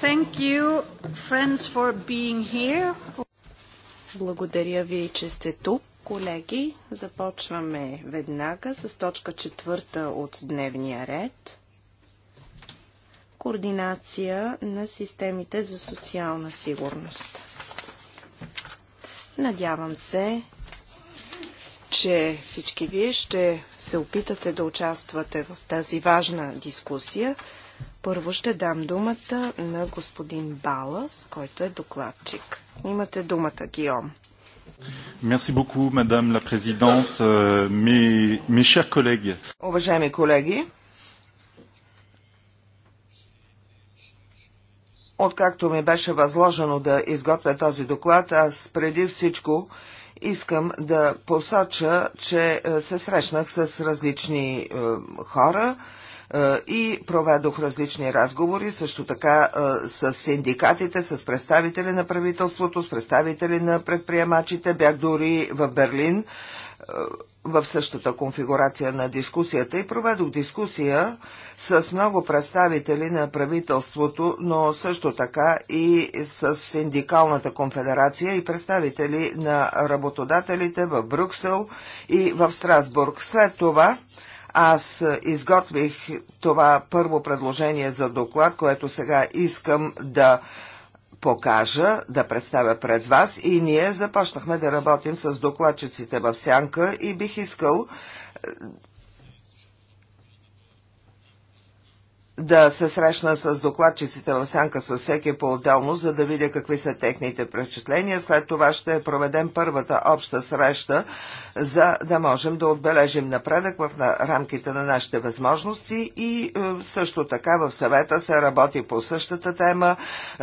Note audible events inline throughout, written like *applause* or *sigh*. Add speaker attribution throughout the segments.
Speaker 1: Thank you, friends, for being here. Благодаря ви, че сте тук, колеги.
Speaker 2: Започваме веднага с точка четвърта от дневния ред. Координация на системите за социална сигурност. Надявам се, че всички вие ще се опитате да участвате в тази важна дискусия. Първо ще дам думата на господин Балас, който е докладчик.
Speaker 3: Имате думата, Гиом.
Speaker 4: Merci beaucoup, madame la présidente, euh, mes, mes chers collègues.
Speaker 3: Уважаеми колеги, откакто ми беше възложено да изготвя този доклад, аз преди всичко искам да посоча, че е, се срещнах с различни е, хора е, и проведох различни разговори, също така с синдикатите, с представители на правителството, с представители на предприемачите. Бях дори в Берлин в същата конфигурация на дискусията и проведох дискусия с много представители на правителството, но също така и с Синдикалната конфедерация и представители на работодателите в Брюксел и в Страсбург. След това аз изготвих това първо предложение за доклад, което сега искам да покажа, да представя пред вас и ние започнахме да работим с докладчиците в Сянка и бих искал да се срещна с докладчиците в сянка с всеки по-отделно, за да видя какви са техните впечатления. След това ще проведем първата обща среща, за да можем да отбележим напредък в рамките на нашите възможности и е, също така в съвета се работи по същата тема.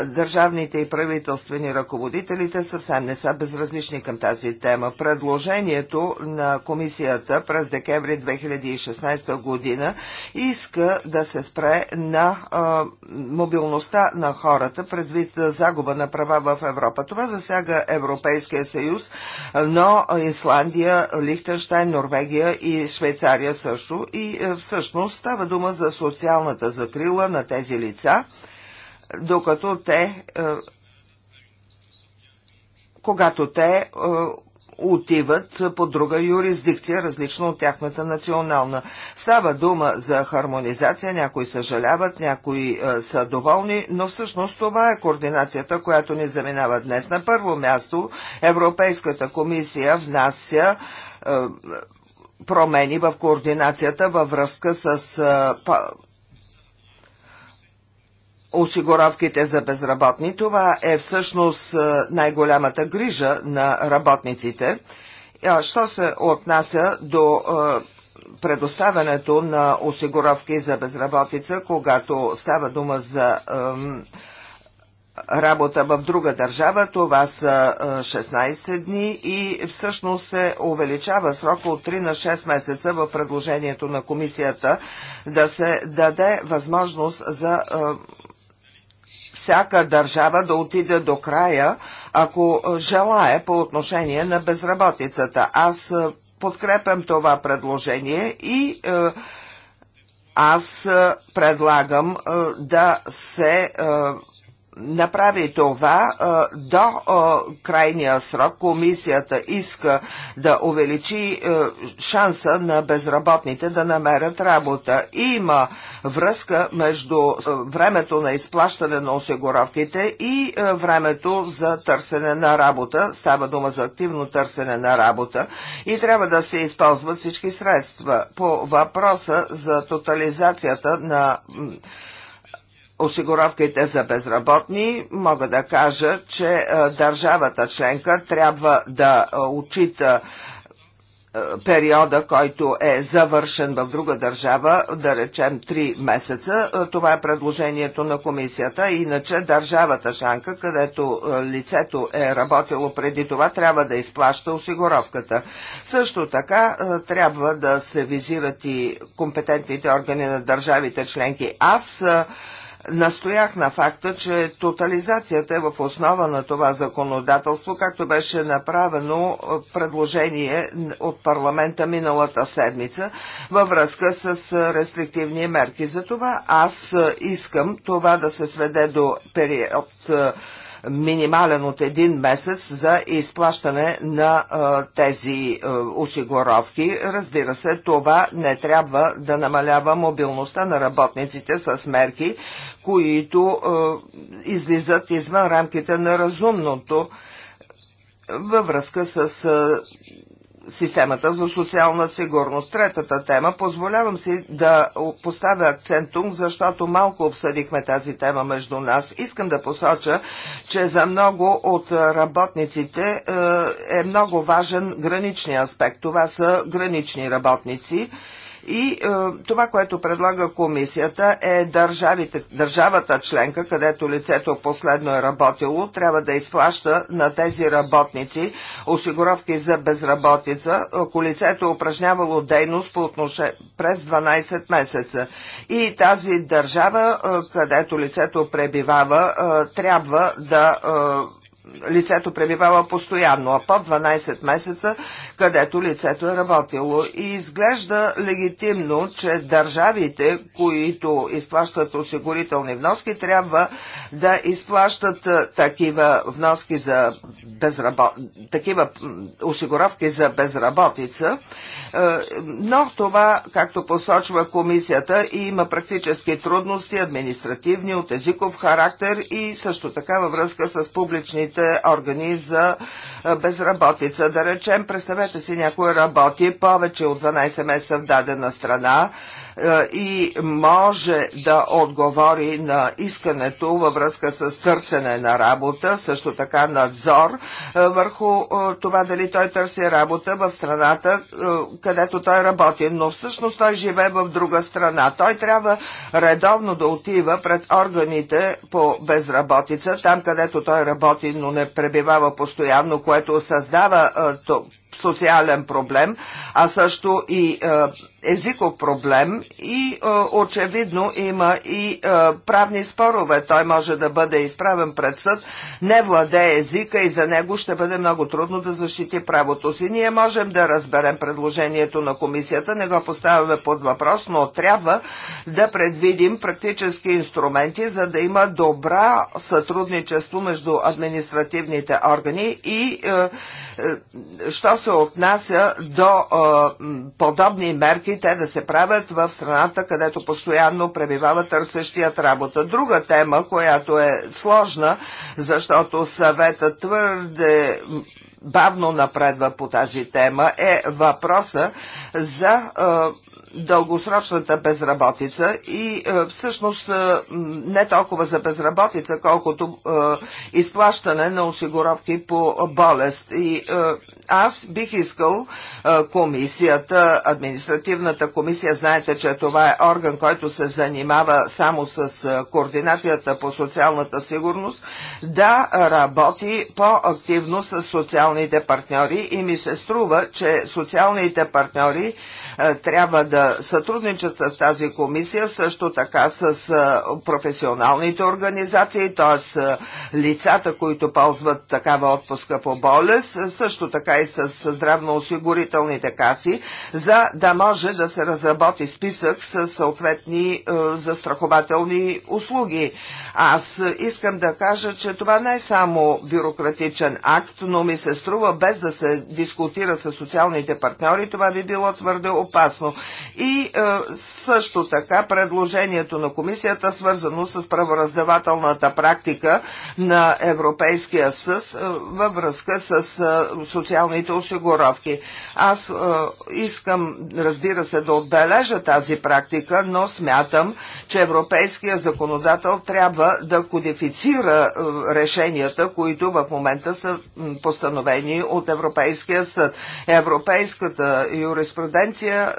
Speaker 3: Държавните и правителствени ръководителите съвсем не са безразлични към тази тема. Предложението на комисията през декември 2016 година иска да се спре на а, мобилността на хората предвид загуба на права в Европа. Това засяга Европейския съюз, но Исландия, Лихтенштайн, Норвегия и Швейцария също. И е, всъщност става дума за социалната закрила на тези лица, докато те е, когато те е, отиват по друга юрисдикция, различна от тяхната национална. Става дума за хармонизация, някои съжаляват, някои е, са доволни, но всъщност това е координацията, която ни заминава днес. На първо място Европейската комисия внася е, промени в координацията във връзка с е, осигуровките за безработни. Това е всъщност е, най-голямата грижа на работниците. Е, що се отнася до е, предоставянето на осигуровки за безработица, когато става дума за работа в друга държава, това са 16 дни и всъщност се увеличава срока от 3 на 6 месеца в предложението на комисията да се даде възможност за всяка държава да отиде до края, ако желая по отношение на безработицата. Аз е, подкрепям това предложение и е, аз е, предлагам да се направи това до крайния срок. Комисията иска да увеличи шанса на безработните да намерят работа. Има връзка между времето на изплащане на осигуровките и времето за търсене на работа. Става дума за активно търсене на работа и трябва да се използват всички средства. По въпроса за тотализацията на осигуровките за безработни, мога да кажа, че е, държавата членка трябва да е, отчита е, периода, който е завършен в друга държава, да речем 3 месеца. Това е предложението на комисията. Иначе държавата Жанка, където лицето е работило преди това, трябва да изплаща осигуровката. Също така трябва да се визират и компетентните органи на държавите членки. Аз Настоях на факта, че тотализацията е в основа на това законодателство, както беше направено предложение от парламента миналата седмица във връзка с рестриктивни мерки. За това аз искам това да се сведе до период минимален от един месец за изплащане на тези осигуровки. Разбира се, това не трябва да намалява мобилността на работниците с мерки, които излизат извън рамките на разумното във връзка с системата за социална сигурност. Третата тема, позволявам си да поставя акцент тук, защото малко обсъдихме тази тема между нас. Искам да посоча, че за много от работниците е, е много важен граничния аспект. Това са гранични работници. И е, това, което предлага комисията е държавите, държавата членка, където лицето последно е работило, трябва да изплаща на тези работници осигуровки за безработица, ако лицето е упражнявало дейност по отнош... през 12 месеца. И тази държава, е, където лицето пребивава, е, трябва да е, лицето пребивава постоянно, а под 12 месеца, където лицето е работило. И изглежда легитимно, че държавите, които изплащат осигурителни вноски, трябва да изплащат такива вноски за безрабо... такива осигуровки за безработица. Но това, както посочва комисията, има практически трудности, административни, от езиков характер и също така във връзка с публичните националните органи за безработица. Да речем, представете си, някой работи повече от 12 месеца в дадена страна, е, и може да отговори на искането във връзка с търсене на работа, също така надзор е, върху е, това дали той търси работа в страната, където той работи, но всъщност той живее в друга страна. Той трябва редовно да отива пред органите по безработица, там където той работи, но не пребивава постоянно, което създава социален проблем, а също и езиков проблем и а, очевидно има и а, правни спорове. Той може да бъде изправен пред съд, не владее езика и за него ще бъде много трудно да защити правото си. Ние можем да разберем предложението на комисията, не го поставяме под въпрос, но трябва да предвидим практически инструменти, за да има добра сътрудничество между административните органи и а, що се отнася до подобни мерки, проверки те да се правят в страната, където постоянно пребивава търсещият работа. Друга тема, която е сложна, защото съвета твърде бавно напредва по тази тема, е въпроса за дългосрочната безработица и е, всъщност е, не толкова за безработица, колкото е, изплащане на осигуровки по болест. И аз бих искал комисията, административната комисия, знаете, че това е орган, който се занимава само с координацията по социалната сигурност, да работи по-активно с социалните партньори и ми се струва, че социалните партньори е, трябва да сътрудничат с тази комисия, също така с е, професионалните организации, т.е. Е, лицата, които ползват такава отпуска по болест, също така и с здравноосигурителните каси, за да може да се разработи списък с съответни застрахователни услуги. Аз искам да кажа, че това не е само бюрократичен акт, но ми се струва без да се дискутира с социалните партньори, това би било твърде опасно. И е, също така предложението на комисията, свързано с правораздавателната практика на Европейския съд е, във връзка с е, социалните осигуровки. Аз е, искам, разбира се, да отбележа тази практика, но смятам, че Европейския законодател трябва да кодифицира е, решенията, които в момента са постановени от Европейския съд. Европейската юриспруденция е,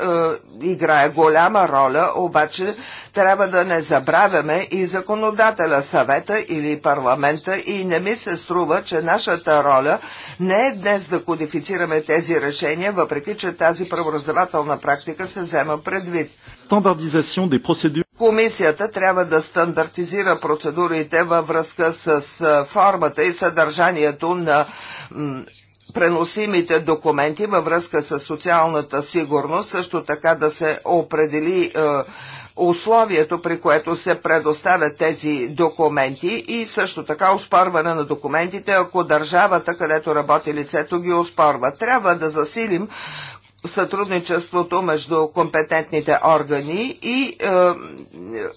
Speaker 3: играе голяма роля, обаче трябва да не забравяме и законодателя, съвета или парламента и не ми се струва, че нашата роля не е днес да кодифицираме тези решения, въпреки че тази правораздавателна практика се взема предвид стандартизация des procédures. Комисията трябва да стандартизира процедурите във връзка с формата и съдържанието на преносимите документи във връзка с социалната сигурност, също така да се определи е, условието, при което се предоставят тези документи и също така оспорване на документите, ако държавата, където работи лицето, ги оспорва. Трябва да засилим сътрудничеството между компетентните органи и е,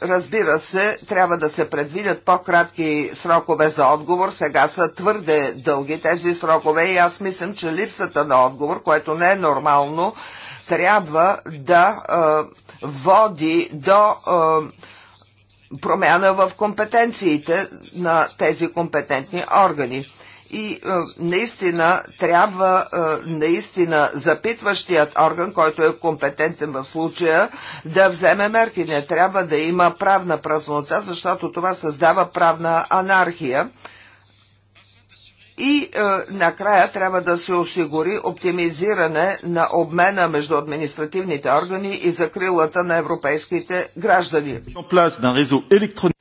Speaker 3: разбира се, трябва да се предвидят по-кратки срокове за отговор. Сега са твърде дълги тези срокове и аз мислям, че липсата на отговор, което не е нормално, трябва да е, води до е, промяна в компетенциите на тези компетентни органи и а, е, наистина трябва а, е, наистина запитващият орган, който е компетентен в случая, да вземе мерки. Не трябва да има правна празнота, защото това създава правна анархия. И е, накрая трябва да се осигури оптимизиране на обмена между административните органи и закрилата на европейските граждани.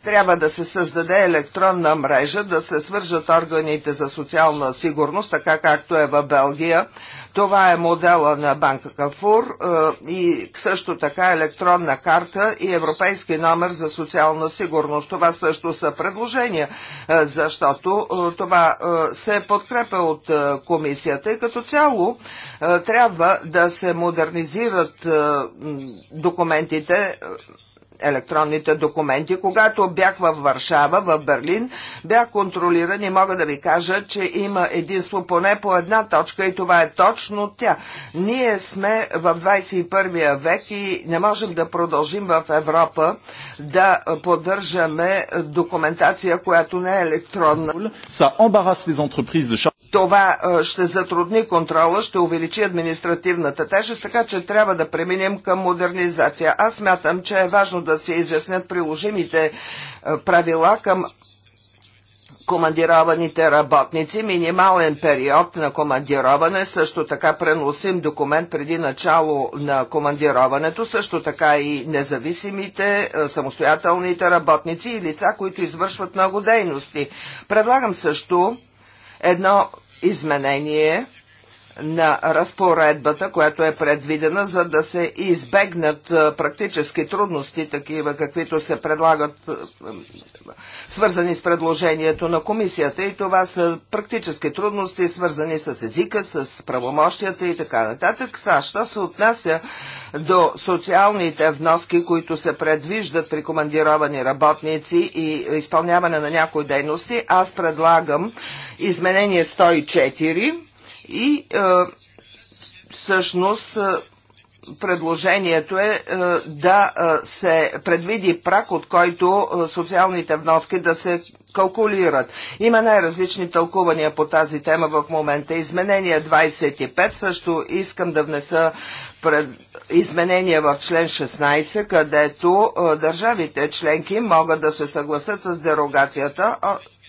Speaker 3: Трябва да се създаде електронна мрежа, да се свържат органите за социална сигурност, така както е в Белгия, това е модела на банка Кафур е, и също така електронна карта и европейски номер за социална сигурност. Това също са предложения, е, защото е, това се подкрепя от комисията и като цяло трябва да се модернизират документите електронните документи. Когато бях в Варшава, в Берлин, бях контролиран и мога да ви кажа, че има единство поне по една точка и това е точно тя. Ние сме в 21 век и не можем да продължим в Европа да поддържаме документация, която не е електронна. Ça това ще затрудни контрола, ще увеличи административната тежест, така че трябва да преминем към модернизация. Аз смятам, че е важно да се изяснят приложимите правила към командированите работници, минимален период на командироване, също така преносим документ преди начало на командироването, също така и независимите, самостоятелните работници и лица, които извършват много дейности. Предлагам също едно изменение на разпоредбата, която е предвидена, за да се избегнат практически трудности, такива каквито се предлагат свързани с предложението на комисията и това са практически трудности, свързани с езика, с правомощията и така нататък. Са, що се отнася до социалните вноски, които се предвиждат при командировани работници и изпълняване на някои дейности, аз предлагам изменение 104 и е, всъщност е, предложението е, е да е, се предвиди прак, от който е, социалните вноски да се калкулират. Има най-различни тълкувания по тази тема в момента. Изменение 25 също искам да внеса пред... изменения в член 16, където държавите членки могат да се съгласят с дерогацията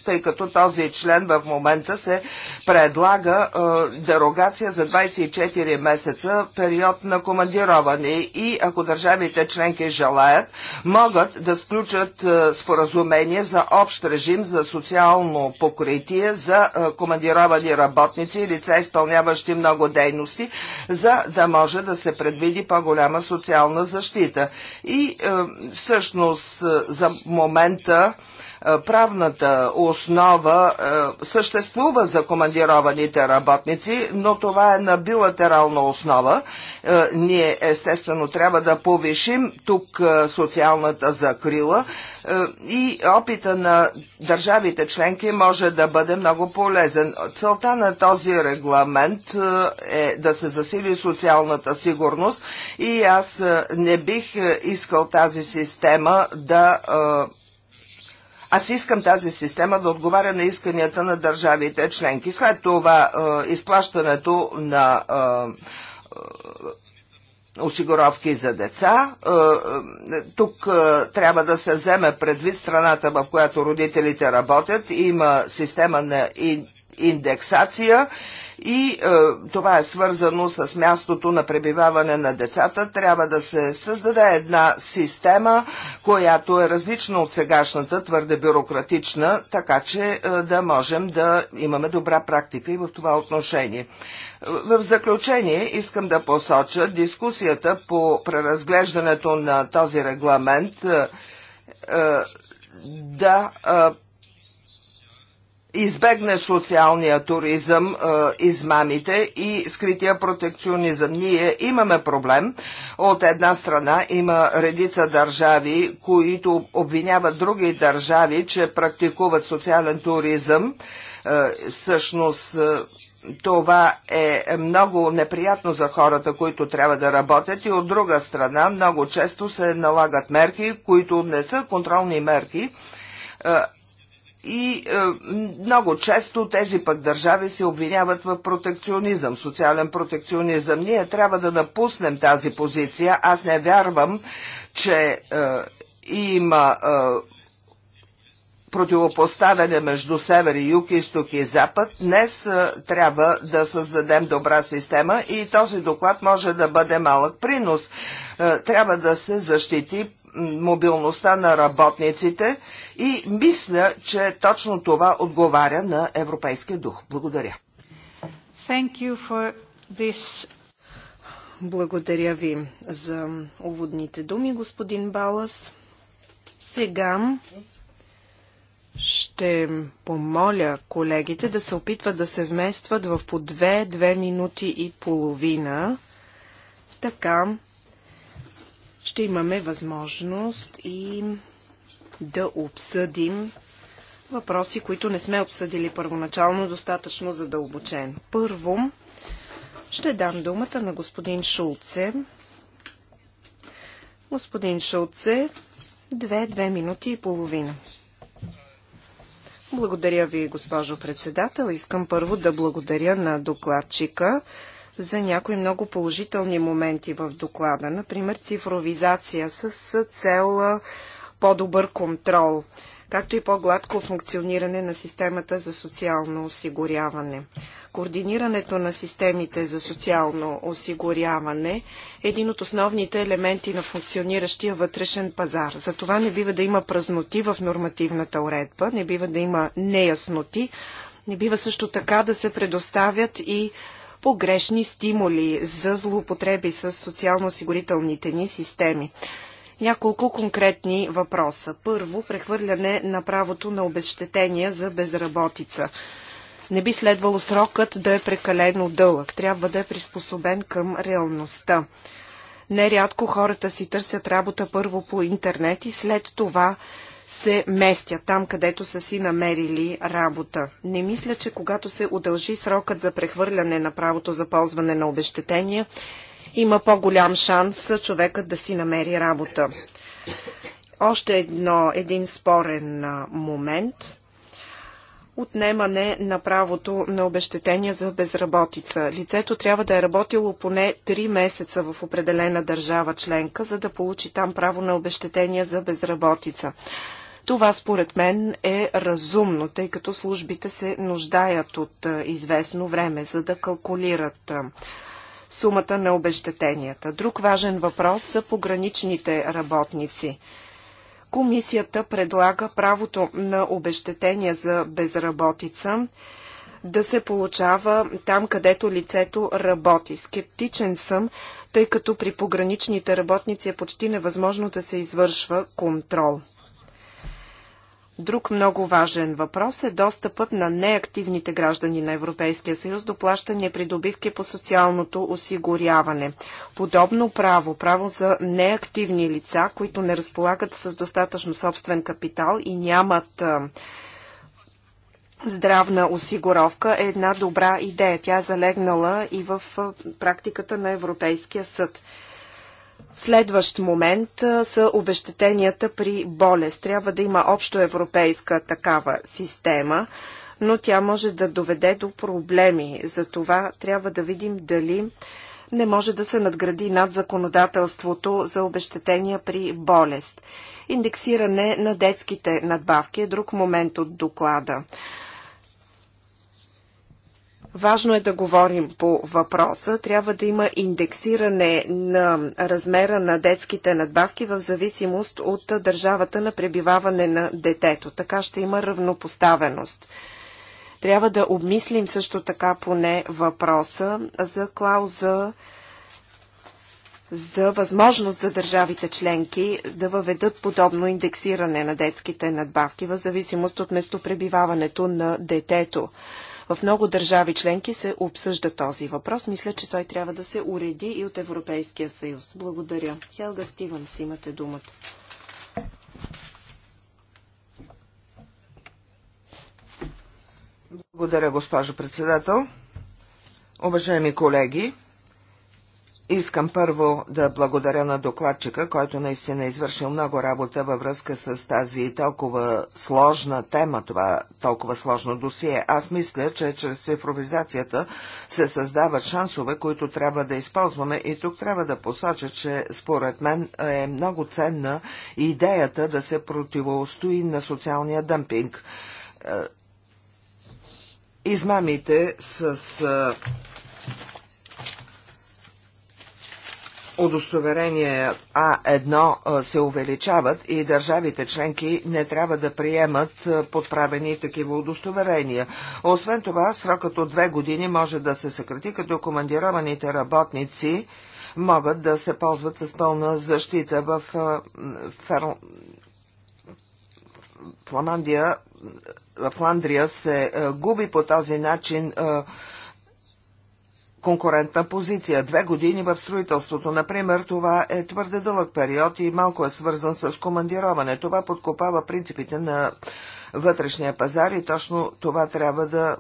Speaker 3: тъй като този член в момента се предлага е, дерогация за 24 месеца период на командироване и ако държавите членки желаят, могат да сключат е, споразумение за общ режим за социално покритие за е, командировани работници и лица, изпълняващи много дейности, за да може да се предвиди по-голяма социална защита. И е, всъщност е, за момента е, правната основа е, съществува за командированите работници, но това е на билатерална основа. Е, ние естествено трябва да повишим тук социалната закрила и опита на държавите членки може да бъде много полезен. Целта на този регламент е да се засили социалната сигурност и аз не бих искал тази система да аз искам тази система да отговаря на исканията на държавите членки. След това е, изплащането на е, е осигуровки за деца. Е, е, тук трябва да се вземе предвид страната, в която родителите работят. Има система на индексация и е, това е свързано с мястото на пребиваване на децата. Трябва да се създаде една система, която е различна от сегашната, твърде бюрократична, така че е, да можем да имаме добра практика и в това отношение. В заключение искам да посоча дискусията по преразглеждането на този регламент е, е да е, избегне социалния туризъм, е, измамите и скрития протекционизъм. Ние имаме проблем. От една страна има редица държави, които обвиняват други държави, че практикуват социален туризъм. Е, всъщност е, това е много неприятно за хората, които трябва да работят и от друга страна много често се налагат мерки, които не са контролни мерки, и е, много често тези пък държави се обвиняват в протекционизъм, социален протекционизъм. Ние трябва да напуснем тази позиция. Аз не вярвам, че е, има е, противопоставяне между север и юг, изток и запад. Днес е, трябва да създадем добра система и този доклад може да бъде малък принос. Е, трябва да се защити мобилността на работниците и мисля, че точно това отговаря на европейския дух. Благодаря.
Speaker 1: Thank you for this. Благодаря
Speaker 2: ви за уводните думи, господин Балас. Сега ще помоля колегите да се опитват да се вместват в по две-две минути и половина. Така ще имаме възможност и да обсъдим въпроси, които не сме обсъдили първоначално достатъчно задълбочен. Първо, ще дам думата на господин Шулце. Господин Шулце, две-две минути и половина. Благодаря ви, госпожо председател. Искам първо да благодаря на докладчика за някои много положителни моменти в доклада, например цифровизация с цел по-добър контрол, както и по-гладко функциониране на системата за социално осигуряване. Координирането на системите за социално осигуряване е един от основните елементи на функциониращия вътрешен пазар. За това не бива да има празноти в нормативната уредба, не бива да има неясноти, не бива също така да се предоставят и погрешни стимули за злоупотреби с социално-осигурителните ни системи. Няколко конкретни въпроса. Първо, прехвърляне на правото на обещетения за безработица. Не би следвало срокът да е прекалено дълъг. Трябва да е приспособен към реалността. Нерядко хората си търсят работа първо по интернет и след това се местят там, където са си намерили работа. Не мисля, че когато се удължи срокът за прехвърляне на правото за ползване на обещетения, има по-голям шанс човекът да си намери работа. Още едно, един спорен момент отнемане на правото на обещетение за безработица. Лицето трябва да е работило поне 3 месеца в определена държава членка, за да получи там право на обещетение за безработица. Това според мен е разумно, тъй като службите се нуждаят от известно време, за да калкулират сумата на обещетенията. Друг важен въпрос са пограничните работници – Комисията предлага правото на обещетение за безработица да се получава там, където лицето работи. Скептичен съм, тъй като при пограничните работници е почти невъзможно да се извършва контрол. Друг много важен въпрос е достъпът на неактивните граждани на Европейския съюз до плащане придобивки по социалното осигуряване. Подобно право, право за неактивни лица, които не разполагат с достатъчно собствен капитал и нямат здравна осигуровка е една добра идея. Тя е залегнала и в практиката на Европейския съд. Следващ момент са обещетенията при болест. Трябва да има общо европейска такава система, но тя може да доведе до проблеми. За това трябва да видим дали не може да се надгради над законодателството за обещетения при болест. Индексиране на детските надбавки е друг момент от доклада. Важно е да говорим по въпроса. Трябва да има индексиране на размера на детските надбавки в зависимост от държавата на пребиваване на детето. Така ще има равнопоставеност. Трябва да обмислим също така поне въпроса за клауза за възможност за държавите членки да въведат подобно индексиране на детските надбавки в зависимост от местопребиваването на детето. В много държави членки се обсъжда този въпрос. Мисля, че той трябва да се уреди и от Европейския съюз. Благодаря. Хелга Стивенс, имате думата.
Speaker 3: Благодаря, госпожо председател. Уважаеми колеги, Искам първо да благодаря на докладчика, който наистина е извършил много работа във връзка с тази толкова сложна тема, това толкова сложно досие. Аз мисля, че чрез цифровизацията се създават шансове, които трябва да използваме и тук трябва да посоча, че според мен е много ценна идеята да се противостои на социалния дъмпинг. Е, измамите с е, удостоверение А1 се увеличават и държавите членки не трябва да приемат подправени такива удостоверения. Освен това, срокът от две години може да се съкрати, като командированите работници могат да се ползват с пълна защита в Фер... Фламандия. В Фландрия се губи по този начин конкурентна позиция. Две години в строителството, например, това е твърде дълъг период и малко е свързан с командироване. Това подкопава принципите на вътрешния пазар и точно това трябва да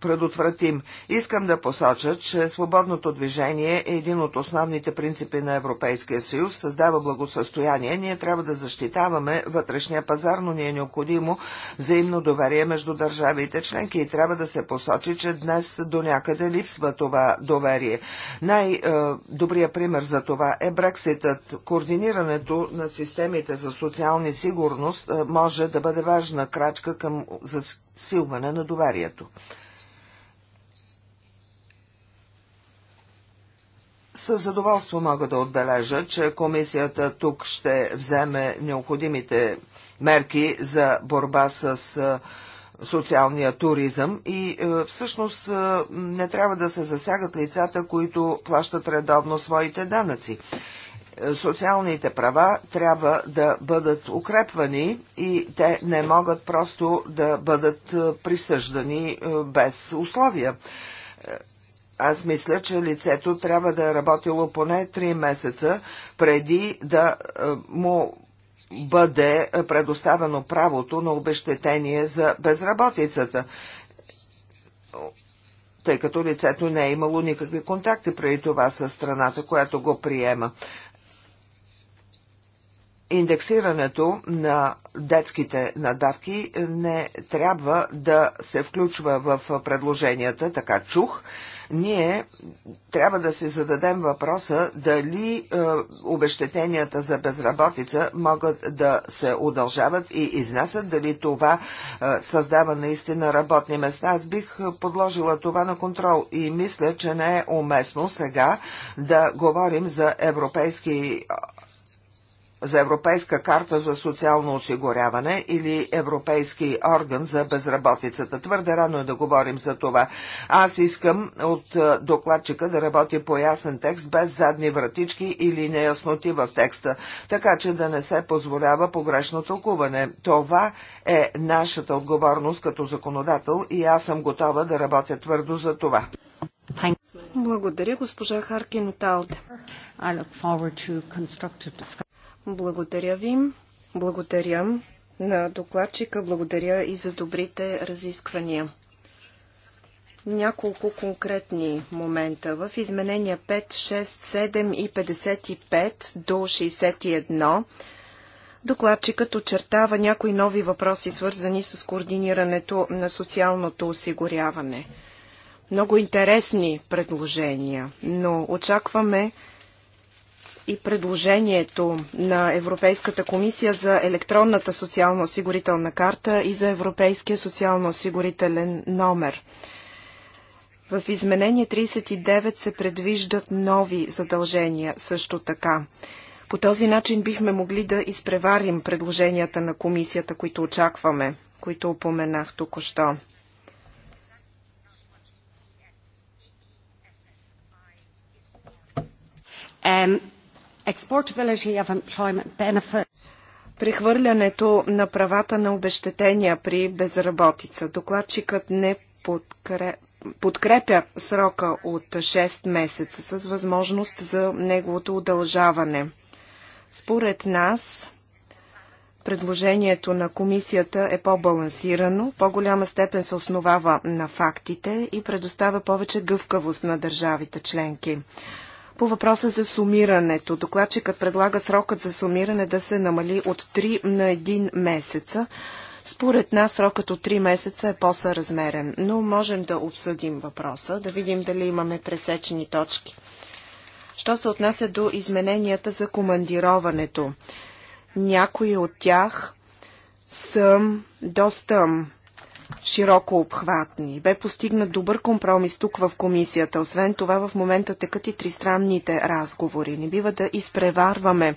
Speaker 3: предотвратим. Искам да посоча, че свободното движение е един от основните принципи на Европейския съюз, създава благосъстояние. Ние трябва да защитаваме вътрешния пазар, но ни е необходимо взаимно доверие между държавите членки и трябва да се посочи, че днес до някъде липсва това доверие. Най-добрият пример за това е Брекситът. Координирането на системите за социални сигурност може да бъде важна крачка към засилване на доверието. С задоволство мога да отбележа, че комисията тук ще вземе необходимите мерки за борба с социалния туризъм и всъщност не трябва да се засягат лицата, които плащат редовно своите данъци. Социалните права трябва да бъдат укрепвани и те не могат просто да бъдат присъждани без условия аз мисля, че лицето трябва да е работило поне 3 месеца преди да е, му бъде предоставено правото на обещетение за безработицата, тъй като лицето не е имало никакви контакти преди това с страната, която го приема. Индексирането на детските надавки не трябва да се включва в предложенията, така чух ние трябва да си зададем въпроса дали е, обещетенията за безработица могат да се удължават и изнасят, дали това е, създава наистина работни места. Аз бих е, подложила това на контрол и мисля, че не е уместно сега да говорим за европейски за Европейска карта за социално осигуряване или Европейски орган за безработицата. Твърде рано е да говорим за това. Аз искам от е, докладчика да работи по ясен текст, без задни вратички или неясноти в текста, така че да не се позволява погрешно толкуване. Това е нашата отговорност като законодател и аз съм готова да работя твърдо за това.
Speaker 2: Благодаря, госпожа Харкин от Алте. Благодаря ви. Благодаря на докладчика. Благодаря и за добрите разисквания. Няколко конкретни момента. В изменения 5, 6, 7 и 55 до 61 Докладчикът очертава някои нови въпроси, свързани с координирането на социалното осигуряване. Много интересни предложения, но очакваме и предложението на Европейската комисия за електронната социално-осигурителна карта и за Европейския социално-осигурителен номер. В изменение 39 се предвиждат нови задължения също така. По този начин бихме могли да изпреварим предложенията на комисията, които очакваме, които упоменах току-що. Um, exportability of employment Прехвърлянето на правата на обещетения при безработица. Докладчикът не подкрепя подкрепя срока от 6 месеца с възможност за неговото удължаване. Според нас, предложението на комисията е по-балансирано, по-голяма степен се основава на фактите и предоставя повече гъвкавост на държавите членки. По въпроса за сумирането, докладчикът предлага срокът за сумиране да се намали от 3 на 1 месеца. Според нас срокът от 3 месеца е по-съразмерен, но можем да обсъдим въпроса, да видим дали имаме пресечени точки. Що се отнася до измененията за командироването? Някои от тях са доста широко обхватни. Бе постигнат добър компромис тук в комисията. Освен това, в момента текат и тристранните разговори. Не бива да изпреварваме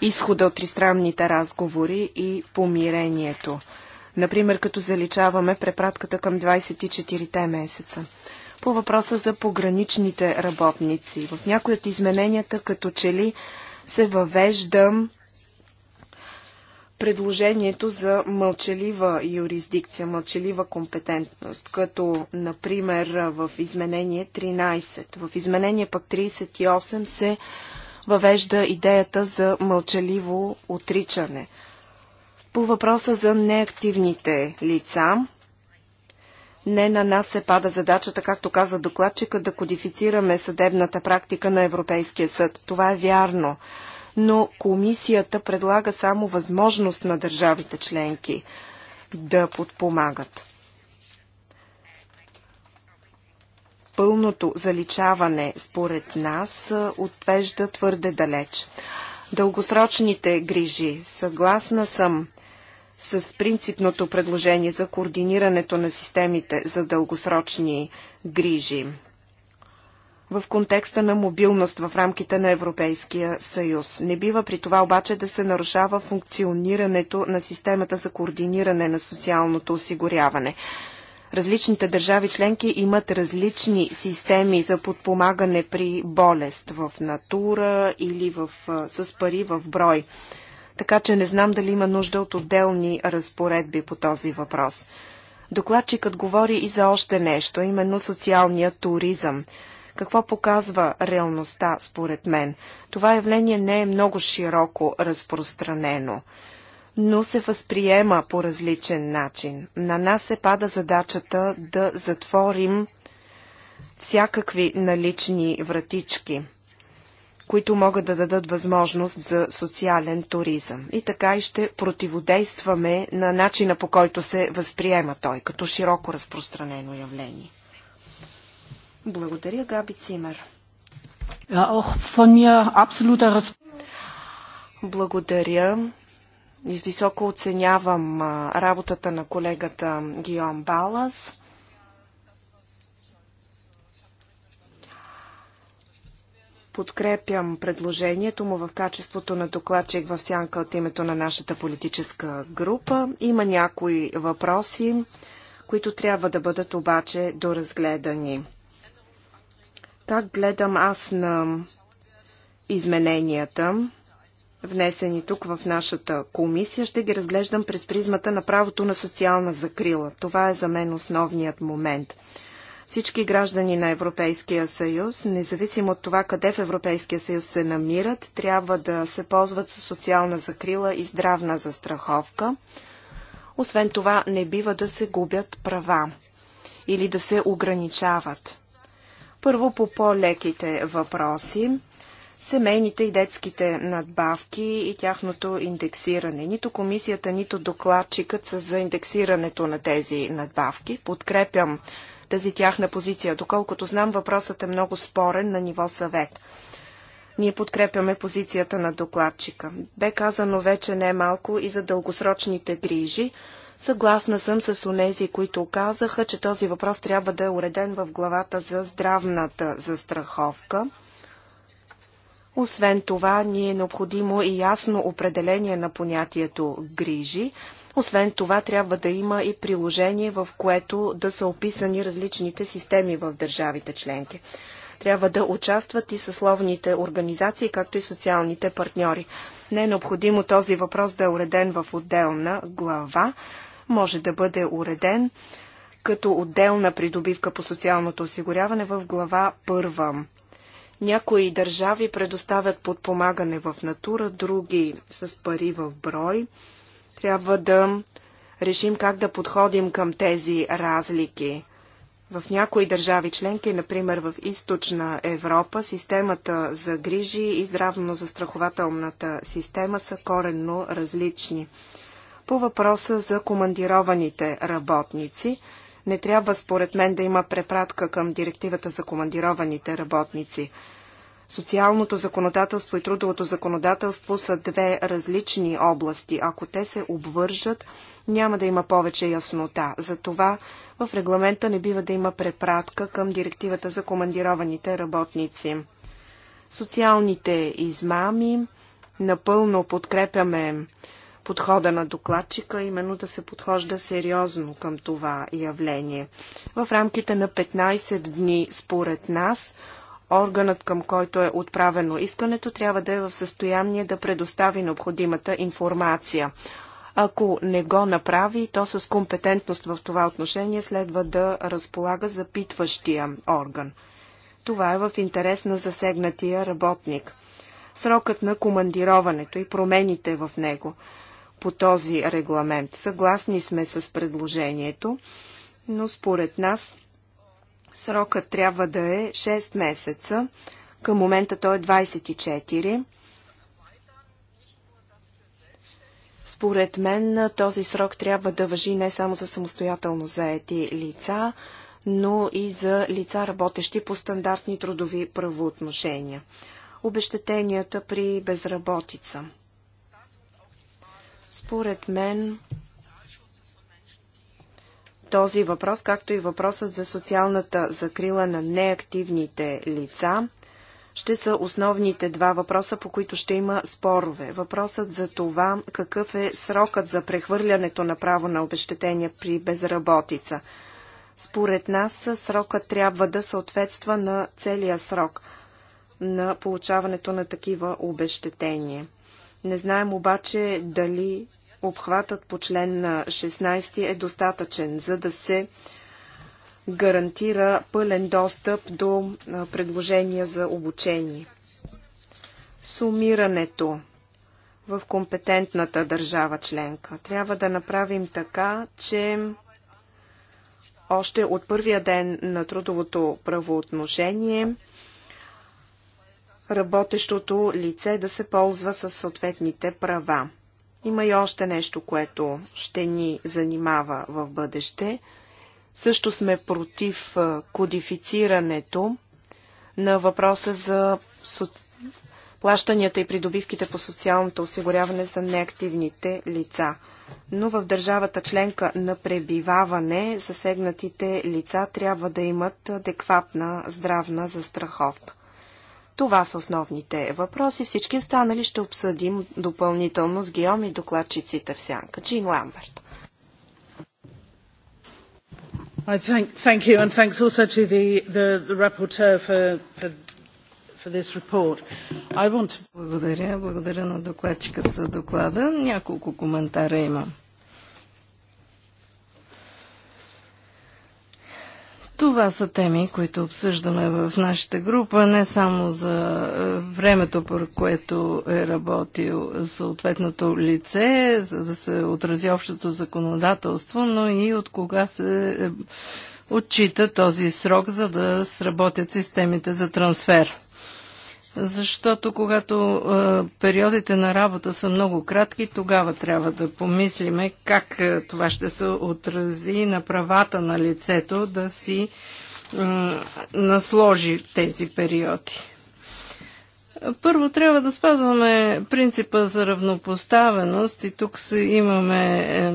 Speaker 2: изхода от тристранните разговори и помирението. Например, като заличаваме препратката към 24-те месеца. По въпроса за пограничните работници. В някои от измененията, като че ли се въвежда предложението за мълчалива юрисдикция, мълчалива компетентност, като, например, в изменение 13. В изменение пък 38 се въвежда идеята за мълчаливо отричане. По въпроса за неактивните лица, не на нас се пада задачата, както каза докладчика, да кодифицираме съдебната практика на Европейския съд. Това е вярно но комисията предлага само възможност на държавите членки да подпомагат. Пълното заличаване, според нас, отвежда твърде далеч. Дългосрочните грижи. Съгласна съм с принципното предложение за координирането на системите за дългосрочни грижи в контекста на мобилност в рамките на Европейския съюз. Не бива при това обаче да се нарушава функционирането на системата за координиране на социалното осигуряване. Различните държави членки имат различни системи за подпомагане при болест в натура или в, с пари в брой. Така че не знам дали има нужда от отделни разпоредби по този въпрос. Докладчикът говори и за още нещо, именно социалния туризъм. Какво показва реалността, според мен? Това явление не е много широко разпространено, но се възприема по различен начин. На нас се пада задачата да затворим всякакви налични вратички които могат да дадат възможност за социален туризъм. И така и ще противодействаме на начина по който се възприема той, като широко разпространено явление. Благодаря, Габи Цимер. Благодаря. Извисоко оценявам работата на колегата Гион Балас. Подкрепям предложението му в качеството на докладчик в сянка от името на нашата политическа група. Има някои въпроси, които трябва да бъдат обаче доразгледани. Как гледам аз на измененията, внесени тук в нашата комисия, ще ги разглеждам през призмата на правото на социална закрила. Това е за мен основният момент. Всички граждани на Европейския съюз, независимо от това къде в Европейския съюз се намират, трябва да се ползват с социална закрила и здравна застраховка. Освен това, не бива да се губят права или да се ограничават. Първо по по-леките въпроси семейните и детските надбавки и тяхното индексиране. Нито комисията, нито докладчикът са за индексирането на тези надбавки. Подкрепям тази тяхна позиция. Доколкото знам, въпросът е много спорен на ниво съвет. Ние подкрепяме позицията на докладчика. Бе казано вече не малко и за дългосрочните грижи. Съгласна съм с онези, които казаха, че този въпрос трябва да е уреден в главата за здравната застраховка. Освен това, ни е необходимо и ясно определение на понятието грижи. Освен това, трябва да има и приложение, в което да са описани различните системи в държавите членки. Трябва да участват и съсловните организации, както и социалните партньори. Не е необходимо този въпрос да е уреден в отделна глава, може да бъде уреден като отделна придобивка по социалното осигуряване в глава първа. Някои държави предоставят подпомагане в натура, други с пари в брой. Трябва да решим как да подходим към тези разлики. В някои държави членки, например в източна Европа, системата за грижи и здравно-застрахователната система са коренно различни. По въпроса за командированите работници, не трябва според мен да има препратка към директивата за командированите работници. Социалното законодателство и трудовото законодателство са две различни области. Ако те се обвържат, няма да има повече яснота. Затова в регламента не бива да има препратка към директивата за командированите работници. Социалните измами напълно подкрепяме подхода на докладчика, именно да се подхожда сериозно към това явление. В рамките на 15 дни, според нас, органът към който е отправено искането трябва да е в състояние да предостави необходимата информация. Ако не го направи, то с компетентност в това отношение следва да разполага запитващия орган. Това е в интерес на засегнатия работник. Срокът на командироването и промените в него – по този регламент. Съгласни сме с предложението, но според нас срокът трябва да е 6 месеца. Към момента той е 24. Според мен този срок трябва да въжи не само за самостоятелно заети лица, но и за лица, работещи по стандартни трудови правоотношения. Обещетенията при безработица – според мен този въпрос, както и въпросът за социалната закрила на неактивните лица, ще са основните два въпроса, по които ще има спорове. Въпросът за това какъв е срокът за прехвърлянето на право на обещетение при безработица. Според нас срокът трябва да съответства на целия срок на получаването на такива обещетения. Не знаем обаче дали обхватът по член на 16 е достатъчен, за да се гарантира пълен достъп до предложения за обучение. Сумирането в компетентната държава членка. Трябва да направим така, че още от първия ден на трудовото правоотношение работещото лице да се ползва с съответните права. Има и още нещо, което ще ни занимава в бъдеще. Също сме против кодифицирането на въпроса за со... плащанията и придобивките по социалното осигуряване за неактивните лица. Но в държавата членка на пребиваване засегнатите лица трябва да имат адекватна здравна застраховка. Това са основните въпроси. Всички останали ще обсъдим допълнително с Геом и докладчиците в сянка. Джин Ламберт.
Speaker 1: I thank, thank you and thanks also to the, the, the rapporteur for, for, for this report. I want to... Благодаря.
Speaker 5: Благодаря на докладчикът за доклада. Няколко коментара имам. Това са теми, които обсъждаме в нашата група, не само за е, времето, по което е работил съответното лице, за да се отрази общото законодателство, но и от кога се е, отчита този срок, за да сработят системите за трансфер защото когато а, периодите на работа са много кратки, тогава трябва да помислиме как а, това ще се отрази на правата на лицето да си а, насложи тези периоди. Първо трябва да спазваме принципа за равнопоставеност и тук имаме е, е,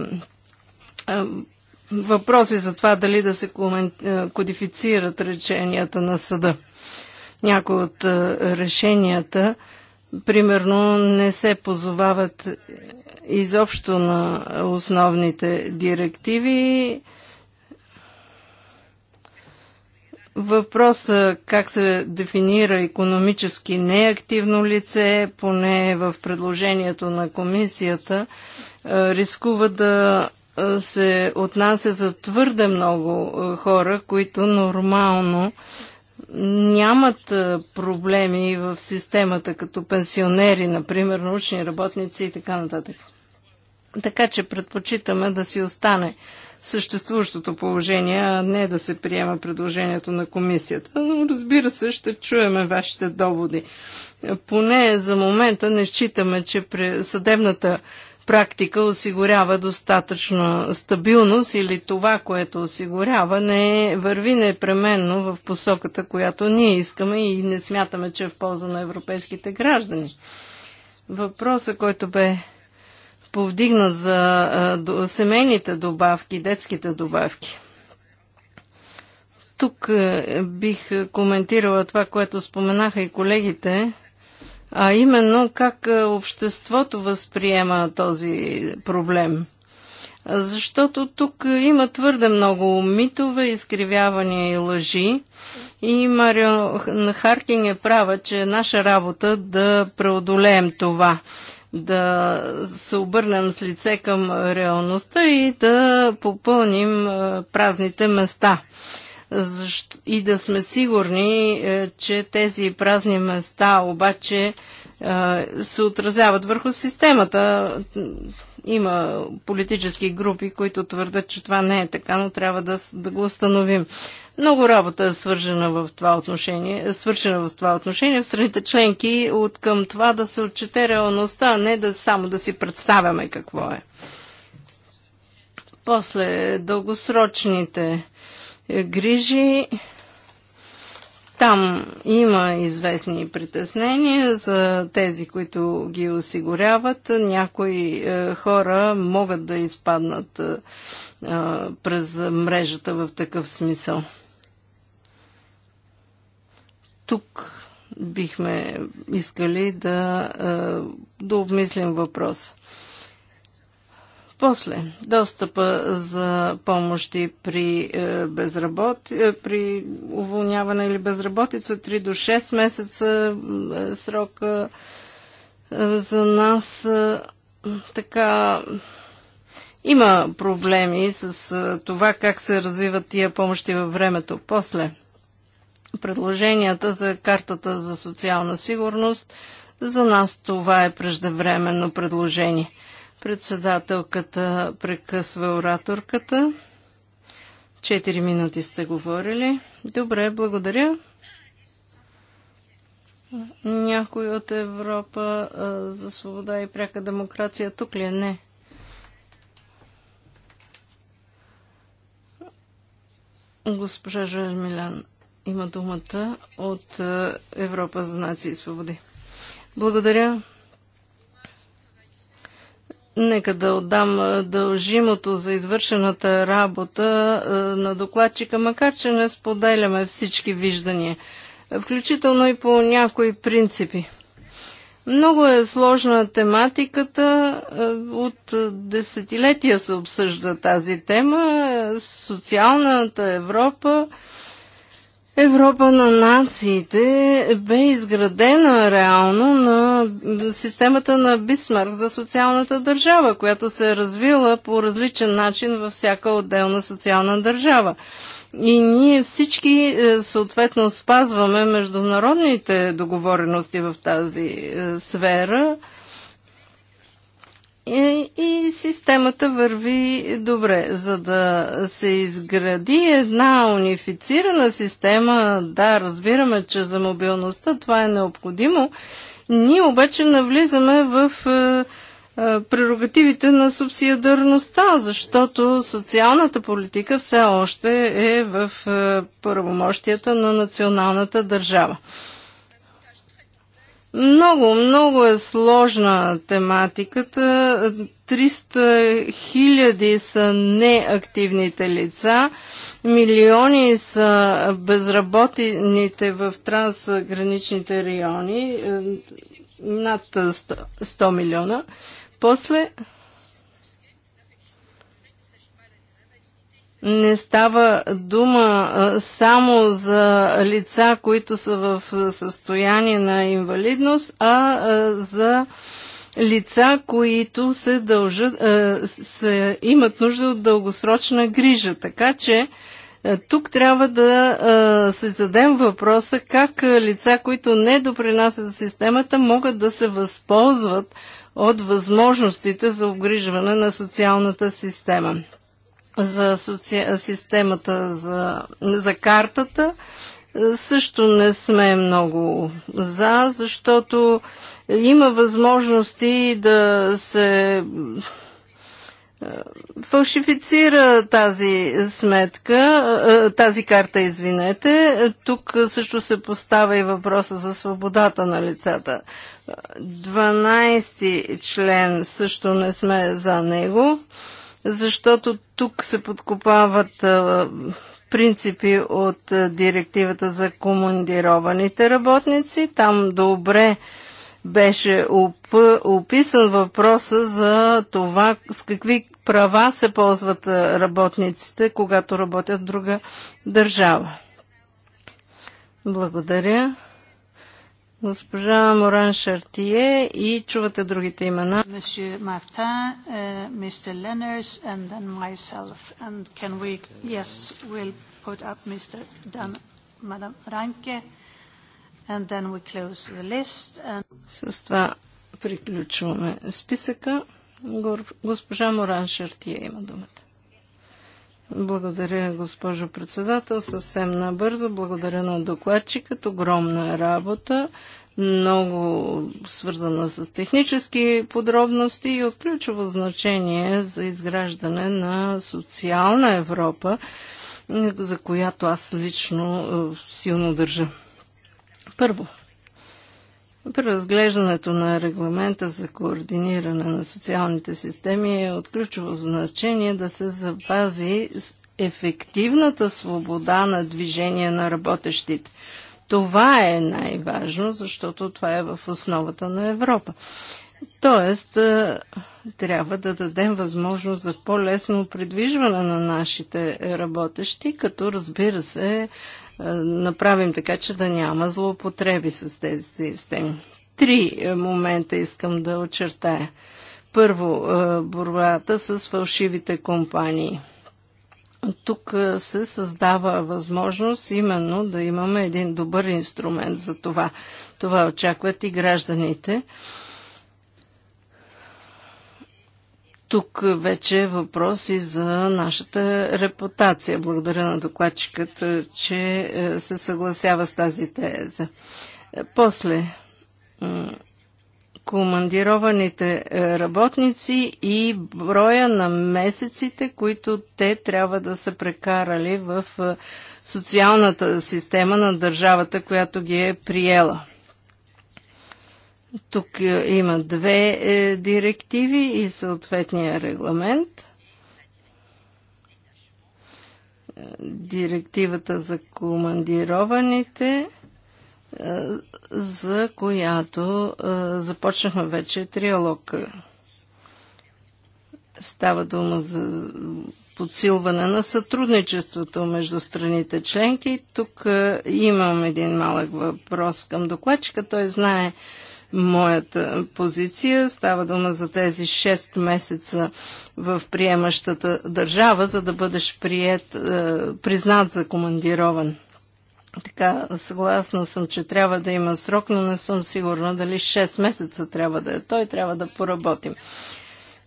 Speaker 5: въпроси за това дали да се е, кодифицират реченията на съда. Някои от решенията, примерно, не се позовават изобщо на основните директиви. Въпроса как се дефинира економически неактивно лице, поне в предложението на комисията, рискува да се отнася за твърде много хора, които нормално нямат проблеми в системата, като пенсионери, например, научни работници и така нататък. Така че предпочитаме да си остане съществуващото положение, а не да се приема предложението на комисията. Но разбира се, ще чуеме вашите доводи. Поне за момента не считаме, че съдебната практика осигурява достатъчно стабилност или това, което осигурява, не върви непременно в посоката, която ние искаме и не смятаме, че е в полза на европейските граждани. Въпросът, който бе повдигнат за до, семейните добавки, детските добавки. Тук е, бих е, коментирала това, което споменаха и колегите – а именно как е, обществото възприема този проблем. Защото тук е, има твърде много митове, изкривявания и лъжи. И Марио Харкин е права, че е наша работа да преодолеем това да се обърнем с лице към реалността и да попълним е, празните места. Защо и да сме сигурни, е, че тези празни места обаче е, се отразяват върху системата. Има политически групи, които твърдят, че това не е така, но трябва да, да го установим. Много работа е свържена в това отношение, свършена в това отношение в страните членки от към това да се отчете реалността, а не да само да си представяме какво е. После дългосрочните грижи. Там има известни притеснения за тези, които ги осигуряват. Някои е, хора могат да изпаднат е, е, през мрежата в такъв смисъл. Тук бихме искали да, да обмислим въпроса. После, достъпа за помощи при, е, безработ... Е, при уволняване или безработица 3 до 6 месеца е, срока за нас така има проблеми с това как се развиват тия помощи във времето. После предложенията за картата за социална сигурност, за нас това е преждевременно предложение. Председателката прекъсва ораторката. Четири минути сте говорили. Добре, благодаря. Някой от Европа а, за свобода и пряка демокрация тук ли е? Не. Госпожа Жоел Милян има думата от Европа за нации и свободи. Благодаря. Нека да отдам дължимото за извършената работа на докладчика, макар че не споделяме всички виждания, включително и по някои принципи. Много е сложна тематиката. От десетилетия се обсъжда тази тема. Социалната Европа Европа на нациите бе изградена реално на системата на Бисмарк за социалната държава, която се е развила по различен начин във всяка отделна социална държава. И ние всички е, съответно спазваме международните договорености в тази е, сфера и, и системата върви добре. За да се изгради една унифицирана система, да, разбираме, че за мобилността това е необходимо. Ние обаче навлизаме в е, е прерогативите на субсидарността, защото социалната политика все още е в е, първомощията на националната държава. Много, много е сложна тематиката. 300 хиляди са неактивните лица, милиони са безработните в трансграничните райони, е, над 100 милиона. После не става дума само за лица, които са в състояние на инвалидност, а за лица, които се дължат, се, имат нужда от дългосрочна грижа. Така че тук трябва да се задем въпроса как лица, които не допринасят системата, могат да се възползват от възможностите за обгрижване на социалната система за соци... системата за, за картата също не сме много за, защото има възможности да се е, фалшифицира тази сметка, е, тази карта, извинете. Тук също се поставя и въпроса за свободата на лицата. 12 член също не сме за него защото тук се подкопават принципи от директивата за командированите работници. Там добре беше описан въпроса за това с какви права се ползват работниците, когато работят в друга държава. Благодаря госпожа Моран Шартие и
Speaker 1: чувате другите имена. Месье Мартин, мистер Ленерс и then myself. And can we, yes, we'll put up Mr. Dan, Madam Ранке and then we close the list. And...
Speaker 5: С това приключваме списъка. Госпожа Моран Шартие има думата. Благодаря, госпожо председател. Съвсем набързо. Благодаря на докладчикът. Огромна е работа, много свързана с технически подробности и от ключово значение за изграждане на социална Европа, за която аз лично е, силно държа. Първо, Разглеждането на регламента за координиране на социалните системи е от ключово значение да се запази ефективната свобода на движение на работещите. Това е най-важно, защото това е в основата на Европа. Тоест, е, трябва да дадем възможност за по-лесно придвижване на нашите работещи, като разбира се, е, направим така, че да няма злоупотреби с тези системи. Три е, момента искам да очертая. Първо, е, борбата с фалшивите компании. Тук се създава възможност именно да имаме един добър инструмент за това. Това очакват и гражданите. Тук вече е въпрос и за нашата репутация. Благодаря на докладчиката, е, че е, се съгласява с тази теза. Е, после командированите работници и броя на месеците, които те трябва да са прекарали в социалната система на държавата, която ги е приела. Тук е, има две е, директиви и съответния регламент. Директивата за командированите, е, за която е, започнахме вече триалог. Става дума за подсилване на сътрудничеството между страните членки. Тук е, имам един малък въпрос към докладчика. Той знае, моята позиция. Става дума за тези 6 месеца в приемащата държава, за да бъдеш прият, е, признат за командирован. Така, съгласна съм, че трябва да има срок, но не съм сигурна дали 6 месеца трябва да е. Той трябва да поработим.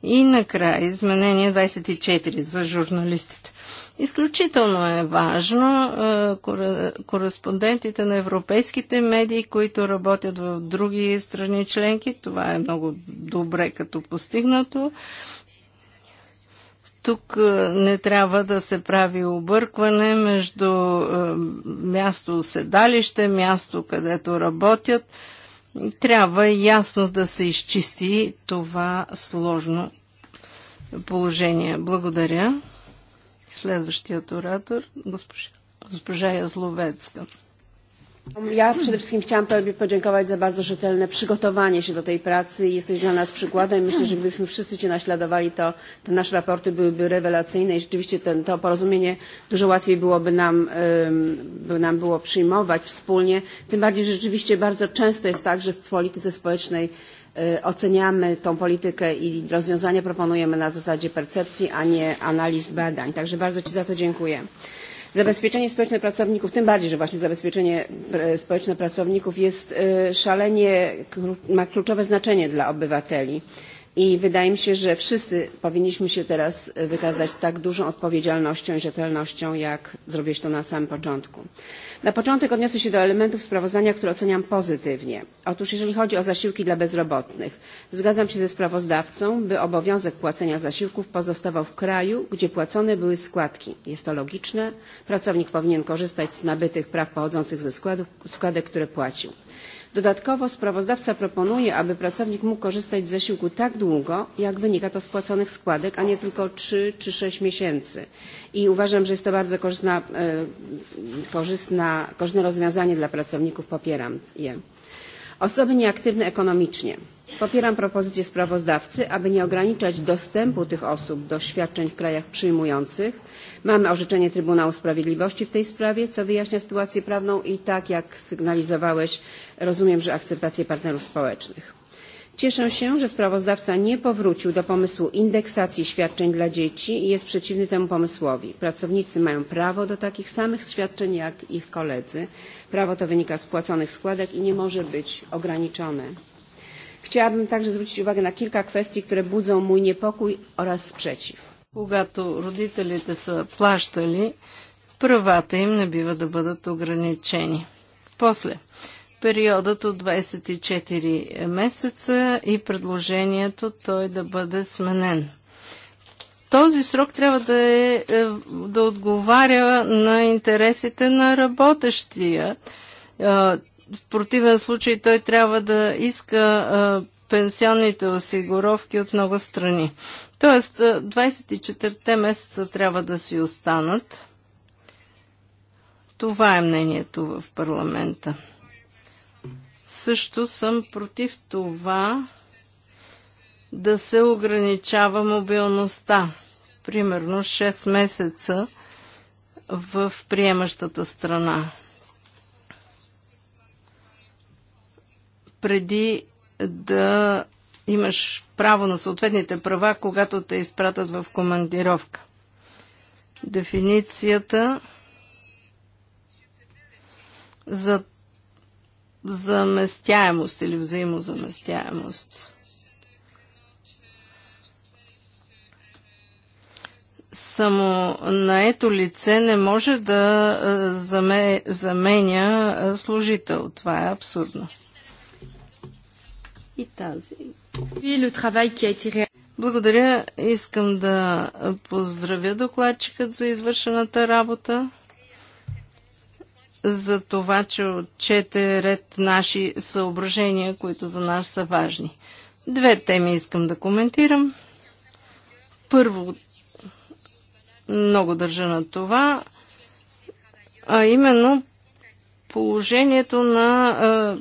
Speaker 5: И накрая изменение 24 за журналистите. Изключително е важно е, кореспондентите на европейските медии, които работят в други страни членки, това е много добре като постигнато. Тук е, не трябва да се прави объркване между е, място седалище, място където работят. Трябва ясно да се изчисти това сложно положение. Благодаря. Следващият оратор, госпожа, госпожа Язловецка.
Speaker 4: Ja przede wszystkim chciałam Tobie podziękować za bardzo rzetelne przygotowanie się do tej pracy. Jesteś dla nas przykładem. Myślę, że gdybyśmy wszyscy Cię naśladowali, to te nasze raporty byłyby rewelacyjne i rzeczywiście ten, to porozumienie dużo łatwiej byłoby nam, by nam było przyjmować wspólnie. Tym bardziej, że rzeczywiście bardzo często jest tak, że w polityce społecznej oceniamy tą politykę i rozwiązania proponujemy na zasadzie percepcji, a nie analiz badań. Także bardzo Ci za to dziękuję. Zabezpieczenie społeczne pracowników, tym bardziej, że właśnie zabezpieczenie społeczne pracowników jest szalenie, ma kluczowe znaczenie dla obywateli. I wydaje mi się, że wszyscy powinniśmy się teraz wykazać tak dużą odpowiedzialnością i rzetelnością, jak zrobiłeś to na samym początku. Na początek odniosę się do elementów sprawozdania, które oceniam pozytywnie. Otóż jeżeli chodzi o zasiłki dla bezrobotnych, zgadzam się ze sprawozdawcą, by obowiązek płacenia zasiłków pozostawał w kraju, gdzie płacone były składki. Jest to logiczne. Pracownik powinien korzystać z nabytych praw pochodzących ze składek, które płacił. Dodatkowo sprawozdawca proponuje, aby pracownik mógł korzystać z zasiłku tak długo, jak wynika to z płaconych składek, a nie tylko trzy czy sześć miesięcy. I uważam, że jest to bardzo korzystne rozwiązanie dla pracowników. Popieram je. Osoby nieaktywne ekonomicznie Popieram propozycję sprawozdawcy, aby nie ograniczać dostępu tych osób do świadczeń w krajach przyjmujących. Mamy orzeczenie Trybunału Sprawiedliwości w tej sprawie, co wyjaśnia sytuację prawną i tak jak sygnalizowałeś, rozumiem, że akceptację partnerów społecznych. Cieszę się, że sprawozdawca nie powrócił do pomysłu indeksacji świadczeń dla dzieci i jest przeciwny temu pomysłowi. Pracownicy mają prawo do takich samych świadczeń jak ich koledzy. Prawo to wynika z płaconych składek i nie może być ograniczone Chciałabym także zwrócić uwagę na kilka kwestii, które budzą mój niepokój oraz sprzeciw. Когато
Speaker 5: родителите са плащали, правата им не бива да бъдат ограничени. После, периодът от 24 месеца и предложението той да бъде сменен. Този срок трябва да, е, е да отговаря на интересите на работещия. Е, в противен случай той трябва да иска пенсионните осигуровки от много страни. Тоест, 24-те месеца трябва да си останат. Това е мнението в парламента. Също съм против това да се ограничава мобилността. Примерно 6 месеца в приемащата страна. преди да имаш право на съответните права, когато те изпратят в командировка. Дефиницията за заместяемост или взаимозаместяемост. Само наето лице не може да е, заменя е, служител. Това е абсурдно и тази. Благодаря. Искам да поздравя докладчикът за извършената работа, за това, че отчете ред наши съображения, които за нас са важни. Две теми искам да коментирам. Първо, много държа на това, а именно положението на, а,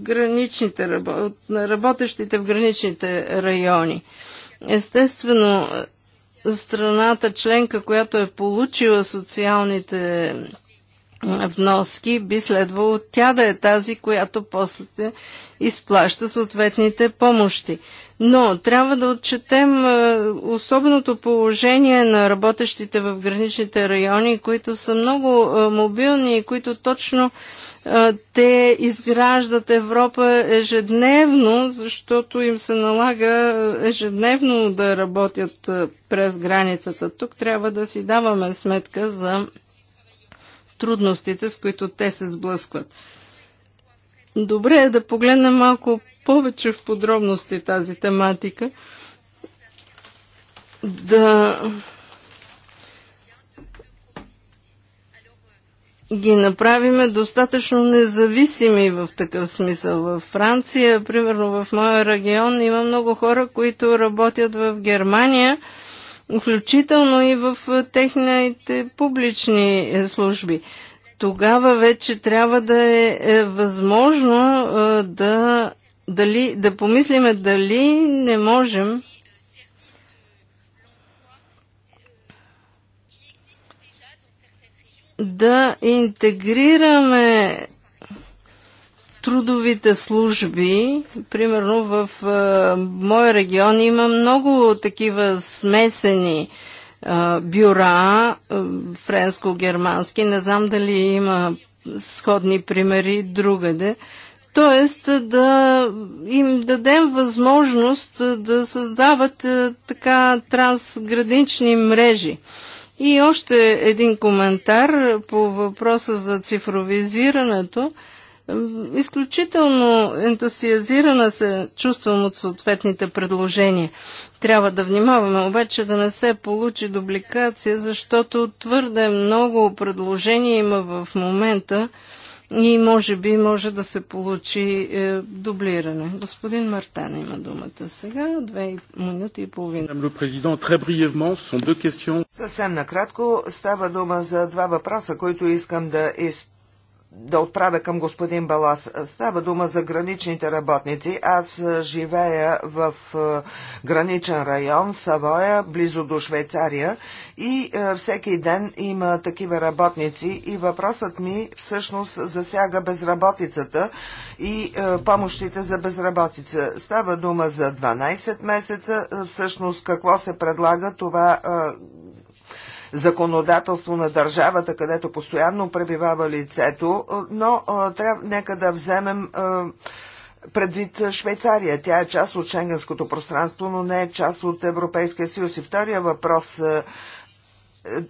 Speaker 5: граничните, на работещите в граничните райони. Естествено, страната членка, която е получила социалните вноски, би следвало тя да е тази, която после изплаща съответните помощи. Но трябва да отчетем е, особеното положение на работещите в граничните райони, които са много е, мобилни и които точно е, те изграждат Европа ежедневно, защото им се налага ежедневно да работят през границата. Тук трябва да си даваме сметка за трудностите, с които те се сблъскват. Добре е да погледнем малко повече в подробности тази тематика. Да ги направиме достатъчно независими в такъв смисъл. В Франция, примерно в моя регион, има много хора, които работят в Германия – включително и в е, техните публични е, служби. Тогава вече трябва да е, е възможно да, дали, да помислиме дали не можем да интегрираме трудовите служби, примерно в а, мой регион има много такива смесени а, бюра, френско-германски, не знам дали има сходни примери другаде. Тоест да им дадем възможност да създават а, така трансгранични мрежи. И още един коментар по въпроса за цифровизирането. А, Изключително ентусиазирана се чувствам от съответните предложения. Трябва да внимаваме обаче да не се получи дубликация, защото твърде много предложения има в момента и може би може да се получи е, дублиране. Господин Мартана има думата
Speaker 3: сега, две
Speaker 5: минути и половина.
Speaker 3: Съвсем накратко става дума за два въпроса, които искам да изпълня да отправя към господин Балас. Става дума за граничните работници. Аз живея в граничен район Савоя, близо до Швейцария и всеки ден има такива работници и въпросът ми всъщност засяга безработицата и помощите за безработица. Става дума за 12 месеца. Всъщност какво се предлага това законодателство на държавата, където постоянно пребивава лицето, но трябва, нека да вземем предвид Швейцария. Тя е част от шенгенското пространство, но не е част от Европейския съюз. И втория въпрос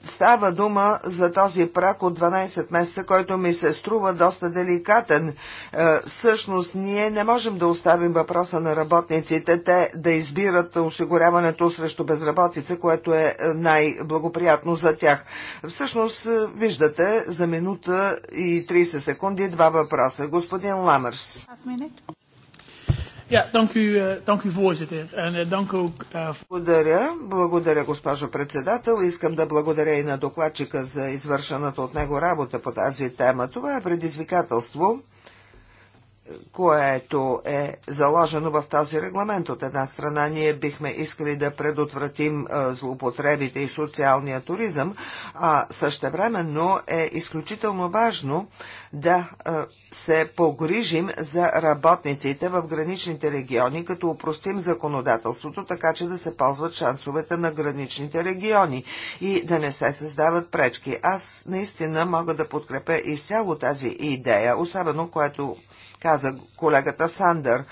Speaker 3: Става дума за този прак от 12 месеца, който ми се струва доста деликатен. Е, всъщност, ние не можем да оставим въпроса на работниците, те да избират осигуряването срещу безработица, което е, е най-благоприятно за тях. Всъщност, е, виждате за минута и 30 секунди два въпроса. Господин Ламерс. Ja, dank u, eh, dank u voorzitter. En eh, dank ook. uh... Благодаря, благодаря, госпожо председател. Искам да благодаря и на докладчика за извършената от него работа по тази тема. Това е предизвикателство което е заложено в този регламент. От една страна ние бихме искали да предотвратим злоупотребите и социалния туризъм, а същевременно е изключително важно да се погрижим за работниците в граничните региони, като упростим законодателството, така че да се ползват шансовете на граничните региони и да не се създават пречки. Аз наистина мога да подкрепя изцяло тази идея, особено което каза колегата Сандър.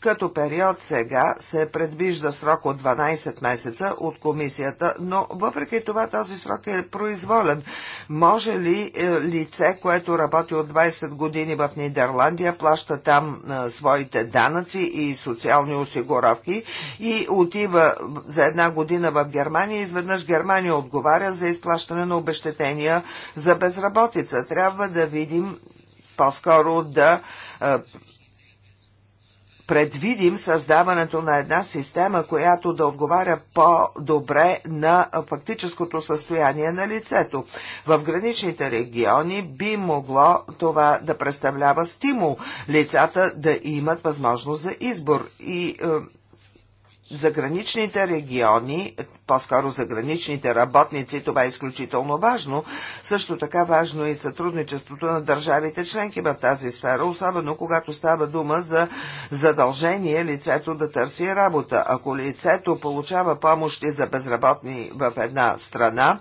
Speaker 3: Като период сега се предвижда срок от 12 месеца от комисията, но въпреки това този срок е произволен. Може ли е, лице, което работи от 20 години в Нидерландия, плаща там е, своите данъци и социални осигуровки и отива за една година в Германия, изведнъж Германия отговаря за изплащане на обещетения за безработица. Трябва да видим по-скоро да предвидим създаването на една система, която да отговаря по-добре на фактическото състояние на лицето. В граничните региони би могло това да представлява стимул лицата да имат възможност за избор. И е, заграничните региони, по-скоро заграничните работници, това е изключително важно. Също така важно е и сътрудничеството на държавите членки в тази сфера, особено когато става дума за задължение лицето да търси работа. Ако лицето получава помощи за безработни в една страна,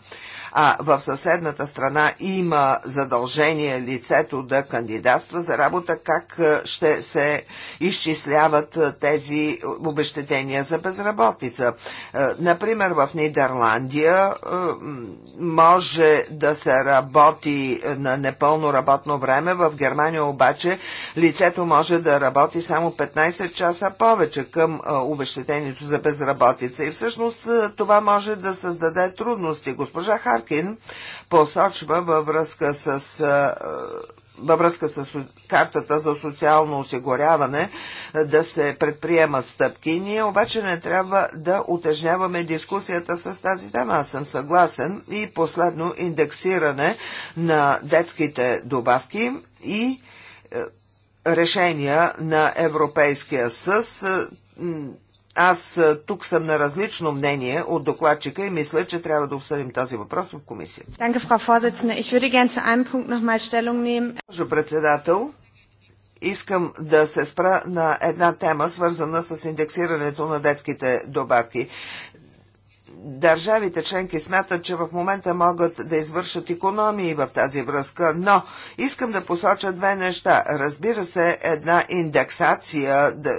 Speaker 3: а в съседната страна има задължение лицето да кандидатства за работа, как е, ще се изчисляват е, тези обещетения за безработица. Е, например, в Нидерландия може да се работи на непълно работно време, в Германия обаче лицето може да работи само 15 часа повече към обещетението за безработица. И всъщност това може да създаде трудности. Госпожа Харт Харкин посочва във връзка с във връзка с картата за социално осигуряване да се предприемат стъпки. Ние обаче не трябва да утежняваме дискусията с тази тема. Аз съм съгласен. И последно индексиране на детските добавки и решения на Европейския със аз тук съм на различно мнение от докладчика и мисля, че трябва да обсъдим този въпрос в комисията. Danke, председател, искам да се спра на една тема, свързана с индексирането на детските добавки държавите членки смятат, че в момента могат да извършат економии в тази връзка, но искам да посоча две неща. Разбира се, една индексация да,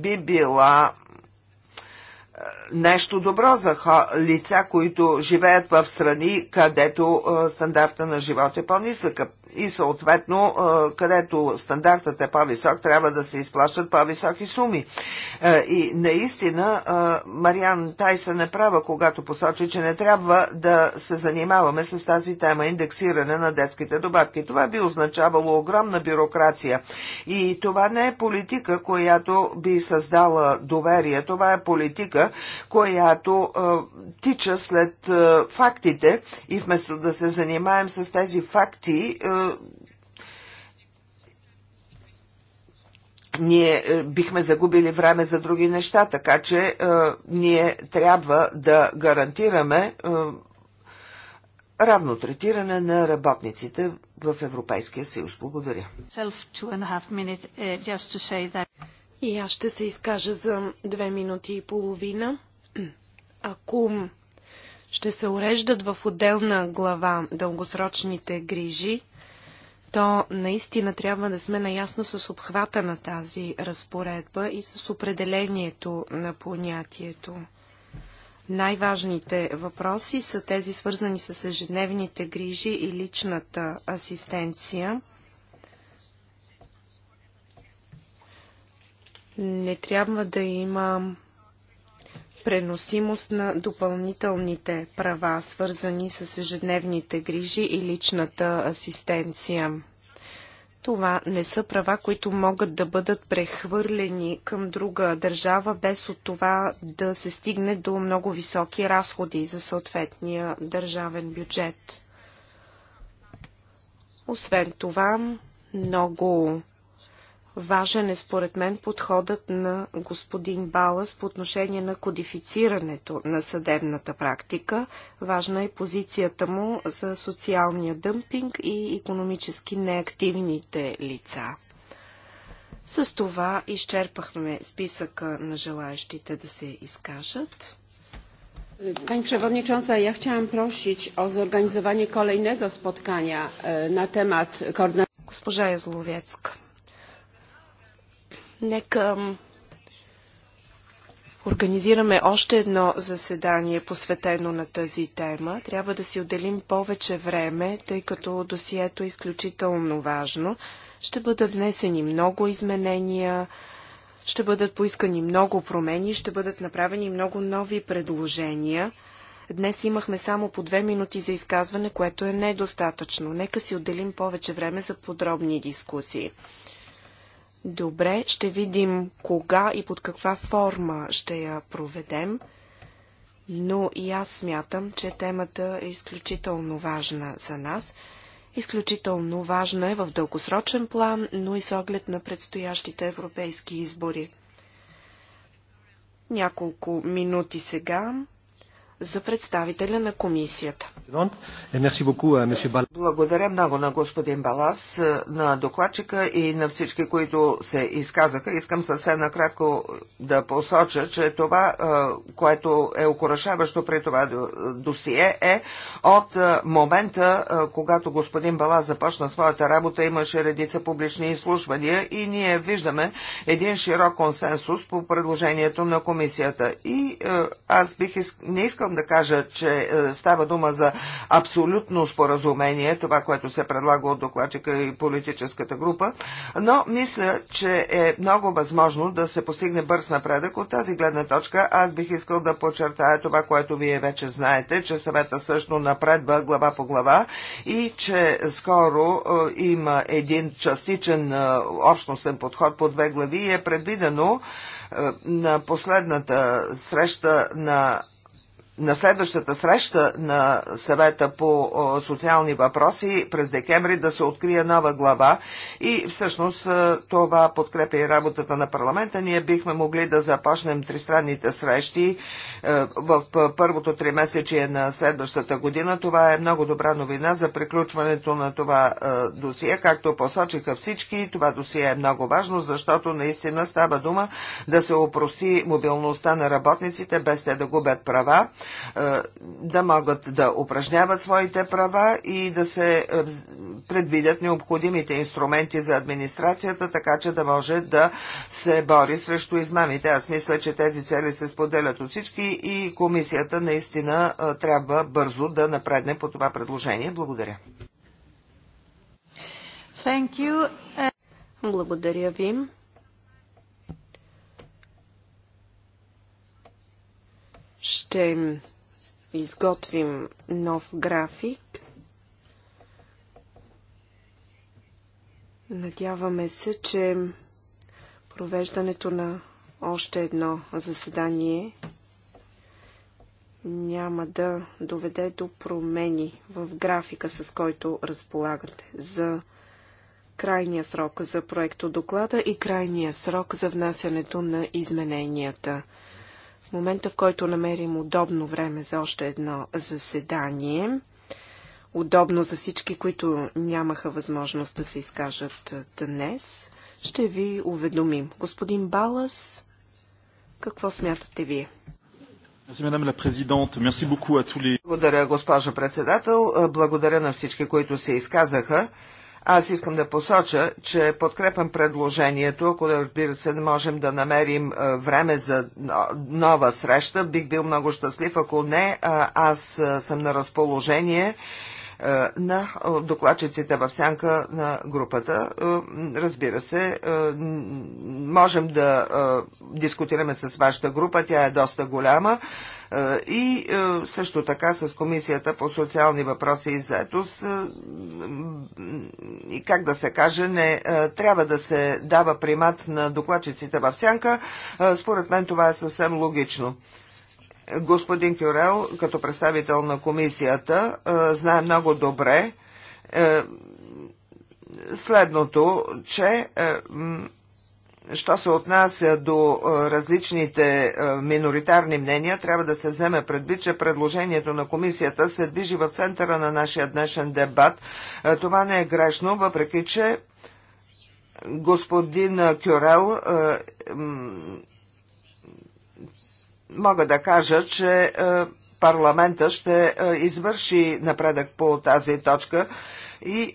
Speaker 3: би била е, нещо добро за лица, които живеят в страни, където е, стандарта на живот е по-нисък и съответно, където стандартът е по-висок, трябва да се изплащат по-високи суми. И наистина Мариан Тайсън е права, когато посочи, че не трябва да се занимаваме с тази тема индексиране на детските добавки. Това би означавало огромна бюрокрация. И това не е политика, която би създала доверие. Това е политика, която тича след фактите и вместо да се занимаем с тези факти, ние е, бихме загубили време за други неща, така че е, ние трябва да гарантираме е, равно третиране на работниците в Европейския съюз. Благодаря.
Speaker 1: Uh, и аз ще се изкажа за две минути и половина. *clears throat* Ако ще се уреждат в
Speaker 2: отделна глава дългосрочните грижи, то наистина трябва да сме наясно с обхвата на тази разпоредба и с определението на понятието. Най-важните въпроси са тези свързани с ежедневните грижи и личната асистенция. Не трябва да има преносимост на допълнителните права, свързани с ежедневните грижи и личната асистенция. Това не са права, които могат да бъдат прехвърлени към друга държава, без от това да се стигне до много високи разходи за съответния държавен бюджет. Освен това, много Важен е според мен подходът на господин Балас по отношение на кодифицирането на съдебната практика. Важна е позицията му за социалния дъмпинг и економически неактивните лица. С това изчерпахме списъка на желаящите да се изкажат.
Speaker 4: Pani Przewodnicząca, ja chciałam prosić o zorganizowanie kolejnego spotkania e, na temat koordynacji. Госпожа Язловецка.
Speaker 2: Нека организираме още едно заседание, посветено на тази тема. Трябва да си отделим повече време, тъй като досието е изключително важно. Ще бъдат внесени много изменения, ще бъдат поискани много промени, ще бъдат направени много нови предложения. Днес имахме само по две минути за изказване, което е недостатъчно. Нека си отделим повече време за подробни дискусии. Добре, ще видим кога и под каква форма ще я проведем, но и аз смятам, че темата е изключително важна за нас. Изключително важна е в дългосрочен план, но и с оглед на предстоящите европейски избори.
Speaker 3: Няколко минути сега за представителя на комисията.
Speaker 4: Е, е,
Speaker 3: Благодаря много на господин Балас, е, на докладчика и на всички, които се изказаха. Искам съвсем накратко да посоча, че това, което е окорашаващо при това досие е от момента, когато господин Балас започна своята работа, имаше редица публични изслушвания и ние виждаме един широк консенсус по предложението на комисията. И аз бих не искал Искам да кажа, че е, става дума за абсолютно споразумение, това, което се предлага от докладчика и политическата група, но мисля, че е много възможно да се постигне бърз напредък. От тази гледна точка аз бих искал да подчертая това, което вие вече знаете, че съвета също напредва глава по глава и че скоро е, има един частичен е, общностен подход по две глави и е предвидено на последната среща на на следващата среща на съвета по социални въпроси през декември да се открие нова глава и всъщност е, това подкрепя и работата на парламента. Ние бихме могли да започнем тристранните срещи е, в първото три месече на следващата година. Това е много добра новина за приключването на това е, досие. Както посочиха всички, това досие е много важно, защото наистина става дума да се опроси мобилността на работниците без те да губят права е, да могат да упражняват своите права и да се е, предвидят необходимите инструменти за администрацията, така че да може да се бори срещу измамите. Аз мисля, че тези цели се споделят от всички и комисията наистина е, трябва бързо да напредне по това предложение. Благодаря.
Speaker 1: Благодаря ви.
Speaker 2: Ще изготвим нов график. Надяваме се, че провеждането на още едно заседание няма да доведе до промени в графика, с който разполагате за крайния срок за проекто доклада и крайния срок за внасянето на измененията. В момента, в който намерим удобно време за още едно заседание, удобно за всички, които нямаха възможност да се изкажат днес, ще ви уведомим. Господин Балас, какво смятате
Speaker 3: вие? Благодаря, госпожа председател. Благодаря на всички, които се изказаха. Аз искам да посоча, че подкрепям предложението. Ако, разбира се, не можем да намерим време за нова среща, бих бил много щастлив. Ако не, аз съм на разположение е, на докладчиците в сянка на групата. Е, разбира се, е, можем да дискутираме с вашата група, тя е доста голяма и също така с Комисията по социални въпроси и заетост. И как да се каже, не трябва да се дава примат на докладчиците в сянка. Според мен това е съвсем логично господин Кюрел, като представител на комисията, е, знае много добре е, следното, че е, що се отнася до различните миноритарни мнения, трябва да се вземе предвид, че предложението на комисията се движи в центъра на нашия днешен дебат. Това не е грешно, въпреки че господин Кюрел мога да кажа, че е, парламента ще е, извърши напредък по тази точка и е,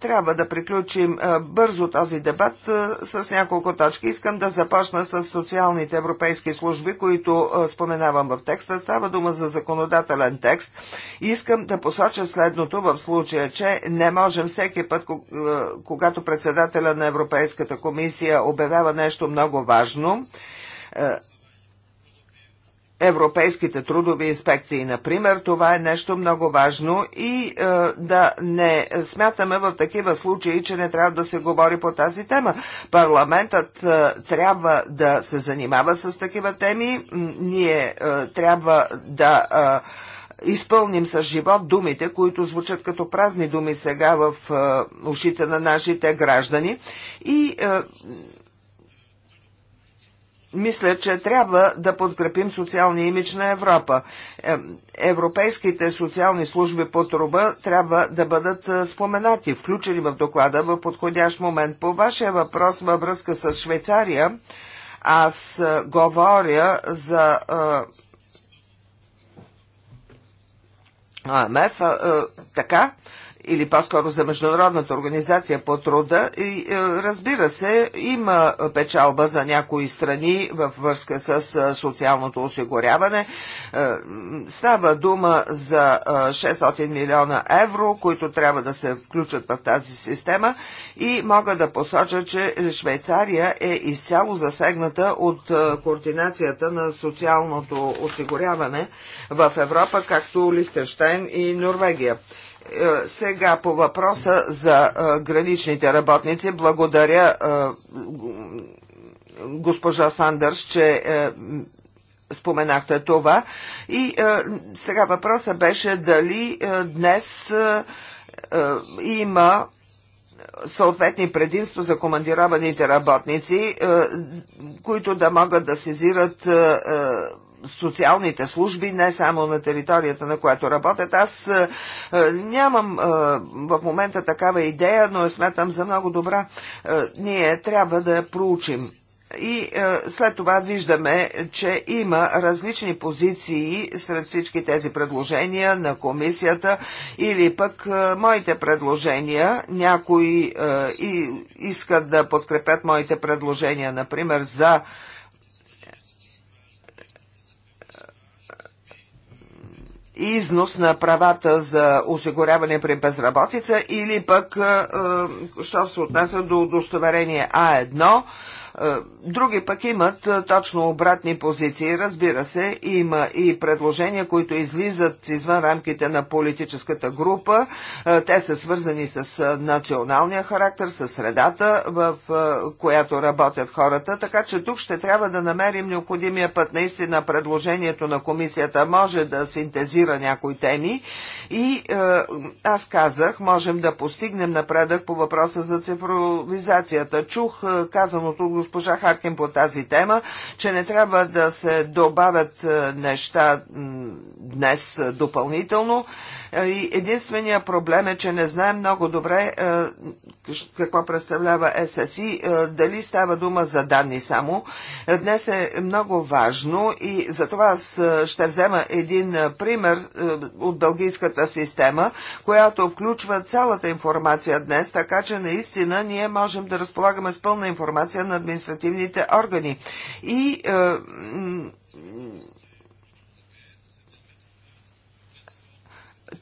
Speaker 3: трябва да приключим бързо този дебат с няколко точки. Искам да започна с социалните европейски служби, които споменавам в текста. Става дума за законодателен текст. Искам да посоча следното в случая, че не можем всеки път, когато председателя на Европейската комисия обявява нещо много важно, европейските трудови инспекции, например, това е нещо много важно и е, да не смятаме в такива случаи, че не трябва да се говори по тази тема. Парламентът е, трябва да се занимава с такива теми. Ние е, трябва да. Е, изпълним с живот думите, които звучат като празни думи сега в е, ушите на нашите граждани. И е, мисля, че трябва да подкрепим социалния имидж на Европа. Е, европейските социални служби по труба трябва да бъдат е, споменати, включени в доклада в подходящ момент. По вашия въпрос във връзка с Швейцария, аз е, говоря за АМФ, така, или по-скоро за Международната организация по труда. И, е, разбира се, има печалба за някои страни във връзка с е, социалното осигуряване. Е, става дума за 600 милиона евро, които трябва да се включат в тази система и мога да посоча, че Швейцария е изцяло засегната от координацията на социалното осигуряване в Европа, както Лихтенштайн и Норвегия. Е, сега по въпроса за е, граничните работници. Благодаря е, госпожа Сандърс, че споменахте това. И сега въпросът беше дали днес има съответни предимства за командированите работници, които да могат да сезират социалните служби, не само на територията, на която работят. Аз е, е, нямам е, в момента такава идея, но я смятам за много добра. Ние трябва да я проучим. И е, след това виждаме, че има различни позиции сред всички тези предложения на комисията или пък е, моите предложения. Някои е, и, искат да подкрепят моите предложения, например, за е, износ на правата за осигуряване при безработица или пък, що се отнася до удостоверение А1, е, други пък имат е, точно обратни позиции. Разбира се, има и предложения, които излизат извън рамките на политическата група. Е, те са свързани с националния характер, с средата, в която работят хората. Така че тук ще трябва да намерим необходимия път. Наистина предложението на комисията може да синтезира някои теми и аз казах, можем да постигнем напредък по въпроса за цифровизацията. Чух казаното госпожа Харкин по тази тема, че не трябва да се добавят е, неща днес е, допълнително. Е, и единствения проблем е, че не знаем много добре е, какво представлява ССИ, е, дали става дума за данни само. Днес е много важно и за това аз ще взема един пример от бългийската система, която включва цялата информация днес, така че наистина ние можем да разполагаме с пълна информация на административните органи. И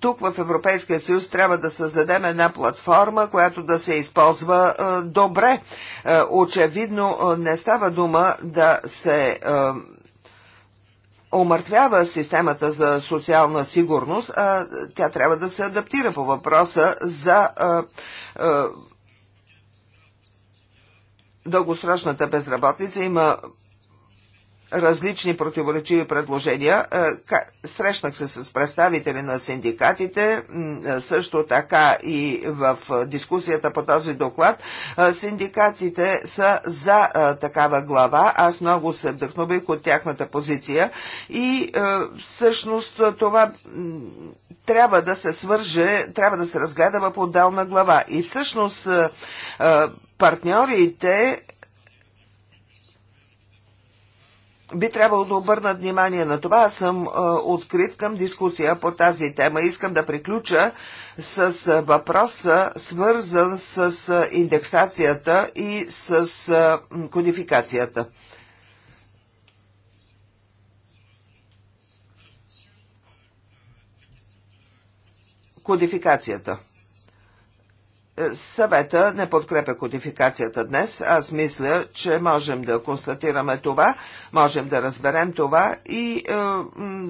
Speaker 3: тук в Европейския съюз трябва да създадем една платформа, която да се използва е, добре. Е, очевидно е, не става дума да се е, омъртвява системата за социална сигурност, а тя трябва да се адаптира по въпроса за е, е, дългосрочната безработница. Има различни противоречиви предложения. Е, срещнах се с представители на синдикатите, е, също така и в е, дискусията по този доклад. Синдикатите са за такава глава. Аз много се вдъхнових от тяхната позиция и всъщност това трябва да се свърже, трябва да се разгледа в отдална глава. И всъщност партньорите би трябвало да обърнат внимание на това. Аз съм а, открит към дискусия по тази тема. Искам да приключа с въпроса, свързан с индексацията и с а, кодификацията. Кодификацията. Съвета не подкрепя кодификацията днес. Аз мисля, че можем да констатираме това, можем да разберем това и е,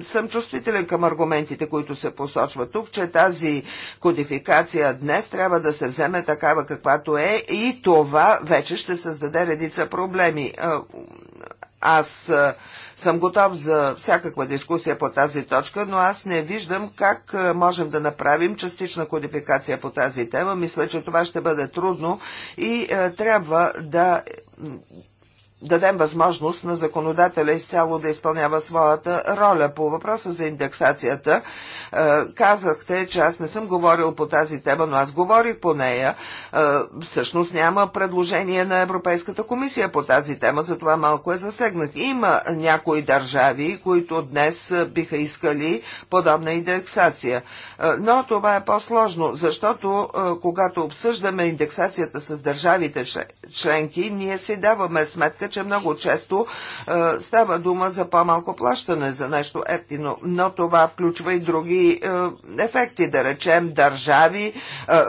Speaker 3: съм чувствителен към аргументите, които се посочват тук, че тази кодификация днес трябва да се вземе такава каквато е и това вече ще създаде редица проблеми. Е, аз е, съм готов за всякаква дискусия по тази точка, но аз не виждам как е, можем да направим частична кодификация по тази тема. Мисля, че това ще бъде трудно и е, трябва да дадем възможност на законодателя изцяло да изпълнява своята роля. По въпроса за индексацията е, казахте, че аз не съм говорил по тази тема, но аз говорих по нея. Е, всъщност няма предложение на Европейската комисия по тази тема, затова малко е засегнат. Има някои държави, които днес биха искали подобна индексация. Но това е по-сложно, защото когато обсъждаме индексацията с държавите членки, ние си даваме сметка, че много често става дума за по-малко плащане за нещо ефтино, но това включва и други ефекти, да речем държави,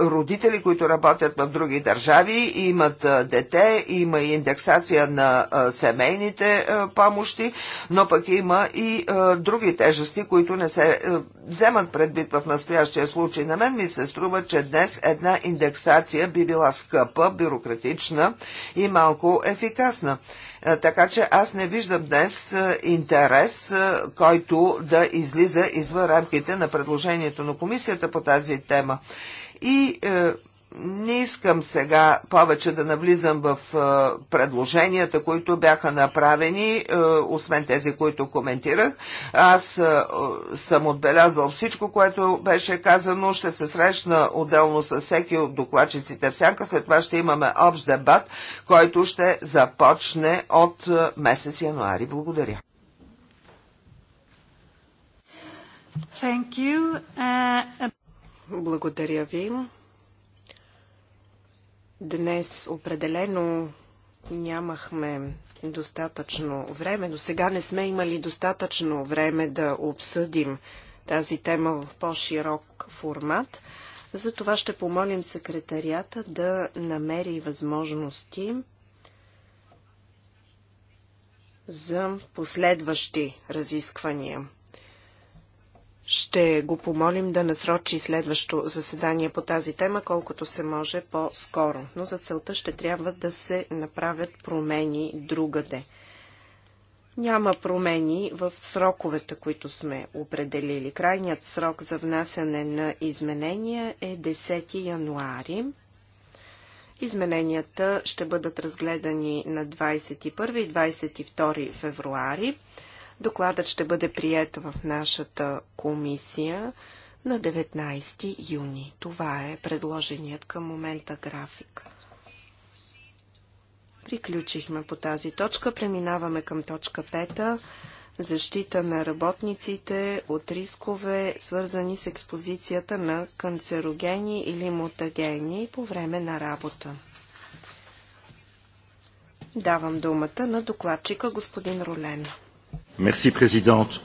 Speaker 3: родители, които работят в други държави, имат дете, има и индексация на семейните помощи, но пък има и други тежести, които не се вземат предвид в нас настоящия случай. На мен ми се струва, че днес една индексация би била скъпа, бюрократична и малко ефикасна. Е, така че аз не виждам днес е, интерес, е, който да излиза извън рамките на предложението на комисията по тази тема. И е, не искам сега повече да навлизам в е, предложенията, които бяха направени, е, освен тези, които коментирах. Аз е, съм отбелязал всичко, което беше казано. Ще се срещна отделно с всеки от докладчиците в сянка. След това ще имаме общ дебат, който ще започне от месец януари. Благодаря.
Speaker 1: Thank you. Uh... Благодаря ви. Днес
Speaker 2: определено нямахме достатъчно време. До сега не сме имали достатъчно време да обсъдим тази тема в по-широк формат. Затова ще помолим секретарията да намери възможности за последващи разисквания ще го помолим да насрочи следващо заседание по тази тема, колкото се може по-скоро. Но за целта ще трябва да се направят промени другаде. Няма промени в сроковете, които сме определили. Крайният срок за внасяне на изменения е 10 януари. Измененията ще бъдат разгледани на 21 и 22 февруари. Докладът ще бъде прият в нашата комисия на 19 юни. Това е предложеният към момента график. Приключихме по тази точка. Преминаваме към точка 5. Защита на работниците от рискове, свързани с експозицията на канцерогени или мутагени по време на работа. Давам думата на докладчика господин Ролен.
Speaker 4: Merci, Présidente.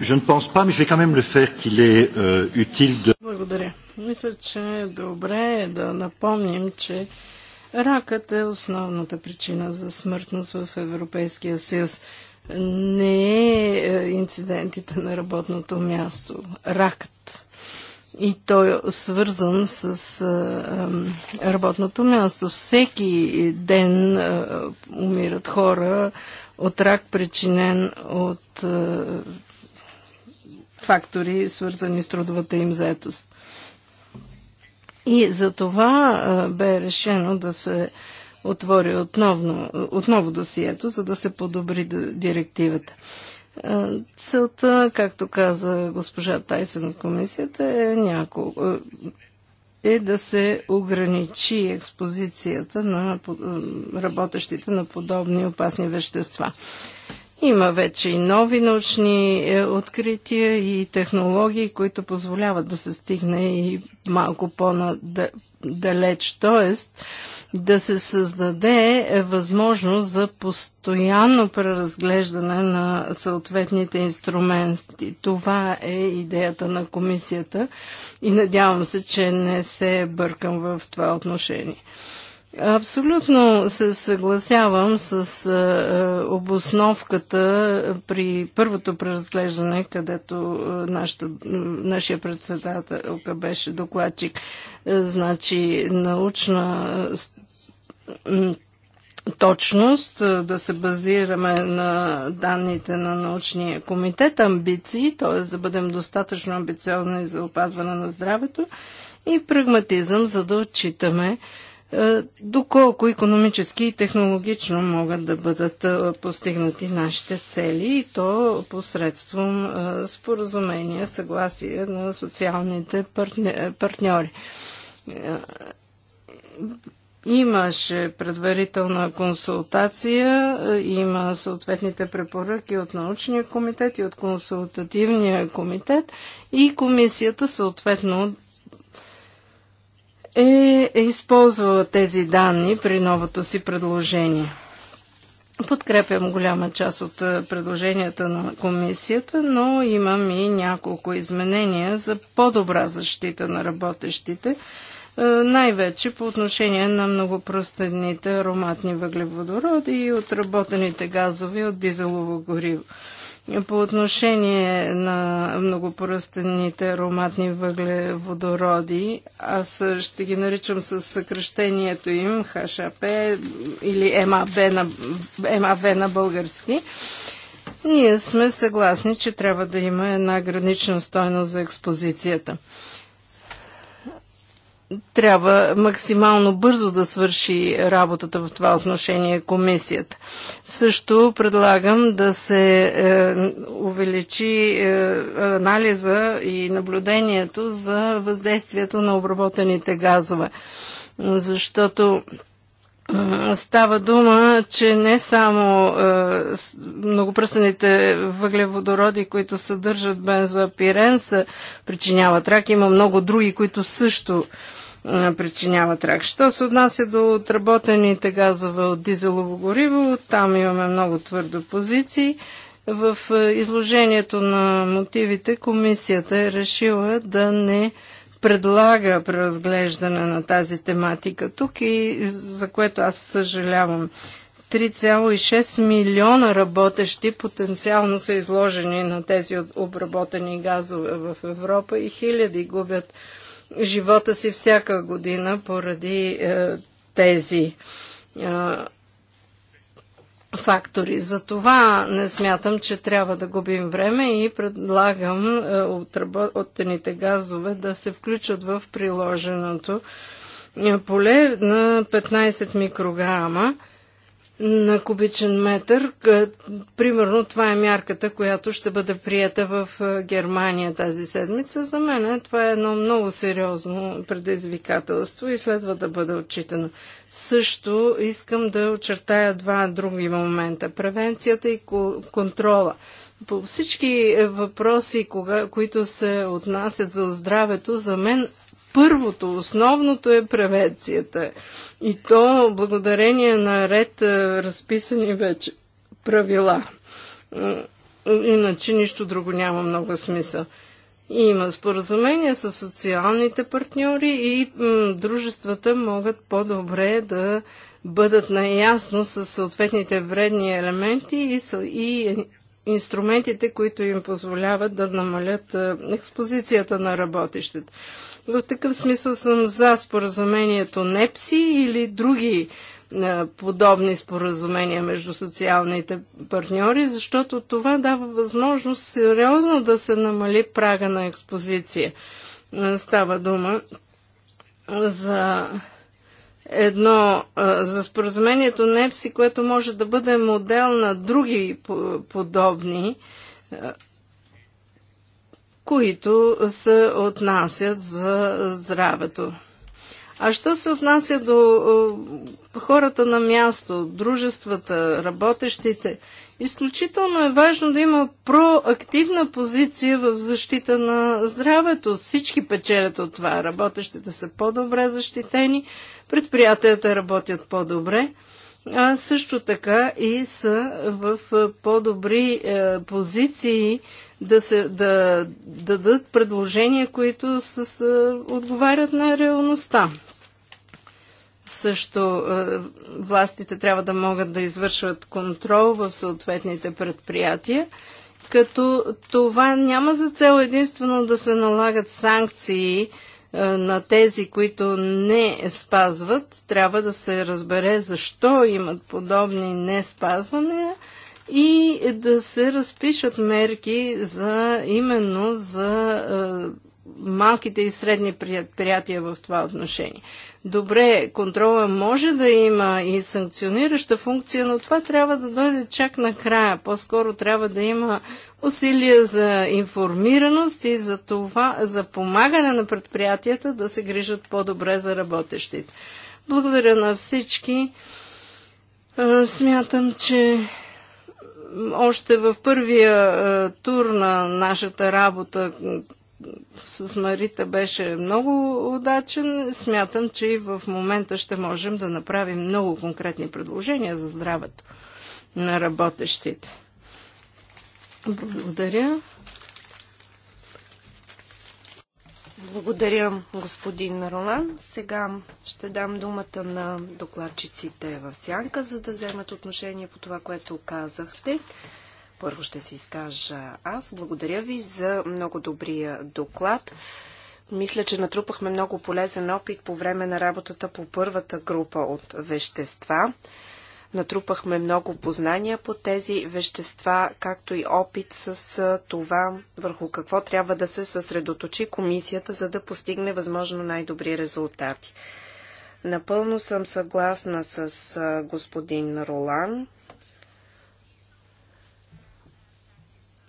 Speaker 4: Je ne pense pas, mais je vais quand même le faire, qu'il est euh, utile de...
Speaker 5: Благодаря. Мисля, че е добре да напомним, че ракът е основната причина за смъртност в Европейския съюз. Не е, е инцидентите на работното място. Ракът. И той е свързан с а, е, а, е, работното място. Всеки ден а, умират хора от рак, причинен от е, фактори, свързани с трудовата им заетост. И за това е, бе решено да се отвори отново, отново досието, за да се подобри директивата. Е, целта, както каза госпожа Тайсен от комисията, е няколко, е, е да се ограничи експозицията на работещите на подобни опасни вещества. Има вече и нови научни е, открития и технологии, които позволяват да се стигне и малко по-далеч. Тоест, да се създаде е възможност за постоянно преразглеждане на съответните инструменти. Това е идеята на комисията и надявам се, че не се бъркам в това отношение. Абсолютно се съгласявам с е, е обосновката при първото преразглеждане, където е, нашата, нашия председателка беше докладчик. Значи научна точност, да се базираме на данните на научния комитет, амбиции, т.е. да бъдем достатъчно амбициозни за опазване на здравето и прагматизъм, за да отчитаме доколко економически и технологично могат да бъдат постигнати нашите цели и то посредством споразумения, съгласие на социалните партньори Имаше предварителна консултация, има съответните препоръки от научния комитет и от консултативния комитет и комисията съответно е, е използвала тези данни при новото си предложение. Подкрепям голяма част от е, предложенията на комисията, но имам и няколко изменения за по-добра защита на работещите – е, най-вече по отношение на многопростъдните ароматни въглеводороди и отработените газови от дизелово гориво. По отношение на многопоръстените ароматни въглеводороди, аз ще ги наричам с съкръщението им ХАП или МАБ на, МАБ на български. Ние сме съгласни, че трябва да има една гранична стойност за експозицията трябва максимално бързо да свърши работата в това отношение комисията. Също предлагам да се е, увеличи е, анализа и наблюдението за въздействието на обработените газове, защото е, Става дума, че не само е, многопръстените въглеводороди, които съдържат бензоапирен, са, причиняват рак. Има много други, които също Причиняват рак. Що се отнася до отработените газове от дизелово гориво, там имаме много твърдо позиции. В изложението на мотивите комисията е решила да не предлага преразглеждане на тази тематика тук и за което аз съжалявам. 3,6 милиона работещи потенциално са изложени на тези обработени газове в Европа и хиляди губят живота си всяка година поради е, тези е, фактори. Затова не смятам, че трябва да губим време и предлагам е, отработените газове да се включат в приложеното е, поле на 15 микрограма на кубичен метър. Примерно това е мярката, която ще бъде прията в е, Германия тази седмица. За мен е, това е едно много сериозно предизвикателство и следва да бъде отчитано. Също искам да очертая два други момента. Превенцията и контрола. По всички въпроси, кога, които се отнасят за здравето, за мен първото, основното е превенцията. И то благодарение на ред е, разписани вече правила. Иначе нищо друго няма много смисъл. И има споразумения с социалните партньори и дружествата могат по-добре да бъдат наясно с съответните вредни елементи и, и инструментите, които им позволяват да намалят е, експозицията на работещите. В такъв смисъл съм за споразумението НЕПСИ или други подобни споразумения между социалните партньори, защото това дава възможност сериозно да се намали прага на експозиция. Става дума за едно, за споразумението НЕПСИ, което може да бъде модел на други подобни които се отнасят за здравето. А що се отнася до хората на място, дружествата, работещите, изключително е важно да има проактивна позиция в защита на здравето. Всички печелят от това. Работещите са по-добре защитени, предприятията работят по-добре, а също така и са в е, по-добри е, позиции да, се, да, да дадат предложения, които са, са, отговарят на реалността. Също властите трябва да могат да извършват контрол в съответните предприятия, като това няма за цел единствено да се налагат санкции на тези, които не спазват. Трябва да се разбере защо имат подобни неспазвания – и да се разпишат мерки за именно за е, малките и средни предприятия в това отношение. Добре, контрола може да има и санкционираща функция, но това трябва да дойде чак накрая. По-скоро трябва да има усилия за информираност и за това, за помагане на предприятията да се грижат по-добре за работещите. Благодаря на всички. Е, смятам, че още в първия е, тур на нашата работа с Марита беше много удачен. Смятам, че и в момента ще можем да направим много конкретни предложения за здравето на работещите. Благодаря.
Speaker 2: Благодаря, господин Ролан. Сега ще дам думата на докладчиците в сянка, за да вземат отношение по това, което казахте. Първо ще се изкажа аз. Благодаря ви за много добрия доклад. Мисля, че натрупахме много полезен опит по време на работата по първата група от вещества. Натрупахме много познания по тези вещества, както и опит с това върху какво трябва да се съсредоточи комисията, за да постигне възможно най-добри резултати. Напълно съм съгласна с господин Ролан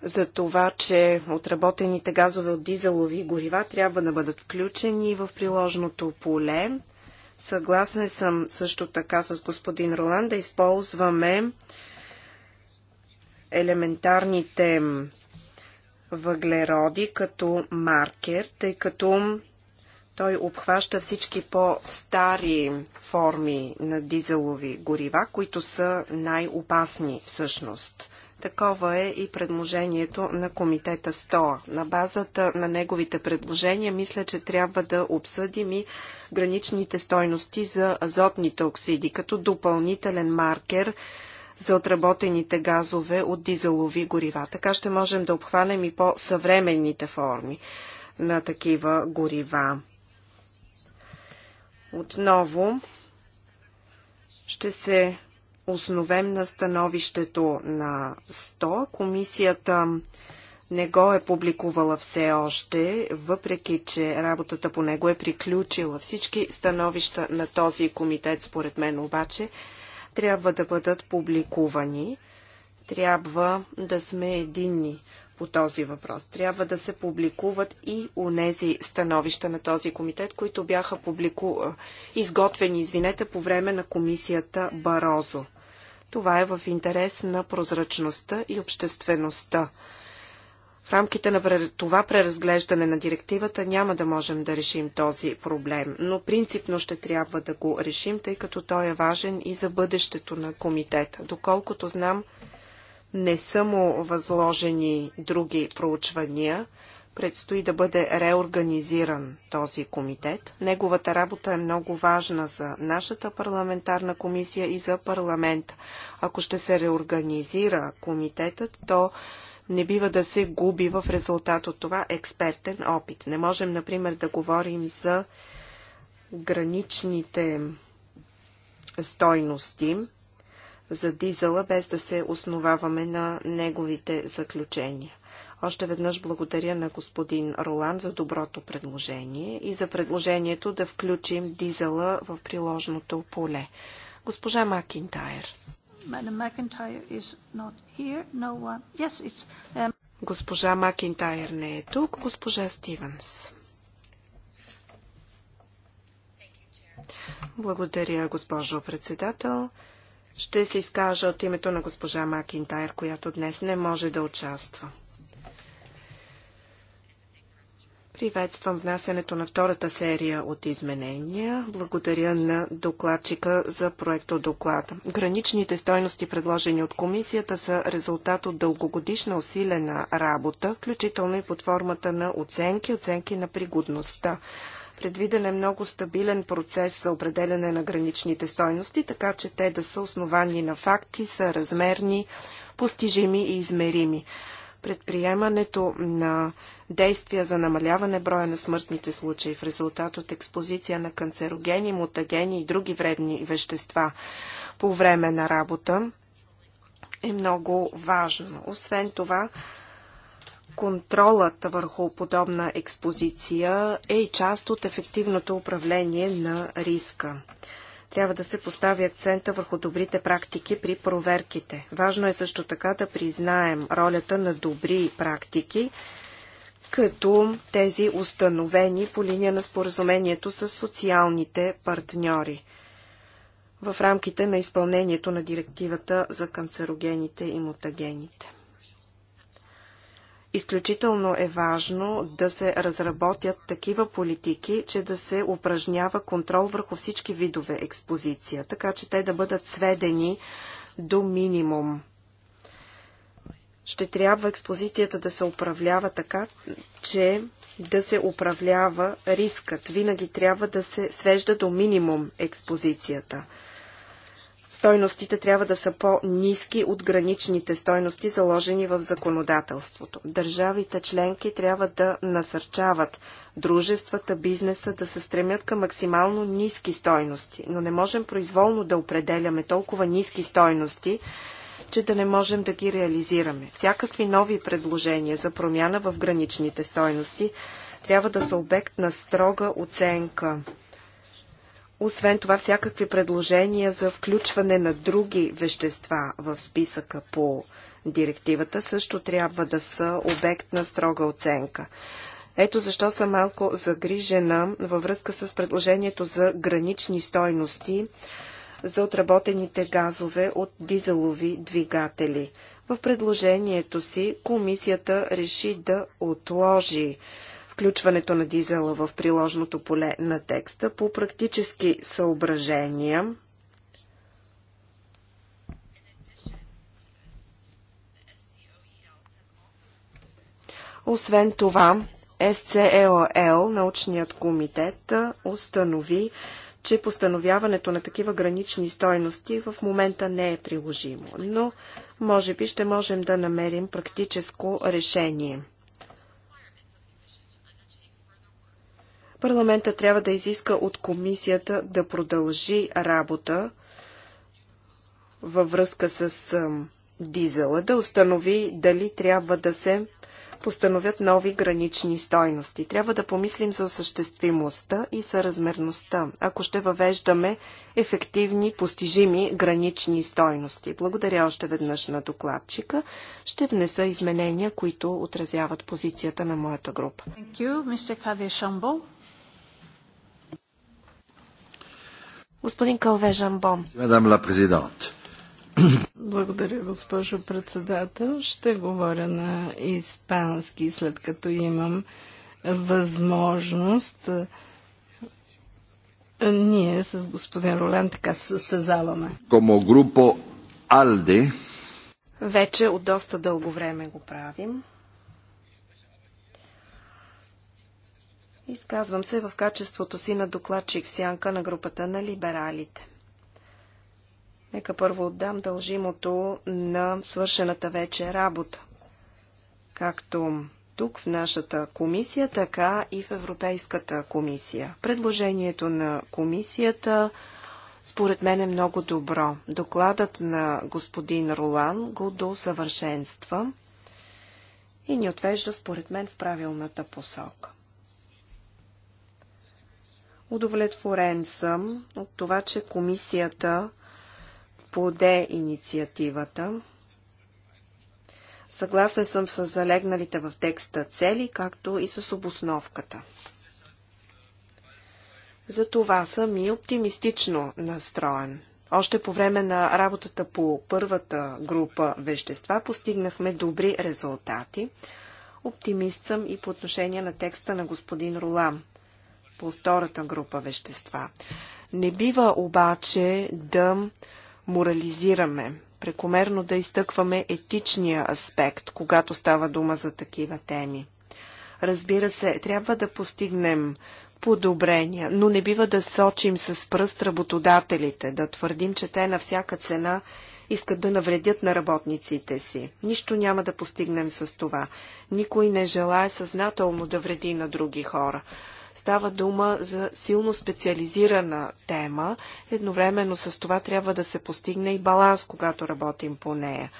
Speaker 2: за това, че отработените газове от дизелови горива трябва да бъдат включени в приложното поле. Съгласен съм също така с господин Ролан да използваме елементарните въглероди като маркер, тъй като той обхваща всички по-стари форми на дизелови горива, които са най-опасни всъщност. Такова е и предложението на комитета 100. На базата на неговите предложения мисля, че трябва да обсъдим и граничните стойности за азотните оксиди като допълнителен маркер за отработените газове от дизелови горива. Така ще можем да обхванем и по-съвременните форми на такива горива. Отново ще се основем на становището на 100. Комисията не го е публикувала все още, въпреки че работата по него е приключила. Всички становища на този комитет, според мен обаче, трябва да бъдат публикувани. Трябва да сме единни по този въпрос. Трябва да се публикуват и унези становища на този комитет, които бяха публику... изготвени, извинете, по време на комисията Барозо. Това е в интерес на прозрачността и обществеността. В рамките на това преразглеждане на директивата няма да можем да решим този проблем, но принципно ще трябва да го решим, тъй като той е важен и за бъдещето на комитета. Доколкото знам, не са му възложени други проучвания – предстои да бъде реорганизиран този комитет. Неговата работа е много важна за нашата парламентарна комисия и за парламент. Ако ще се реорганизира комитетът, то не бива да се губи в резултат от това експертен опит. Не можем, например, да говорим за граничните стойности за дизела, без да се основаваме на неговите заключения. Още веднъж благодаря на господин Ролан за доброто предложение и за предложението да включим дизела в приложното поле. Госпожа Макинтайр.
Speaker 1: Um,
Speaker 2: госпожа Макинтайр не е тук. Госпожа Стивенс. Благодаря, госпожо председател. Ще се изкажа от името на госпожа Макинтайр, която днес не може да участва. Приветствам внасянето на втората серия от изменения. Благодаря на докладчика за проекто доклада. Граничните стойности, предложени от комисията, са резултат от дългогодишна усилена работа, включително и под формата на оценки, оценки на пригодността. Предвиден е много стабилен процес за определене на граничните стойности, така че те да са основани на факти, са размерни, постижими и измерими. Предприемането на действия за намаляване броя на смъртните случаи в резултат от експозиция на канцерогени, мутагени и други вредни вещества по време на работа е много важно. Освен това, контролът върху подобна експозиция е и част от ефективното управление на риска. Трябва да се постави акцента върху добрите практики при проверките. Важно е също така да признаем ролята на добри практики, като тези установени по линия на споразумението с социалните партньори в рамките на изпълнението на директивата за канцерогените и мутагените. Изключително е важно да се разработят такива политики, че да се упражнява контрол върху всички видове експозиция, така че те да бъдат сведени до минимум. Ще трябва експозицията да се управлява така, че да се управлява рискът. Винаги трябва да се свежда до минимум експозицията стойностите трябва да са по-низки от граничните стойности, заложени в законодателството. Държавите членки трябва да насърчават дружествата, бизнеса да се стремят към максимално ниски стойности, но не можем произволно да определяме толкова ниски стойности, че да не можем да ги реализираме. Всякакви нови предложения за промяна в граничните стойности трябва да са обект на строга оценка. Освен това, всякакви предложения за включване на други вещества в списъка по директивата също трябва да са обект на строга оценка. Ето защо съм малко загрижена във връзка с предложението за гранични стойности за отработените газове от дизелови двигатели. В предложението си комисията реши да отложи включването на дизела в приложното поле на текста по практически съображения. Освен това, СЦЕОЛ, научният комитет, установи, че постановяването на такива гранични стойности в момента не е приложимо, но може би ще можем да намерим практическо решение – Парламента трябва да изиска от комисията да продължи работа във връзка с дизела, да установи дали трябва да се постановят нови гранични стойности. Трябва да помислим за осъществимостта и съразмерността, ако ще въвеждаме ефективни, постижими гранични стойности. Благодаря още веднъж на докладчика. Ще внеса изменения, които отразяват позицията на моята група.
Speaker 1: Thank you, Mr.
Speaker 2: Господин Калве Жамбон.
Speaker 5: Благодаря, госпожо председател. Ще говоря на испански, след като имам възможност. Ние с господин Ролян така се състезаваме.
Speaker 3: Como групо Алде.
Speaker 2: Вече от доста дълго време го правим. Изказвам се в качеството си на докладчик сянка на групата на либералите. Нека първо отдам дължимото на свършената вече работа. Както тук в нашата комисия, така и в Европейската комисия. Предложението на комисията според мен е много добро. Докладът на господин Ролан го досъвършенства и ни отвежда според мен в правилната посока. Удовлетворен съм от това, че комисията поде инициативата. Съгласен съм с залегналите в текста цели, както и с обосновката. За това съм и оптимистично настроен. Още по време на работата по първата група вещества постигнахме добри резултати. Оптимист съм и по отношение на текста на господин Ролам по втората група вещества. Не бива обаче да морализираме, прекомерно да изтъкваме етичния аспект, когато става дума за такива теми. Разбира се, трябва да постигнем подобрения, но не бива да сочим с пръст работодателите, да твърдим, че те на всяка цена искат да навредят на работниците си. Нищо няма да постигнем с това. Никой не желая съзнателно да вреди на други хора. Става дума за силно специализирана тема. Едновременно с това трябва да се постигне и баланс, когато работим по нея.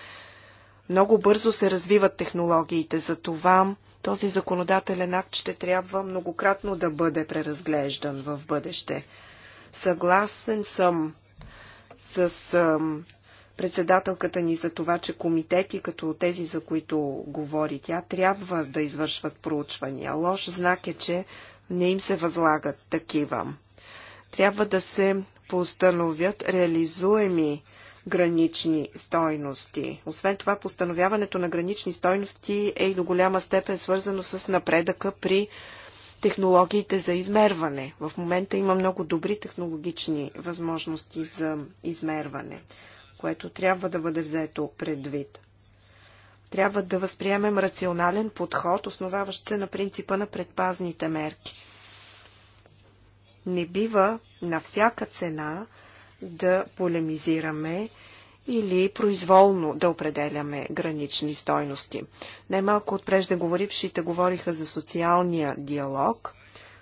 Speaker 2: Много бързо се развиват технологиите, за това този законодателен акт ще трябва многократно да бъде преразглеждан в бъдеще. Съгласен съм с председателката ни за това, че комитети, като тези, за които говори тя, трябва да извършват проучвания. Лош знак е, че не им се възлагат такива. Трябва да се поустановят реализуеми гранични стойности. Освен това, постановяването на гранични стойности е и до голяма степен свързано с напредъка при технологиите за измерване. В момента има много добри технологични възможности за измерване, което трябва да бъде взето предвид. Трябва да възприемем рационален подход, основаващ се на принципа на предпазните мерки. Не бива на всяка цена да полемизираме или произволно да определяме гранични стойности. Най-малко от преждеговорившите говориха за социалния диалог,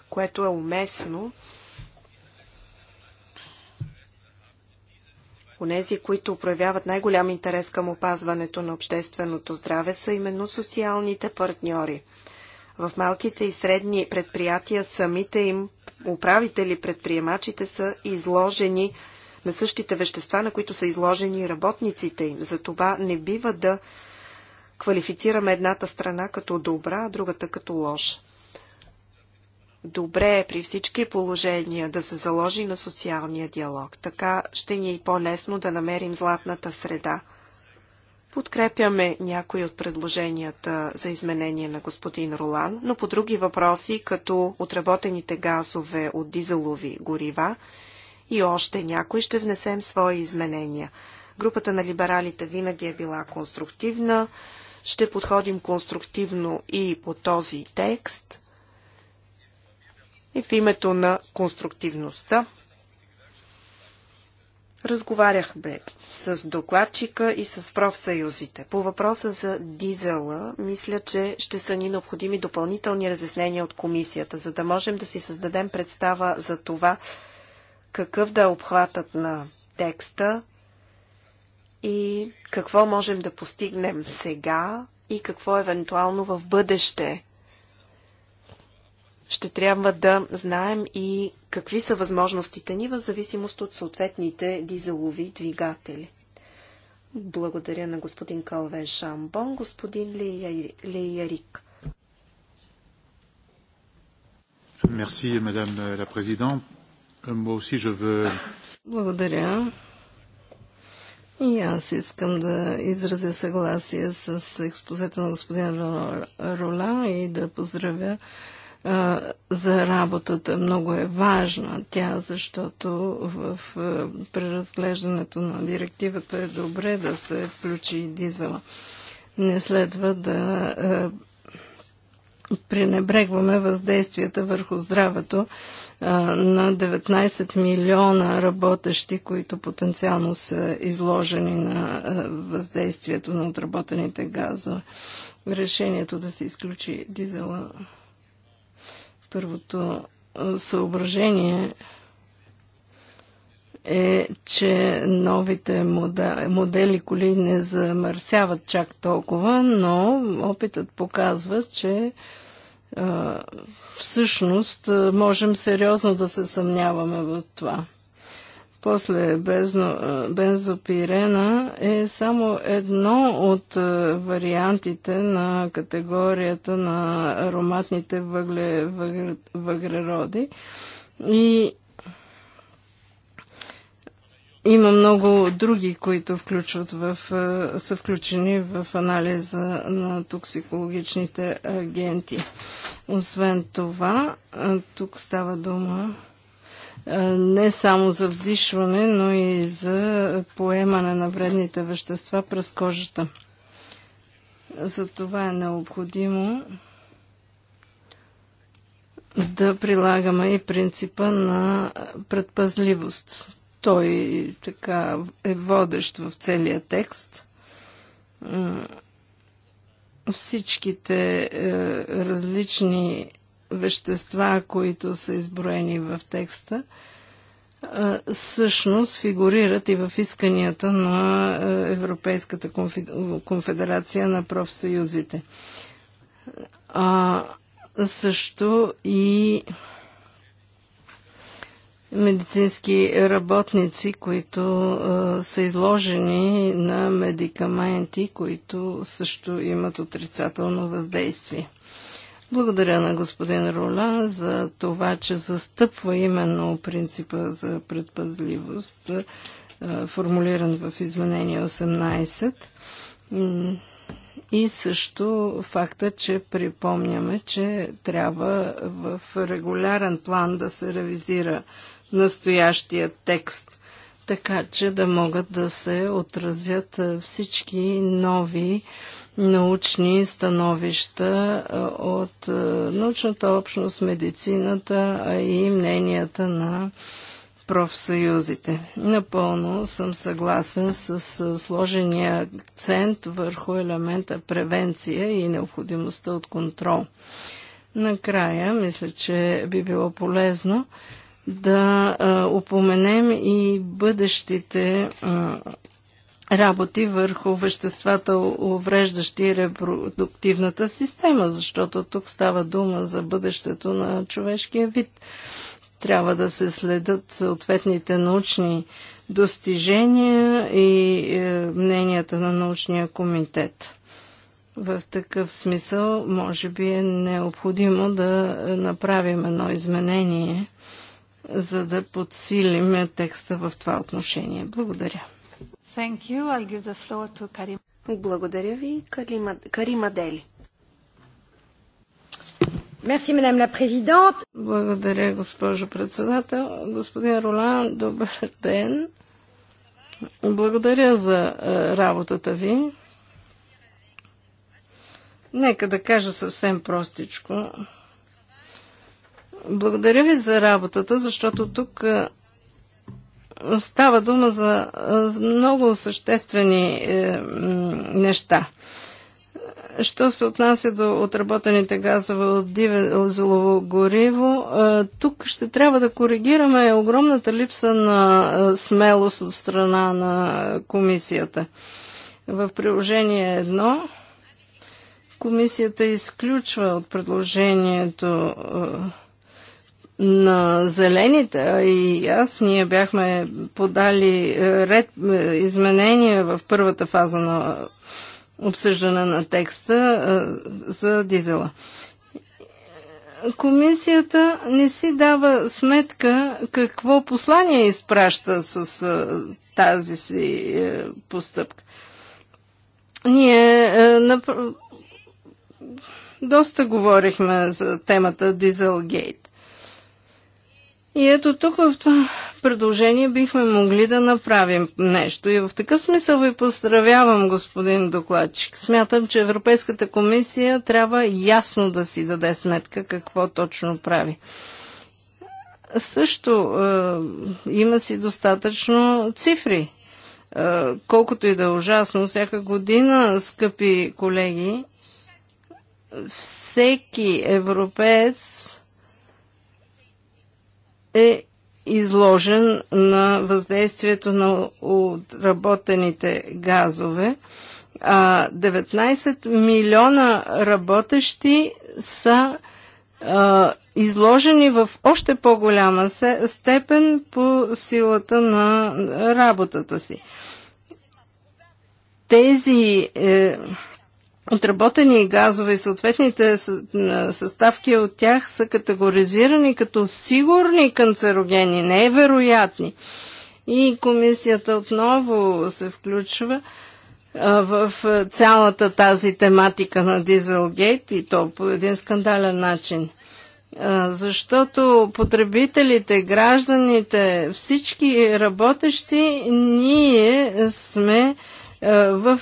Speaker 2: което е уместно, Онези, които проявяват най-голям интерес към опазването на общественото здраве, са именно социалните партньори. В малките и средни предприятия самите им управители, предприемачите са изложени на същите вещества, на които са изложени работниците им. Затова не бива да квалифицираме едната страна като добра, а другата като лоша добре е при всички положения да се заложи на социалния диалог. Така ще ни е и по-лесно да намерим златната среда. Подкрепяме някои от предложенията за изменение на господин Ролан, но по други въпроси, като отработените газове от дизелови горива и още някои, ще внесем свои изменения. Групата на либералите винаги е била конструктивна. Ще подходим конструктивно и по този текст – и в името на конструктивността. Разговаряхме с докладчика и с профсъюзите. По въпроса за дизела, мисля, че ще са ни необходими допълнителни разяснения от комисията, за да можем да си създадем представа за това какъв да е обхватът на текста и какво можем да постигнем сега и какво евентуално в бъдеще ще трябва да знаем и какви са възможностите ни в зависимост от съответните дизелови двигатели. Благодаря на господин Калвен Шамбон, господин Лейярик.
Speaker 4: Мерси, мадам ла президент.
Speaker 5: Благодаря. И аз искам да изразя съгласие с експозета на господин Ролан и да поздравя за работата много е важна тя, защото в преразглеждането на директивата е добре да се включи и дизела. Не следва да пренебрегваме въздействията върху здравето на 19 милиона работещи, които потенциално са изложени на въздействието на отработените газове. Решението да се изключи дизела Първото съображение е, че новите модели коли не замърсяват чак толкова, но опитът показва, че всъщност можем сериозно да се съмняваме в това. После бензопирена е само едно от вариантите на категорията на ароматните въгле, въгр, въглероди. И има много други, които включват в, са включени в анализа на токсикологичните агенти. Освен това, тук става дума е, не само за вдишване, но и за поемане на вредните вещества през кожата. За това е необходимо да прилагаме и принципа на предпазливост. Той така е водещ в целия текст. Всичките е, различни вещества, които са изброени в текста, всъщност фигурират и в исканията на Европейската конфедерация на профсъюзите. А, също и медицински работници, които а, са изложени на медикаменти, които също имат отрицателно въздействие. Благодаря на господин Роля за това, че застъпва именно принципа за предпазливост, формулиран в изменение 18. И също факта, че припомняме, че трябва в регулярен план да се ревизира настоящия текст, така че да могат да се отразят всички нови научни становища от научната общност, медицината, а и мненията на профсъюзите. Напълно съм съгласен с сложения акцент върху елемента превенция и необходимостта от контрол. Накрая, мисля, че би било полезно да упоменем и бъдещите работи върху веществата, увреждащи репродуктивната система, защото тук става дума за бъдещето на човешкия вид. Трябва да се следят съответните научни достижения и е, мненията на научния комитет. В такъв смисъл, може би е необходимо да направим едно изменение, за да подсилим текста в това отношение. Благодаря.
Speaker 1: Thank you. I'll give the floor to Karim. Благодаря ви, Карима, Карима Дели.
Speaker 5: Благодаря, госпожо председател. Господин Ролан, добър ден. Благодаря за е, работата ви. Нека да кажа съвсем простичко. Благодаря ви за работата, защото тук е, става дума за много съществени е, неща. Що се отнася до отработените газове от дивезелово гориво, е, тук ще трябва да коригираме огромната липса на е, смелост от страна на комисията. В приложение 1 комисията изключва от предложението на зелените, а и аз, ние бяхме подали е, ред е, изменения в първата фаза на обсъждане на текста е, за дизела. Комисията не си дава сметка какво послание изпраща с тази си постъпка. Ние доста говорихме за темата Дизелгейт. И ето тук в това предложение бихме могли да направим нещо. И в такъв смисъл ви поздравявам, господин докладчик. Смятам, че Европейската комисия трябва ясно да си даде сметка какво точно прави. Също е, има си достатъчно цифри. Е, колкото и да е ужасно, всяка година, скъпи колеги, всеки европеец е изложен на въздействието на отработените газове. 19 милиона работещи са изложени в още по-голяма степен по силата на работата си. Тези е, отработени газове и съответните съставки от тях са категоризирани като сигурни канцерогени, невероятни. И комисията отново се включва в цялата тази тематика на Дизелгейт и то по един скандален начин. Защото потребителите, гражданите, всички работещи, ние сме в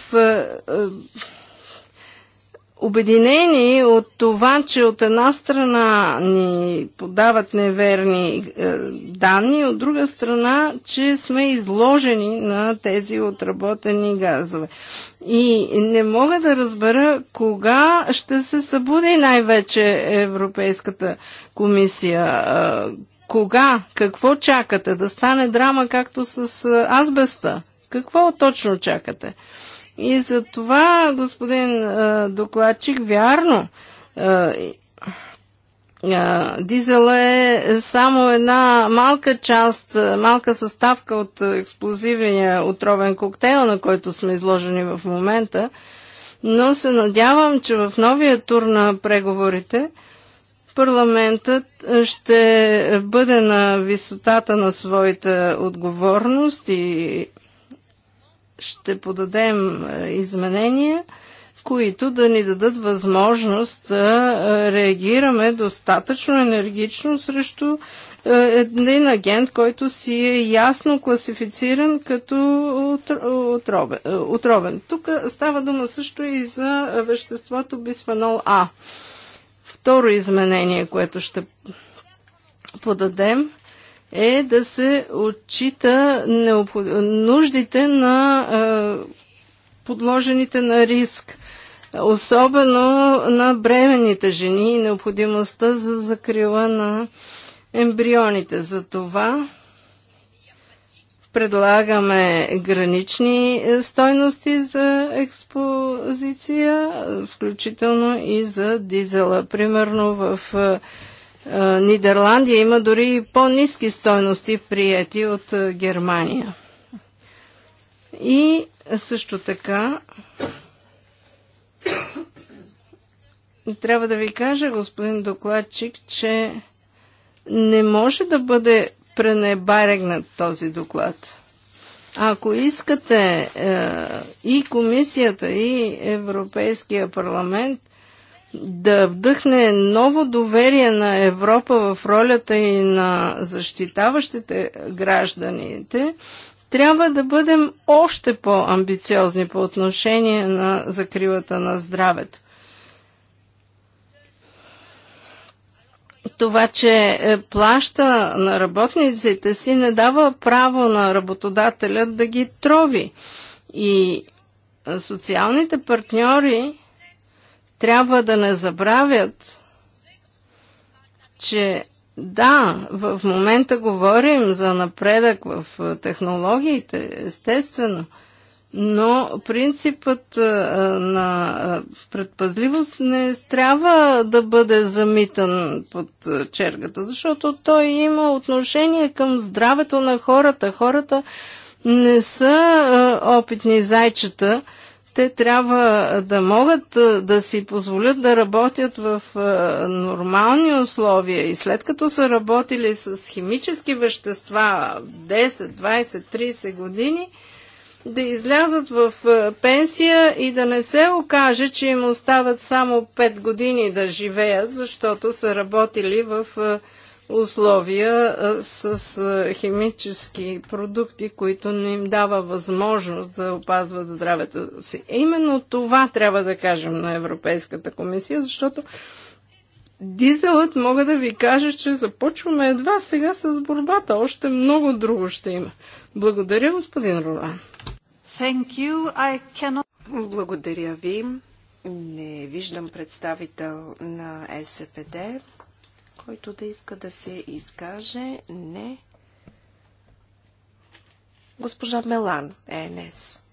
Speaker 5: обединени от това, че от една страна ни подават неверни е, данни, от друга страна, че сме изложени на тези отработени газове. И не мога да разбера кога ще се събуди най-вече Европейската комисия. Е, кога? Какво чакате? Да стане драма както с е, азбеста? Какво точно чакате? И за това, господин докладчик, вярно, Дизела е само една малка част, малка съставка от експлозивния отровен коктейл, на който сме изложени в момента, но се надявам, че в новия тур на преговорите парламентът ще бъде на висотата на своята отговорност и ще подадем е, изменения, които да ни дадат възможност да е, реагираме достатъчно енергично срещу е, един агент, който си е ясно класифициран като отровен. Тук става дума също и за веществото бисфанол А. Второ изменение, което ще подадем е да се отчита необход... нуждите на подложените на риск, особено на бременните жени и необходимостта за закрила на ембрионите. За това предлагаме гранични стойности за експозиция, включително и за дизела. Примерно в е, Нидерландия има дори и по-низки стойности, приети от е, Германия. И също така трябва да ви кажа, господин докладчик, че не може да бъде пренебарегнат този доклад. Ако искате е, и комисията, и Европейския парламент – да вдъхне ново доверие на Европа в ролята и на защитаващите гражданите, трябва да бъдем още по-амбициозни по отношение на закрилата на здравето. Това, че е, плаща на работниците си, не дава право на работодателя да ги трови. И е, социалните партньори трябва да не забравят, че да, в момента говорим за напредък в технологиите, естествено, но принципът на предпазливост не трябва да бъде замитан под чергата, защото той има отношение към здравето на хората. Хората не са опитни зайчета, те трябва да могат да си позволят да работят в нормални условия и след като са работили с химически вещества 10, 20, 30 години, да излязат в пенсия и да не се окаже, че им остават само 5 години да живеят, защото са работили в условия с химически продукти, които не им дава възможност да опазват здравето си. Е, именно това трябва да кажем на Европейската комисия, защото дизелът, мога да ви кажа, че започваме едва сега с борбата. Още много друго ще има. Благодаря, господин Ролан.
Speaker 1: Cannot... Благодаря ви. Не виждам
Speaker 2: представител на СПД който да иска да се изкаже? Не. Госпожа Мелан, ЕНС.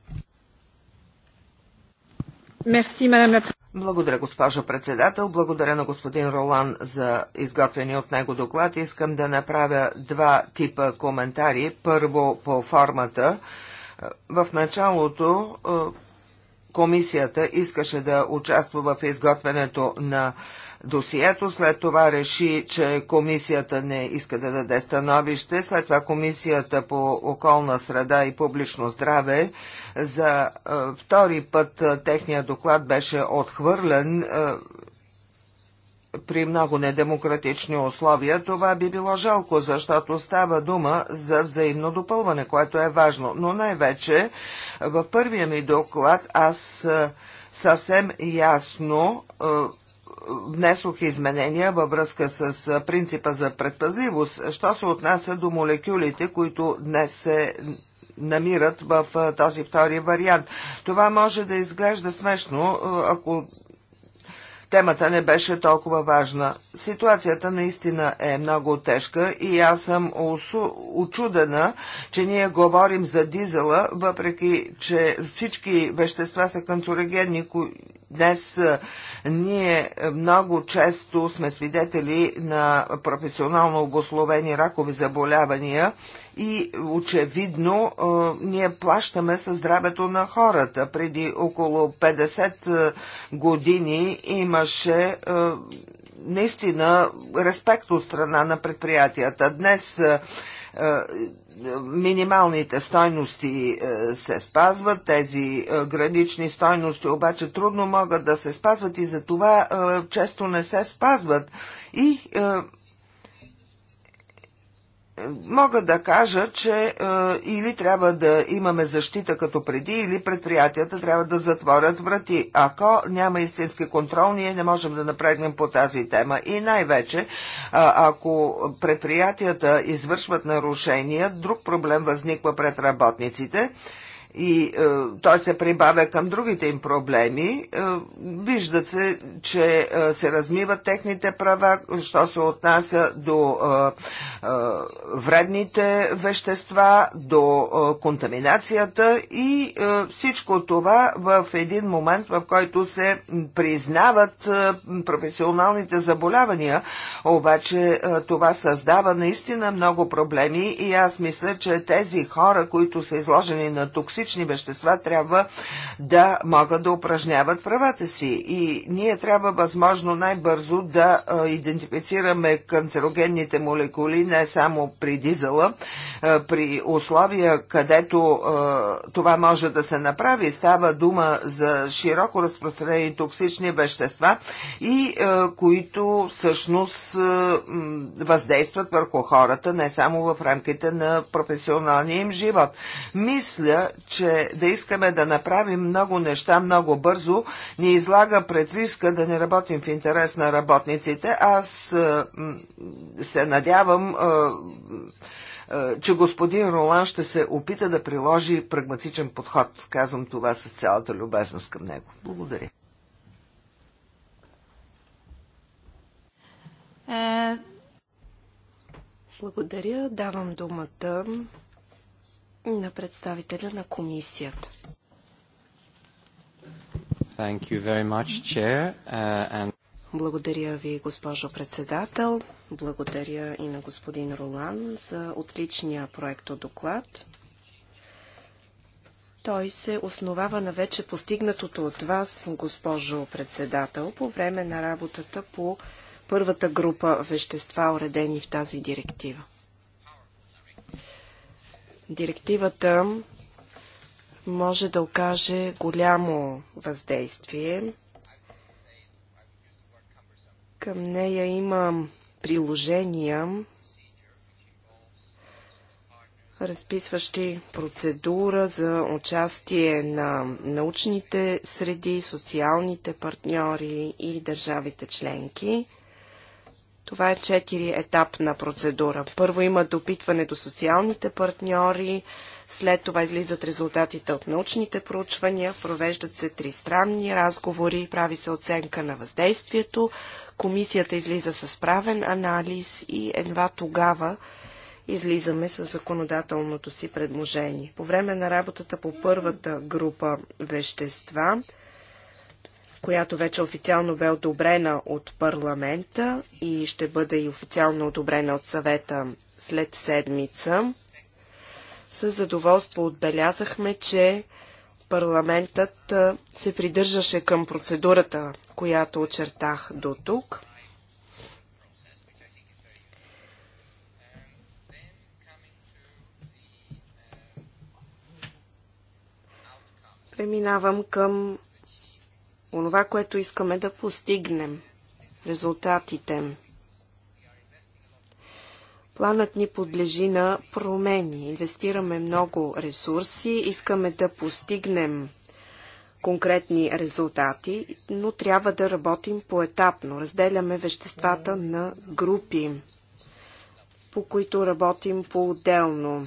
Speaker 3: Мерси, мадам благодаря, госпожо председател. Благодаря на господин Ролан за изготвени от него доклад. Искам да направя два типа коментари. Първо по формата. В началото е, комисията искаше да участва в изготвянето на досието, след това реши, че комисията не иска да даде становище, след това комисията по околна среда и публично здраве за е, втори път е, техния доклад беше отхвърлен е, при много недемократични условия, това би било жалко, защото става дума за взаимно допълване, което е важно. Но най-вече в първия ми доклад аз съвсем ясно внесох изменения във връзка с принципа за предпазливост, що се отнася до молекулите, които днес се намират в този втори вариант. Това може да изглежда смешно, ако темата не беше толкова важна. Ситуацията наистина е много тежка и аз съм очудена, че ние говорим за дизела, въпреки че всички вещества са канцерогенни, Днес ние много често сме свидетели на професионално обословени ракови заболявания и очевидно ние плащаме със здравето на хората. Преди около 50 години имаше наистина респект от страна на предприятията. Днес е, минималните стойности е, се спазват, тези е, гранични стойности обаче трудно могат да се спазват и за това често не се спазват. И мога да кажа, че е, или трябва да имаме защита като преди, или предприятията трябва да затворят врати. Ако няма истински контрол, ние не можем да напрегнем по тази тема. И най-вече, е, ако предприятията извършват нарушения, друг проблем възниква пред работниците – и е, той се прибавя към другите им проблеми. Е, виждат се, че е, се размиват техните права, що се отнася до е, е, вредните вещества, до е, контаминацията и е, всичко това в един момент, в който се признават е, професионалните заболявания. Обаче е, това създава наистина много проблеми и аз мисля, че тези хора, които са изложени на токсичност, токсични вещества трябва да могат да упражняват правата си. И ние трябва възможно най-бързо да идентифицираме канцерогенните молекули не само при дизела, при условия, където това може да се направи. Става дума за широко разпространени токсични вещества и които всъщност въздействат върху хората, не само в рамките на професионалния им живот. Мисля, че да искаме да направим много неща много бързо ни излага пред риска да не работим в интерес на работниците. Аз е, се надявам е, е, че господин Ролан ще се опита да приложи прагматичен подход. Казвам това с цялата любезност към него. Благодаря.
Speaker 1: Благодаря.
Speaker 2: Давам думата на представителя на комисията.
Speaker 4: Thank you very much, Chair, uh, and...
Speaker 2: Благодаря ви, госпожо председател. Благодаря и на господин Ролан за отличния проектодоклад. Той се основава на вече постигнатото от вас, госпожо председател, по време на работата по първата група вещества, уредени в тази директива. Директивата може да окаже голямо въздействие. Към нея има приложения, разписващи процедура за участие на научните среди, социалните партньори и държавите членки – това е четири етапна процедура. Първо има допитване до социалните партньори, след това излизат резултатите от научните проучвания, провеждат се тристранни разговори, прави се оценка на въздействието, комисията излиза с правен анализ и едва тогава излизаме с законодателното си предложение. По време на работата по първата група вещества – която вече официално бе одобрена от парламента и ще бъде и официално одобрена от съвета след седмица. С задоволство отбелязахме, че парламентът се придържаше към процедурата, която очертах до тук. Преминавам към онова, което искаме да постигнем, резултатите. Планът ни подлежи на промени. Инвестираме много ресурси, искаме да постигнем конкретни резултати, но трябва да работим поетапно. Разделяме веществата на групи, по които работим по-отделно.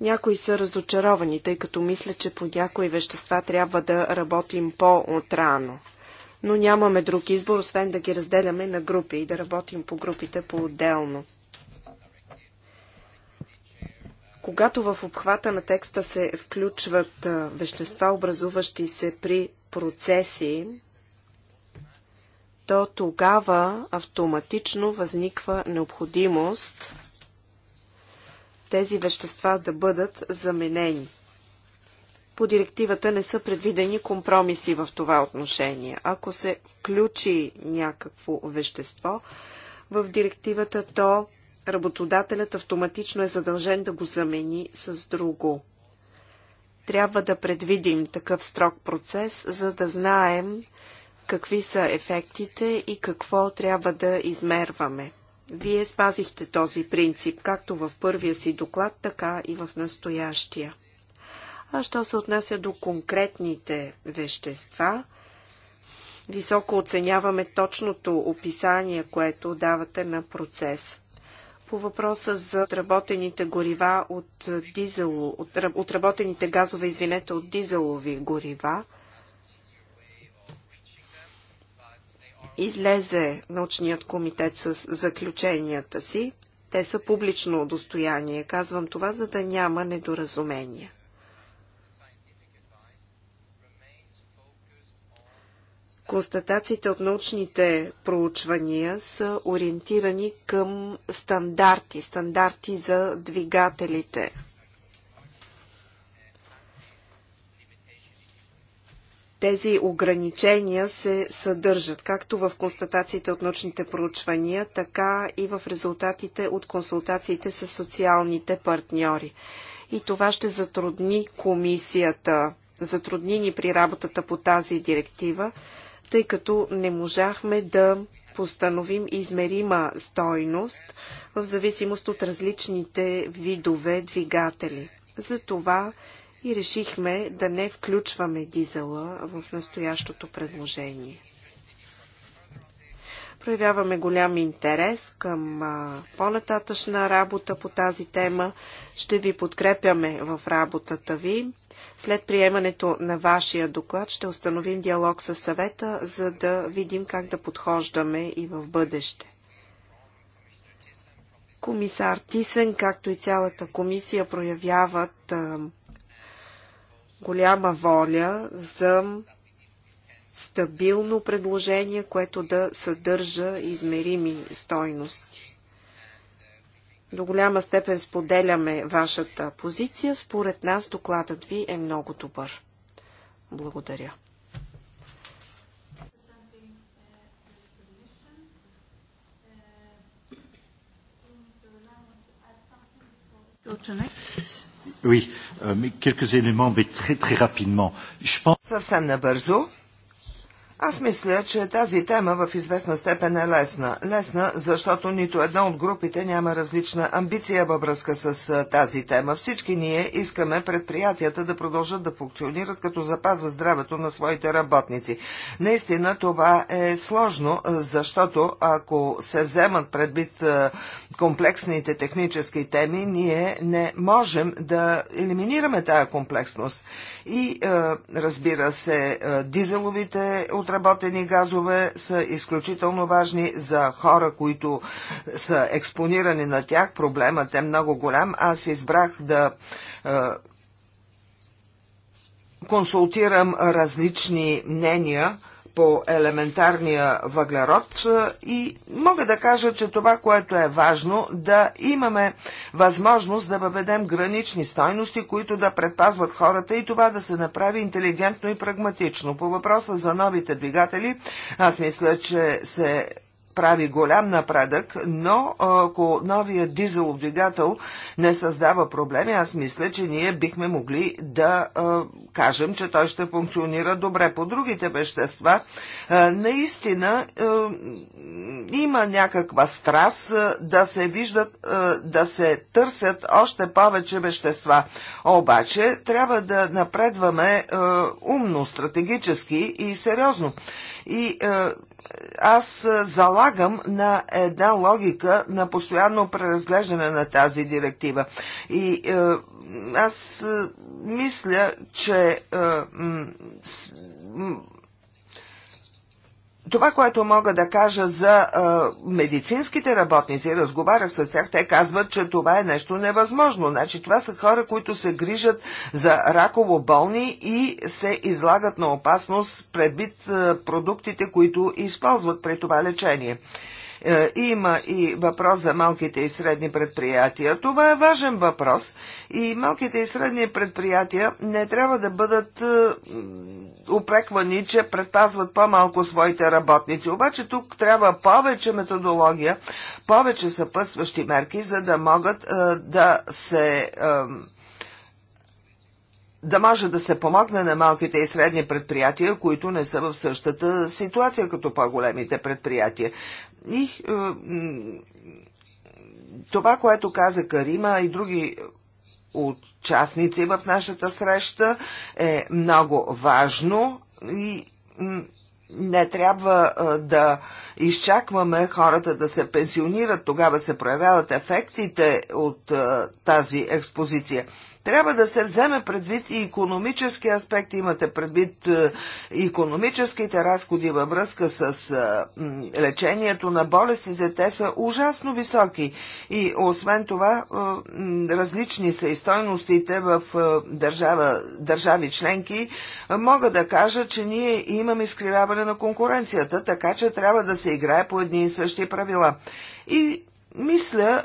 Speaker 2: Някои са разочаровани, тъй като мисля, че по някои вещества трябва да работим по-отрано. Но нямаме друг избор, освен да ги разделяме на групи и да работим по групите по-отделно. Когато в обхвата на текста се включват вещества, образуващи се при процеси, то тогава автоматично възниква необходимост тези вещества да бъдат заменени. По директивата не са предвидени компромиси в това отношение. Ако се включи някакво вещество в директивата, то работодателят автоматично е задължен да го замени с друго. Трябва да предвидим такъв строг процес, за да знаем какви са ефектите и какво трябва да измерваме. Вие спазихте този принцип, както в първия си доклад, така и в настоящия. А що се отнася до конкретните вещества, високо оценяваме точното описание, което давате на процес. По въпроса за отработените горива от дизело, отработените газове, извинете, от дизелови горива – излезе научният комитет с заключенията си. Те са публично достояние. Казвам това, за да няма недоразумения. Констатациите от научните проучвания са ориентирани към стандарти, стандарти за двигателите – тези ограничения се съдържат, както в констатациите от научните проучвания, така и в резултатите от консултациите с социалните партньори. И това ще затрудни комисията, затрудни ни при работата по тази директива, тъй като не можахме да постановим измерима стойност в зависимост от различните видове двигатели. Затова това и решихме да не включваме дизела в настоящото предложение. Проявяваме голям интерес към по-нататъчна работа по тази тема. Ще ви подкрепяме в работата ви. След приемането на вашия доклад ще установим диалог с съвета, за да видим как да подхождаме и в бъдеще. Комисар Тисен, както и цялата комисия, проявяват голяма воля за стабилно предложение, което да съдържа измерими стойности. До голяма степен споделяме вашата позиция. Според нас докладът ви е много добър. Благодаря.
Speaker 1: to next.
Speaker 3: Oui, euh, mais quelques éléments, mais très très rapidement. Je pense... Съвсем набързо. Аз мисля, че тази тема в известна степен е лесна. Лесна, защото нито една от групите няма различна амбиция във връзка с тази тема. Всички ние искаме предприятията да продължат да функционират, като запазва здравето на своите работници. Наистина това е сложно, защото ако се вземат предвид комплексните технически теми, ние не можем да елиминираме тая комплексност. И е, разбира се, е, дизеловите отработени газове са изключително важни за хора, които са експонирани на тях. Проблемът е много голям. Аз избрах да е, консултирам различни мнения – по елементарния въглерод и мога да кажа, че това, което е важно, да имаме възможност да въведем гранични стойности, които да предпазват хората и това да се направи интелигентно и прагматично. По въпроса за новите двигатели, аз мисля, че се прави голям напредък, но ако новия дизел двигател не създава проблеми, аз мисля, че ние бихме могли да а, кажем, че той ще функционира добре. По другите вещества, а, наистина а, има някаква страст да се виждат, да се търсят още повече вещества. Обаче трябва да напредваме умно, стратегически и сериозно. И аз залагам на една логика на постоянно преразглеждане на тази директива. И е, аз мисля, че е, това, което мога да кажа за а, медицинските работници, разговарях с тях, те казват, че това е нещо невъзможно. Значи, това са хора, които се грижат за раково болни и се излагат на опасност предвид продуктите, които използват при това лечение. Е, има и въпрос за малките и средни предприятия. Това е важен въпрос и малките и средни предприятия не трябва да бъдат е, упреквани, че предпазват по-малко своите работници. Обаче тук трябва повече методология, повече съпътстващи мерки, за да могат е, да се да може да се помогне на малките и средни предприятия, които не са в същата ситуация като по-големите предприятия. И е, това, което каза Карима и други участници в нашата среща е много важно и не трябва е, да изчакваме хората да се пенсионират, тогава се проявяват ефектите от е, тази експозиция трябва да се вземе предвид и економически аспект. Имате предвид економическите разходи във връзка с е, лечението на болестите. Те са ужасно високи. И освен това, е, различни са и стойностите в е, държава, държави членки. Мога да кажа, че ние имаме изкривяване на конкуренцията, така че трябва да се играе по едни и същи правила. И мисля,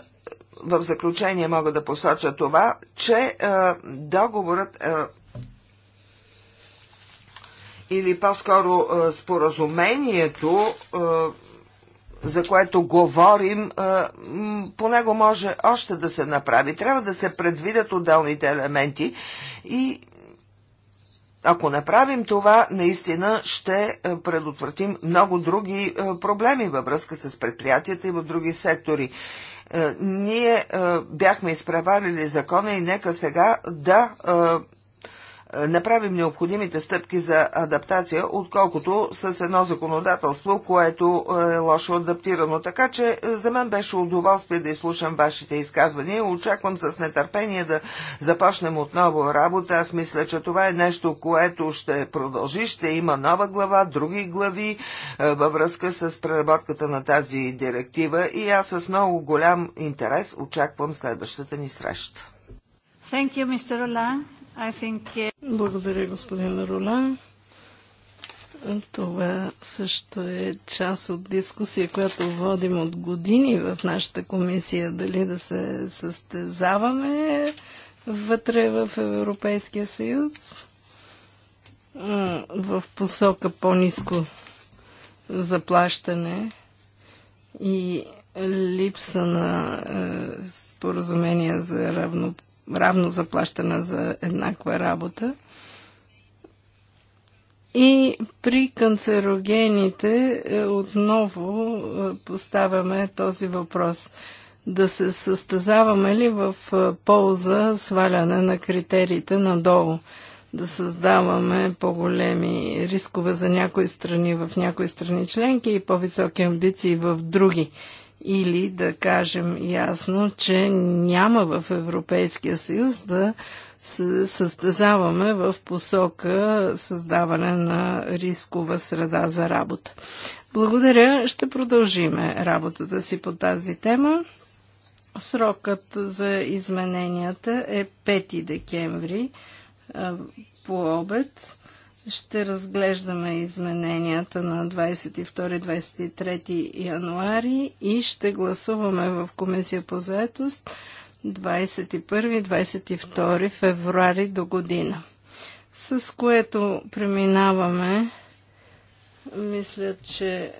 Speaker 3: в заключение мога да посоча това, че е, договорът е, или по-скоро е, споразумението, за което говорим, по него може още да се направи. Трябва да се предвидят отделните елементи и ако направим това, наистина ще предотвратим много други проблеми във връзка с предприятията и в други сектори. Е, ние е, бяхме изпреварили закона и нека сега да е, направим необходимите стъпки за адаптация, отколкото с едно законодателство, което е лошо адаптирано. Така че е, за мен беше удоволствие да изслушам вашите изказвания. Очаквам с нетърпение да започнем отново работа. Аз мисля, че това е нещо, което ще продължи. Ще има нова глава, други глави е, във връзка с преработката на тази директива и аз с много голям интерес очаквам следващата ни среща.
Speaker 1: Thank you, Mr. Благодаря, господин Роля. Това също е
Speaker 5: част от дискусия, която водим от години в нашата комисия, дали да се състезаваме вътре в Европейския съюз в посока по-низко заплащане и липса на е, споразумения за равноправие равно заплащане за еднаква работа. И при канцерогените е, отново е, поставяме този въпрос. Да се състезаваме ли в е, полза сваляне на критериите надолу? Да създаваме по-големи рискове за някои страни в някои страни членки и по-високи амбиции в други или да кажем ясно, че няма в Европейския съюз да се състезаваме в посока създаване на рискова среда за работа. Благодаря, ще продължиме работата си по тази тема. Срокът за измененията е 5 декември по обед. Ще разглеждаме измененията на 22-23 януари и ще гласуваме в Комисия по заетост 21-22 февруари до година. С което преминаваме, мисля, че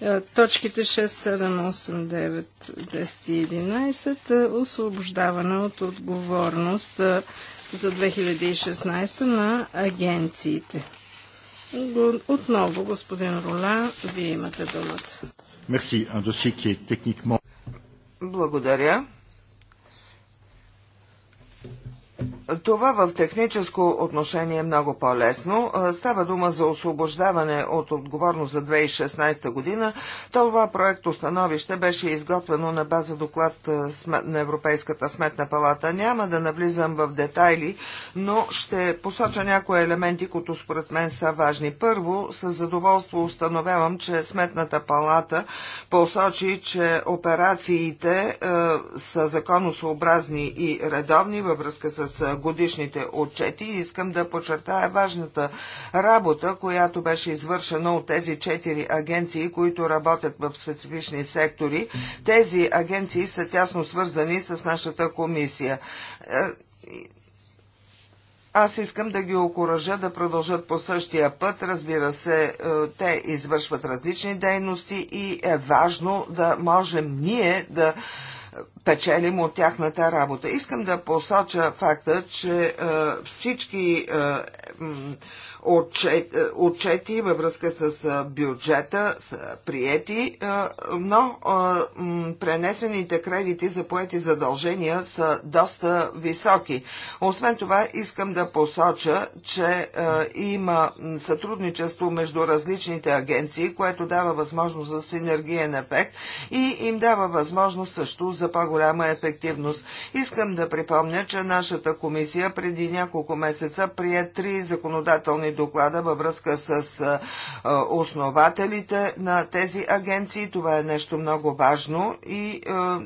Speaker 5: Е, точките 6, 7, 8, 9, 10 и 11 е, освобождаване от отговорност е, за 2016 на агенциите. Отново, господин Рола, вие имате думата.
Speaker 2: Мерси,
Speaker 3: Андосики, техник Благодаря. Това в техническо отношение е много по-лесно. Става дума за освобождаване от отговорност за 2016 година. Това проект установище беше изготвено на база доклад на Европейската сметна палата. Няма да навлизам в детайли, но ще посоча някои елементи, които според мен са важни. Първо, с задоволство установявам, че Сметната палата посочи, че операциите са законосообразни и редовни във връзка с годишните отчети. Искам да подчертая важната работа, която беше извършена от тези четири агенции, които работят в специфични сектори. Тези агенции са тясно свързани с нашата комисия. Е, аз искам да ги окоръжа да продължат по същия път. Разбира се, е, те извършват различни дейности и е важно да можем ние да печелим от тяхната работа. Искам да посоча факта, че е, всички е, отчет, е, отчети във връзка с е, бюджета са приети, е, но пренесените кредити за поети задължения са доста високи. Освен това, искам да посоча, че има сътрудничество между различните агенции, което дава възможност за синергиен ефект и им дава възможност също за по-голяма ефективност. Искам да припомня, че нашата комисия преди няколко месеца прие три законодателни доклада във връзка с основателите на тези агенции. Това е нещо много важно. И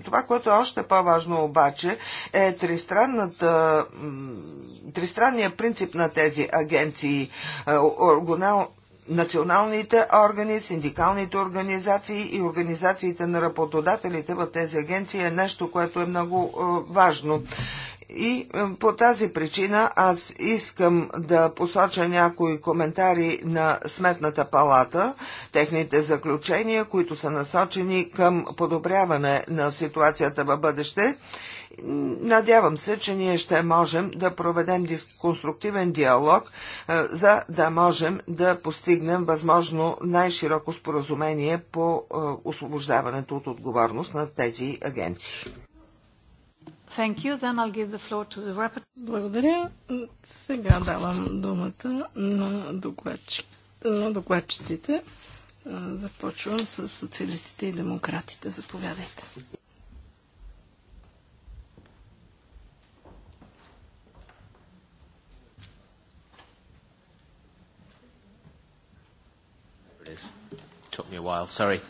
Speaker 3: това, което е още по-важно обаче, е тристранния принцип на тези агенции. Националните органи, синдикалните организации и организациите на работодателите в тези агенции е нещо, което е много важно. И по тази причина аз искам да посоча някои коментари на Сметната палата, техните заключения, които са насочени към подобряване на ситуацията във бъдеще. Надявам се, че ние ще можем да проведем конструктивен диалог, е, за да можем да постигнем възможно най-широко споразумение по е, освобождаването от отговорност на тези агенции.
Speaker 1: Благодаря. Сега давам
Speaker 5: думата на, докладчик, на докладчиците. Започвам с социалистите и демократите. Заповядайте.
Speaker 1: Took me a while, sorry.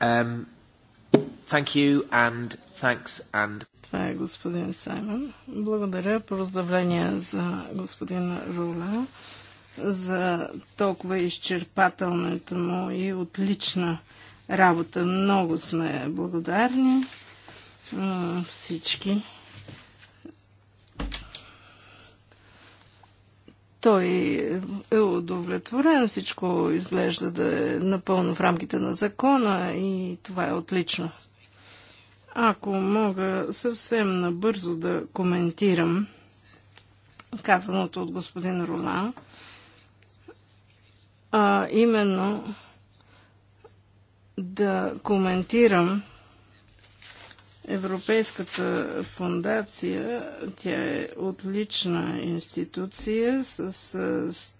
Speaker 2: Um, thank you and thanks and това е
Speaker 5: господин Саймон. Благодаря. Поздравления за господин Рула за толкова изчерпателната му и отлична работа. Много сме благодарни всички. Той е удовлетворен, всичко изглежда да е напълно в рамките на закона и това е отлично. Ако мога съвсем набързо да коментирам казаното от господин Ролан, а именно да коментирам Европейската фундация, тя е отлична институция с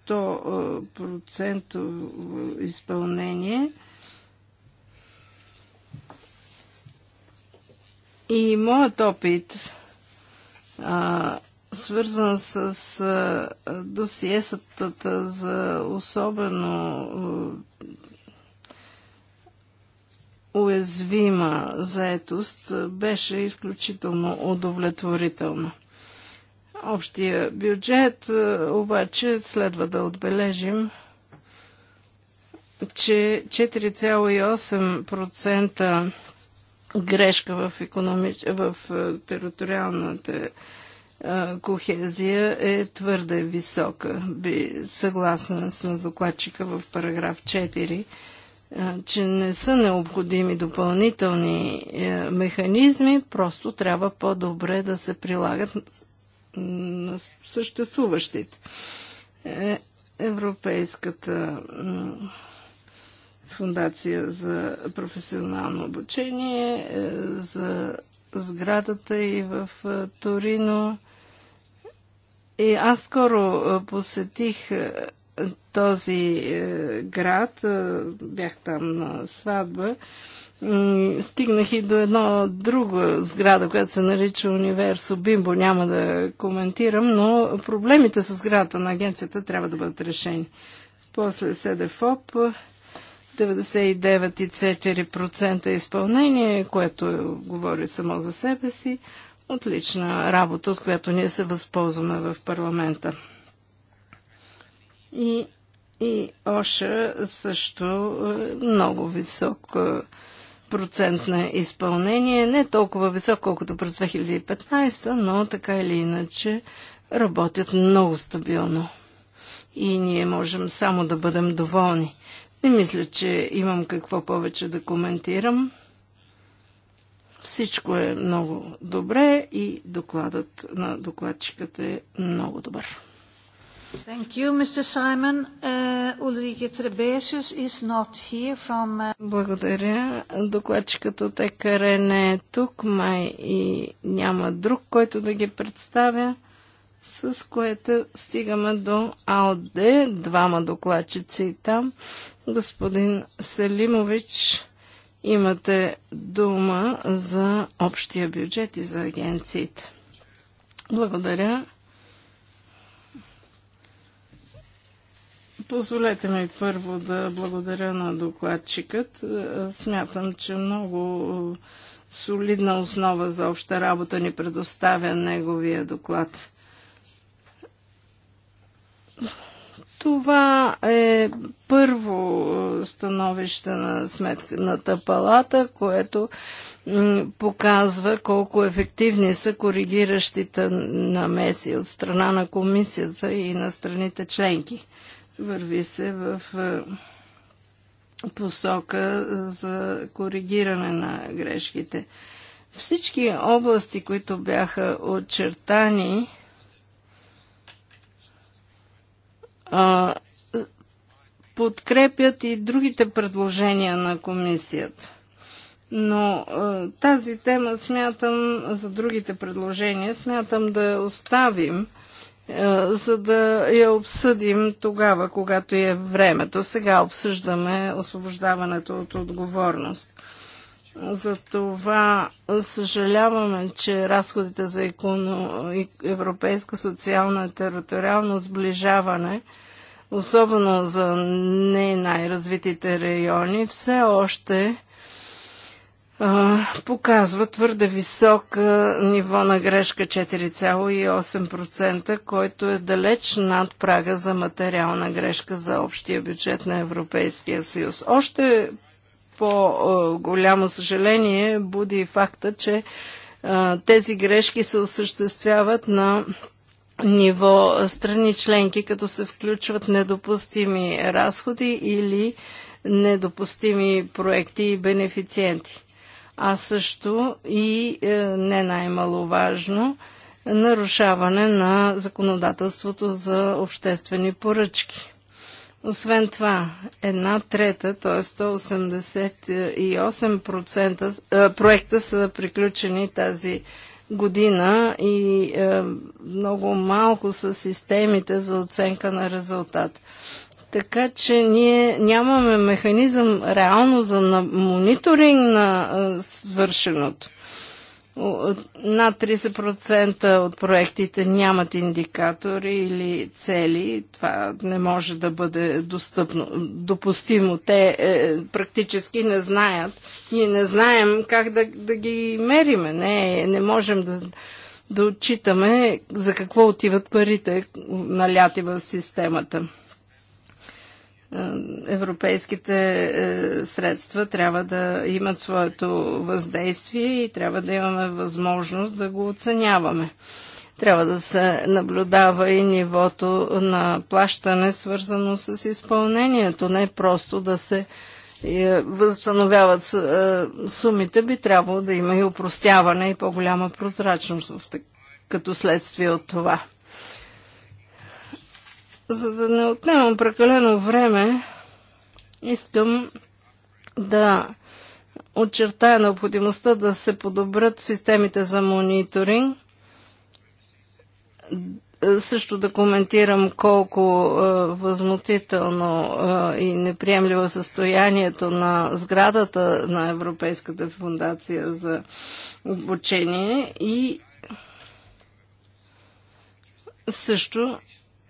Speaker 5: 100% изпълнение – И моят опит, а, свързан с а, досиесата за особено уязвима заетост, беше изключително удовлетворителна. Общия бюджет обаче следва да отбележим, че 4,8% грешка в, економич... в е, териториалната е, кохезия е твърде висока. Би съгласна с докладчика в параграф 4 е, че не са необходими допълнителни механизми, просто трябва по-добре да се прилагат на съществуващите. Европейската фундация за професионално обучение, е, за сградата и в е, Торино. И аз скоро е, посетих този град, бях там на сватба. Стигнах и до едно друга сграда, която се нарича Универсо Бимбо, няма да коментирам, но проблемите с сградата на агенцията трябва да бъдат решени. После СДФОП, 99,4% изпълнение, което говори само за себе си. Отлична работа, от която ние се възползваме в парламента. И, и ОША също е, много висок е, процент на изпълнение. Не толкова висок, колкото през 2015, но така или иначе работят много стабилно. И ние можем само да бъдем доволни. Не мисля, че имам какво повече да коментирам. Всичко е много добре и докладът на докладчиката е много добър.
Speaker 1: You, uh, from... Uh, Благодаря.
Speaker 5: Докладчикът от ЕКР не е тук, май и няма друг, който да ги представя с което стигаме до АОД, двама докладчици там. Господин Селимович, имате дума за общия бюджет и за агенциите. Благодаря. Позволете ми първо да благодаря на докладчикът. Смятам, че много солидна основа за обща работа ни предоставя неговия доклад. Това е първо е, становище на сметната палата, което показва колко ефективни са коригиращите намеси от страна на комисията и на страните членки. Върви се в е, посока е, за коригиране на грешките. Всички области, които бяха очертани, подкрепят и другите предложения на комисията. Но тази тема смятам, за другите предложения, смятам да я оставим, за да я обсъдим тогава, когато е времето. Сега обсъждаме освобождаването от отговорност. Затова съжаляваме, че разходите за економ... европейска социална и териториално сближаване – особено за не най-развитите райони, все още а, показва твърде висок а, ниво на грешка 4,8%, който е далеч над прага за материална грешка за общия бюджет на Европейския съюз. Още по-голямо съжаление буди факта, че а, тези грешки се осъществяват на ниво страни членки, като се включват недопустими разходи или недопустими проекти и бенефициенти. А също и е, не най-маловажно нарушаване на законодателството за обществени поръчки. Освен това, една трета, т.е. 188% е, проекта са приключени тази година година и е, много малко са системите за оценка на резултат. Така че ние нямаме механизъм реално за на мониторинг на е, свършеното над 30% от проектите нямат индикатори или цели. Това не може да бъде достъпно, допустимо. Те е, практически не знаят. Ние не знаем как да, да ги мериме. Не, не можем да, да отчитаме за какво отиват парите наляти в системата европейските е, средства трябва да имат своето въздействие и трябва да имаме възможност да го оценяваме. Трябва да се наблюдава и нивото на плащане, свързано с изпълнението, не просто да се е, възстановяват е, сумите, би трябвало да има и упростяване и по-голяма прозрачност като следствие от това. За да не отнемам прекалено време, искам да очертая необходимостта да се подобрят системите за мониторинг, също да коментирам колко е, възмутително е, и неприемливо е състоянието на сградата на Европейската фундация за обучение и също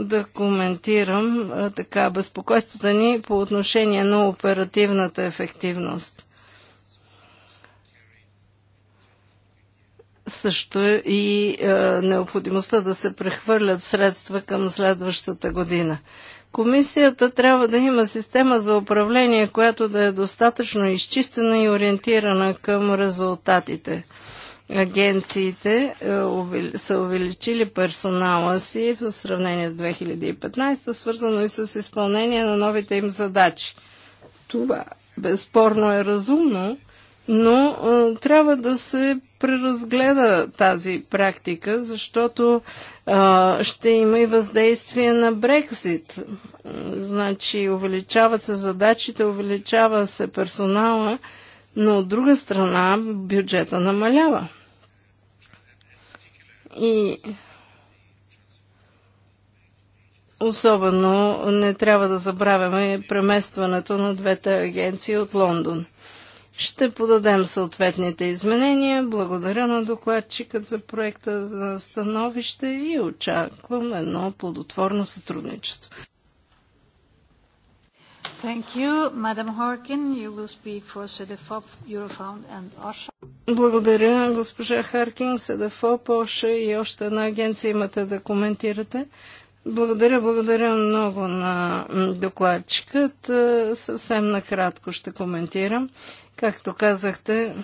Speaker 5: да коментирам така безпокойствата ни по отношение на оперативната ефективност. Също и е, необходимостта да се прехвърлят средства към следващата година. Комисията трябва да има система за управление, която да е достатъчно изчистена и ориентирана към резултатите – агенциите е, са увеличили персонала си в сравнение с 2015, свързано и с изпълнение на новите им задачи. Това безспорно е разумно, но а, е, трябва да се преразгледа тази практика, защото а, е, ще има и въздействие на Брексит. Значи увеличават се задачите, увеличава се персонала, но от друга страна бюджета намалява. И особено не трябва да забравяме преместването на двете агенции от Лондон. Ще подадем съответните изменения. Благодаря на докладчикът за проекта за становище и очаквам едно плодотворно сътрудничество.
Speaker 1: Thank you. Madam Harkin, you will speak for Eurofound and OSHA.
Speaker 5: Благодаря, госпожа Харкин, СДФОП, ОША и още една агенция имате да коментирате. Благодаря, благодаря много на докладчикът. Е, съвсем накратко ще коментирам. Както казахте,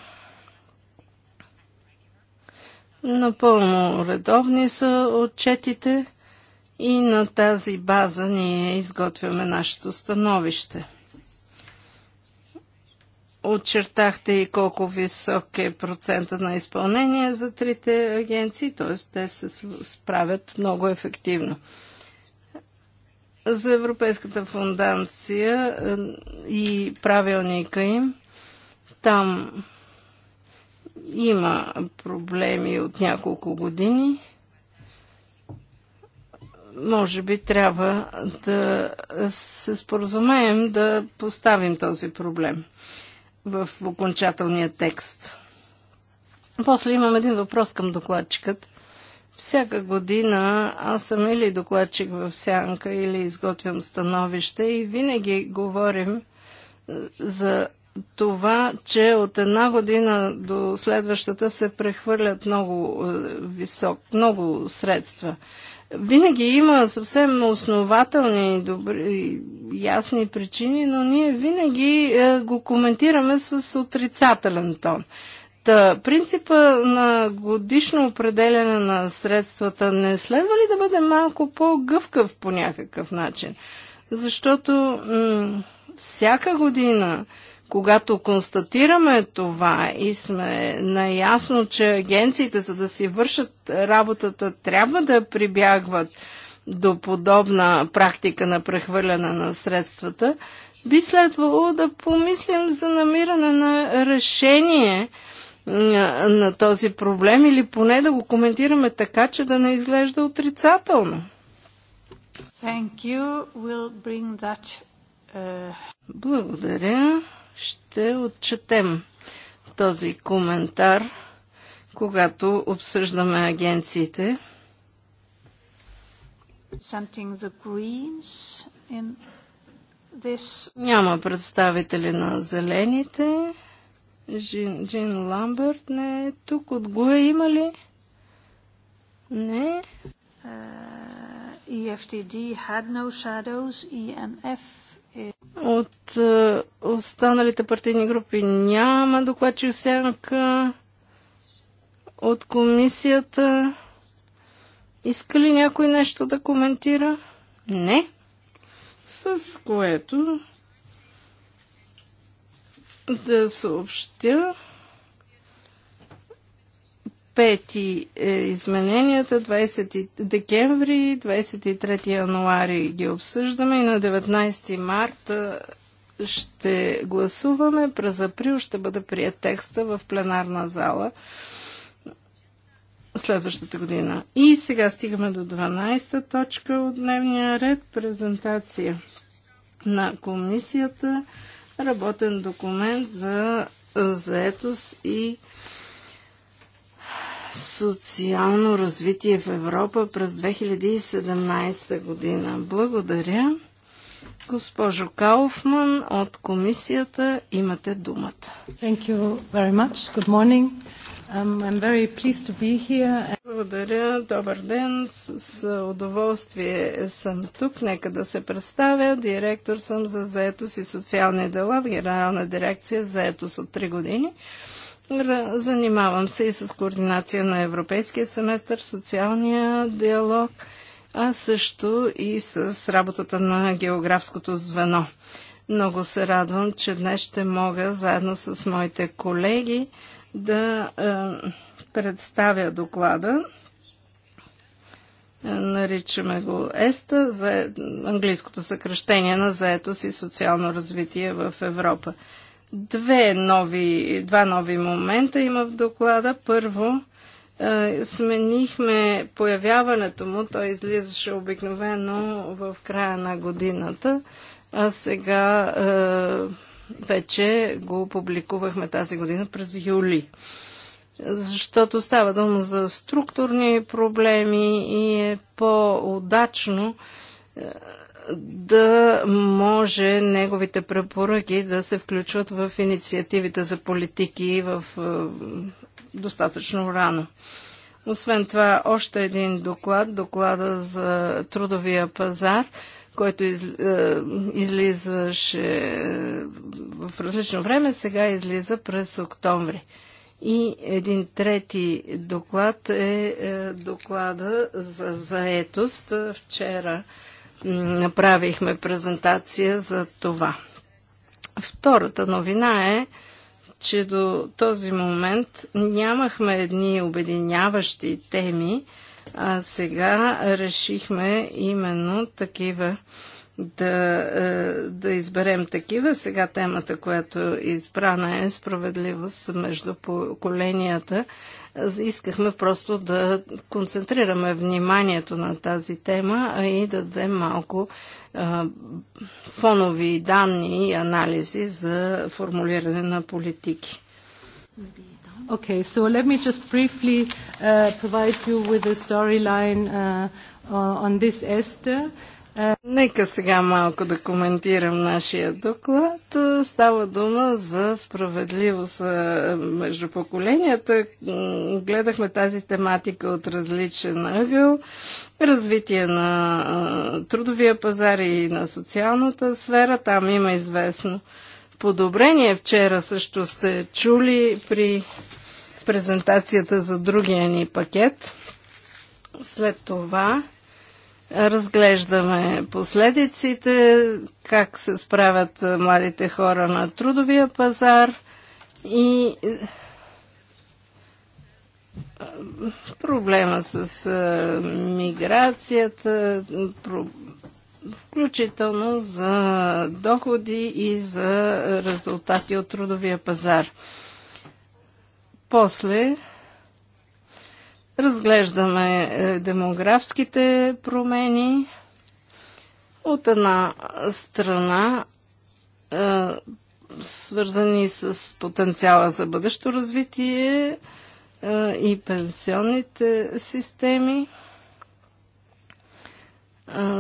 Speaker 5: напълно редовни са отчетите и на тази база ние изготвяме нашето становище. Отчертахте и колко висок е процента на изпълнение за трите агенции, т.е. те се справят много ефективно. За Европейската фундация е, и правилника им, там има проблеми от няколко години може би трябва да се споразумеем да поставим този проблем в окончателния текст. После имам един въпрос към докладчикът. Всяка година аз съм или докладчик в сянка, или изготвям становище и винаги говорим е, за това, че от една година до следващата се прехвърлят много е, висок, много средства. Винаги има съвсем основателни, добри, ясни причини, но ние винаги е, го коментираме с отрицателен тон. Та, принципа на годишно определяне на средствата не следва ли да бъде малко по-гъвкав по някакъв начин? Защото всяка година когато констатираме това и сме наясно, че агенциите, за да си вършат работата, трябва да прибягват до подобна практика на прехвърляне на средствата, би следвало да помислим за намиране на решение на, този проблем или поне да го коментираме така, че да не изглежда отрицателно.
Speaker 1: Thank you. We'll bring that, uh...
Speaker 5: Благодаря. Ще отчетем този коментар, когато обсъждаме агенциите. This... Няма представители на зелените.
Speaker 1: Джин, Джин Ламберт не е тук. От Гуе има ли? Не. Uh, EFTD had no shadows. ENF
Speaker 5: от е, останалите партийни групи няма че сянка. От комисията. Иска ли някой нещо да коментира? Не. С което да съобщя, пети е, измененията, 20 декември, 23 януари ги обсъждаме и на 19 марта ще гласуваме. През април ще бъде прият текста в пленарна зала следващата година. И сега стигаме до 12-та точка от дневния ред презентация на комисията, работен документ за е, заетост и социално развитие в Европа през 2017 година. Благодаря. Госпожо Кауфман от комисията имате думата. Thank you very much. Good morning. Um, I'm very pleased to be here. Благодаря. Добър ден. С, с удоволствие съм тук. Нека да се представя. Директор съм за заетост и социални дела в Генерална дирекция заетост от 3 години. Занимавам се и с координация на Европейския семестър, социалния диалог, а също и с работата на географското звено. Много се радвам, че днес ще мога заедно с моите колеги да е, представя доклада. Е, наричаме го ЕСТА, за английското съкръщение на заетост и социално развитие в Европа. Две нови, два нови момента има в доклада. Първо, е, сменихме появяването му. Той излизаше обикновено в края на годината, а сега е, вече го публикувахме тази година през юли защото става дума за структурни проблеми и е по-удачно е, да може неговите препоръки да се включват в инициативите за политики в е, достатъчно рано. Освен това, още един доклад, доклада за трудовия пазар, който из, е, излизаше е, в различно време, сега излиза през октомври. И един трети доклад е, е доклада за заетост. Вчера направихме презентация за това. Втората новина е, че до този момент нямахме едни обединяващи теми, а сега решихме именно такива да, е, да изберем такива. Сега темата, която е избрана е справедливост между поколенията Искахме просто да концентрираме вниманието на тази тема и да дадем малко а, фонови данни и анализи за формулиране на политики. Okay, so let me just briefly uh, provide you with a storyline uh, uh on this Esther. Uh, Нека сега малко да коментирам нашия доклад. Става дума за справедливост между поколенията. Гледахме тази тематика от различен ъгъл. Развитие на трудовия пазар и на социалната сфера. Там има известно подобрение. Вчера също сте чули при презентацията за другия ни пакет. След това Разглеждаме последиците, как се справят младите хора на трудовия пазар и проблема с миграцията, включително за доходи и за резултати от трудовия пазар. После Разглеждаме е, демографските промени. От една страна е, свързани с потенциала за бъдещо развитие е, и пенсионните системи,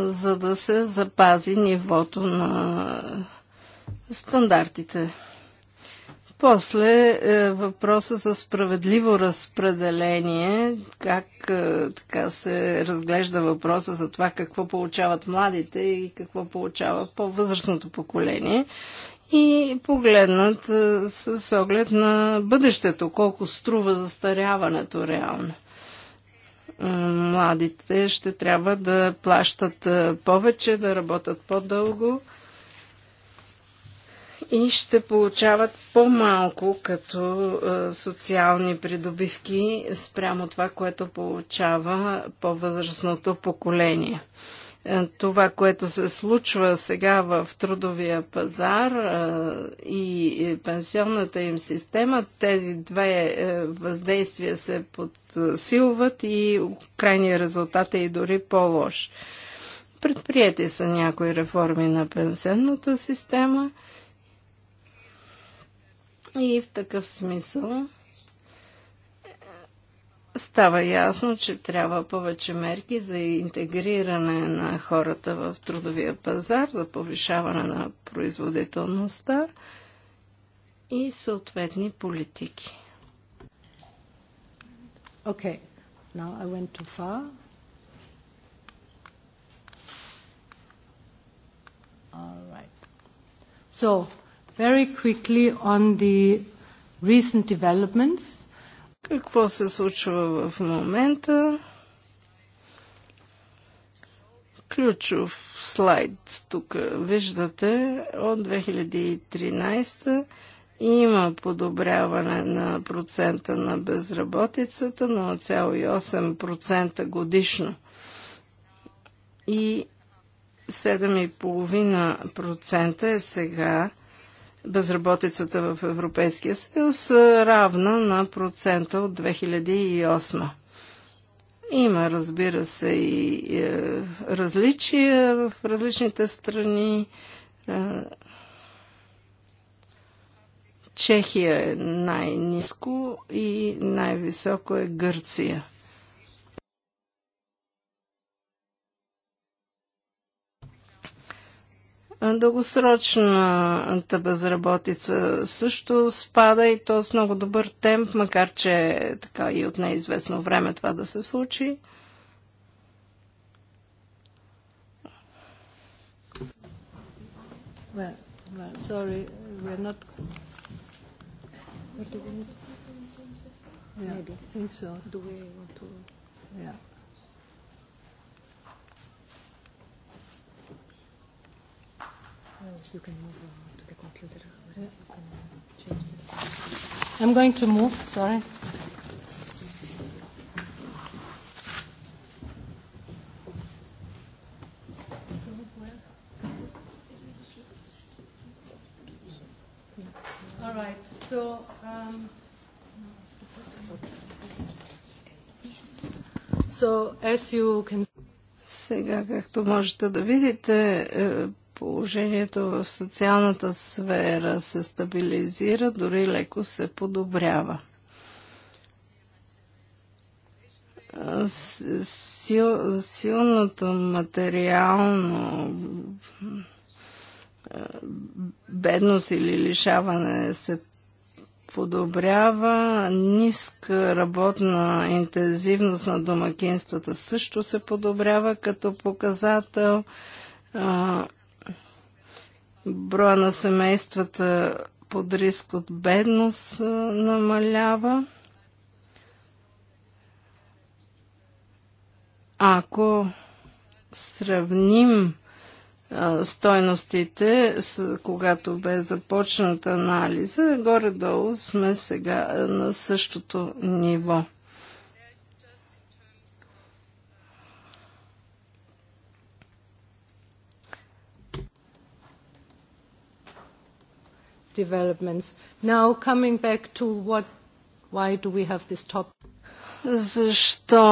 Speaker 5: за да се запази нивото на стандартите. После е, въпроса за справедливо разпределение, как е, така се разглежда въпроса за това какво получават младите и какво получава по-възрастното поколение и погледнат е, с оглед на бъдещето, колко струва застаряването реално. Младите ще трябва да плащат е, повече, да работят по-дълго и ще получават по-малко като е, социални придобивки спрямо това, което получава по-възрастното поколение. Е, това, което се случва сега в трудовия пазар е, и пенсионната им система, тези две въздействия се подсилват и крайният резултат е и дори по-лош. Предприяти са някои реформи на пенсионната система – и в такъв смисъл става ясно, че трябва повече мерки за интегриране на хората в трудовия пазар, за повишаване на производителността и съответни политики.
Speaker 1: Okay, now I went too far. All
Speaker 5: right. So, Very quickly on the recent developments. Какво се случва в момента? Ключов слайд тук виждате от 2013 има подобряване на процента на безработицата на 0,8% годишно и 7,5% е сега безработицата в Европейския съюз е, равна на процента от 2008. Има, разбира се, и е, различия в различните страни. Е, Чехия е най-низко и най-високо е Гърция. Дългосрочната безработица също спада и то с много добър темп, макар че е така и от неизвестно време това да се случи.
Speaker 1: Well, well, sorry, we're not... Yeah, I think so. Do we want to... Yeah. you can move on to the computer. You can change the... I'm
Speaker 5: going to move, sorry.
Speaker 1: All right, so... Um,
Speaker 5: so as you can... Сега, както можете да видите, положението в социалната сфера се стабилизира, дори леко се подобрява. Сил, силното материално бедност или лишаване се подобрява, ниска работна интензивност на домакинствата също се подобрява като показател броя на семействата под риск от бедност намалява. Ако сравним стойностите, когато бе започнат анализа, горе-долу сме сега на същото ниво. developments. Now, coming back to what,
Speaker 1: why do we have this topic?
Speaker 5: Защо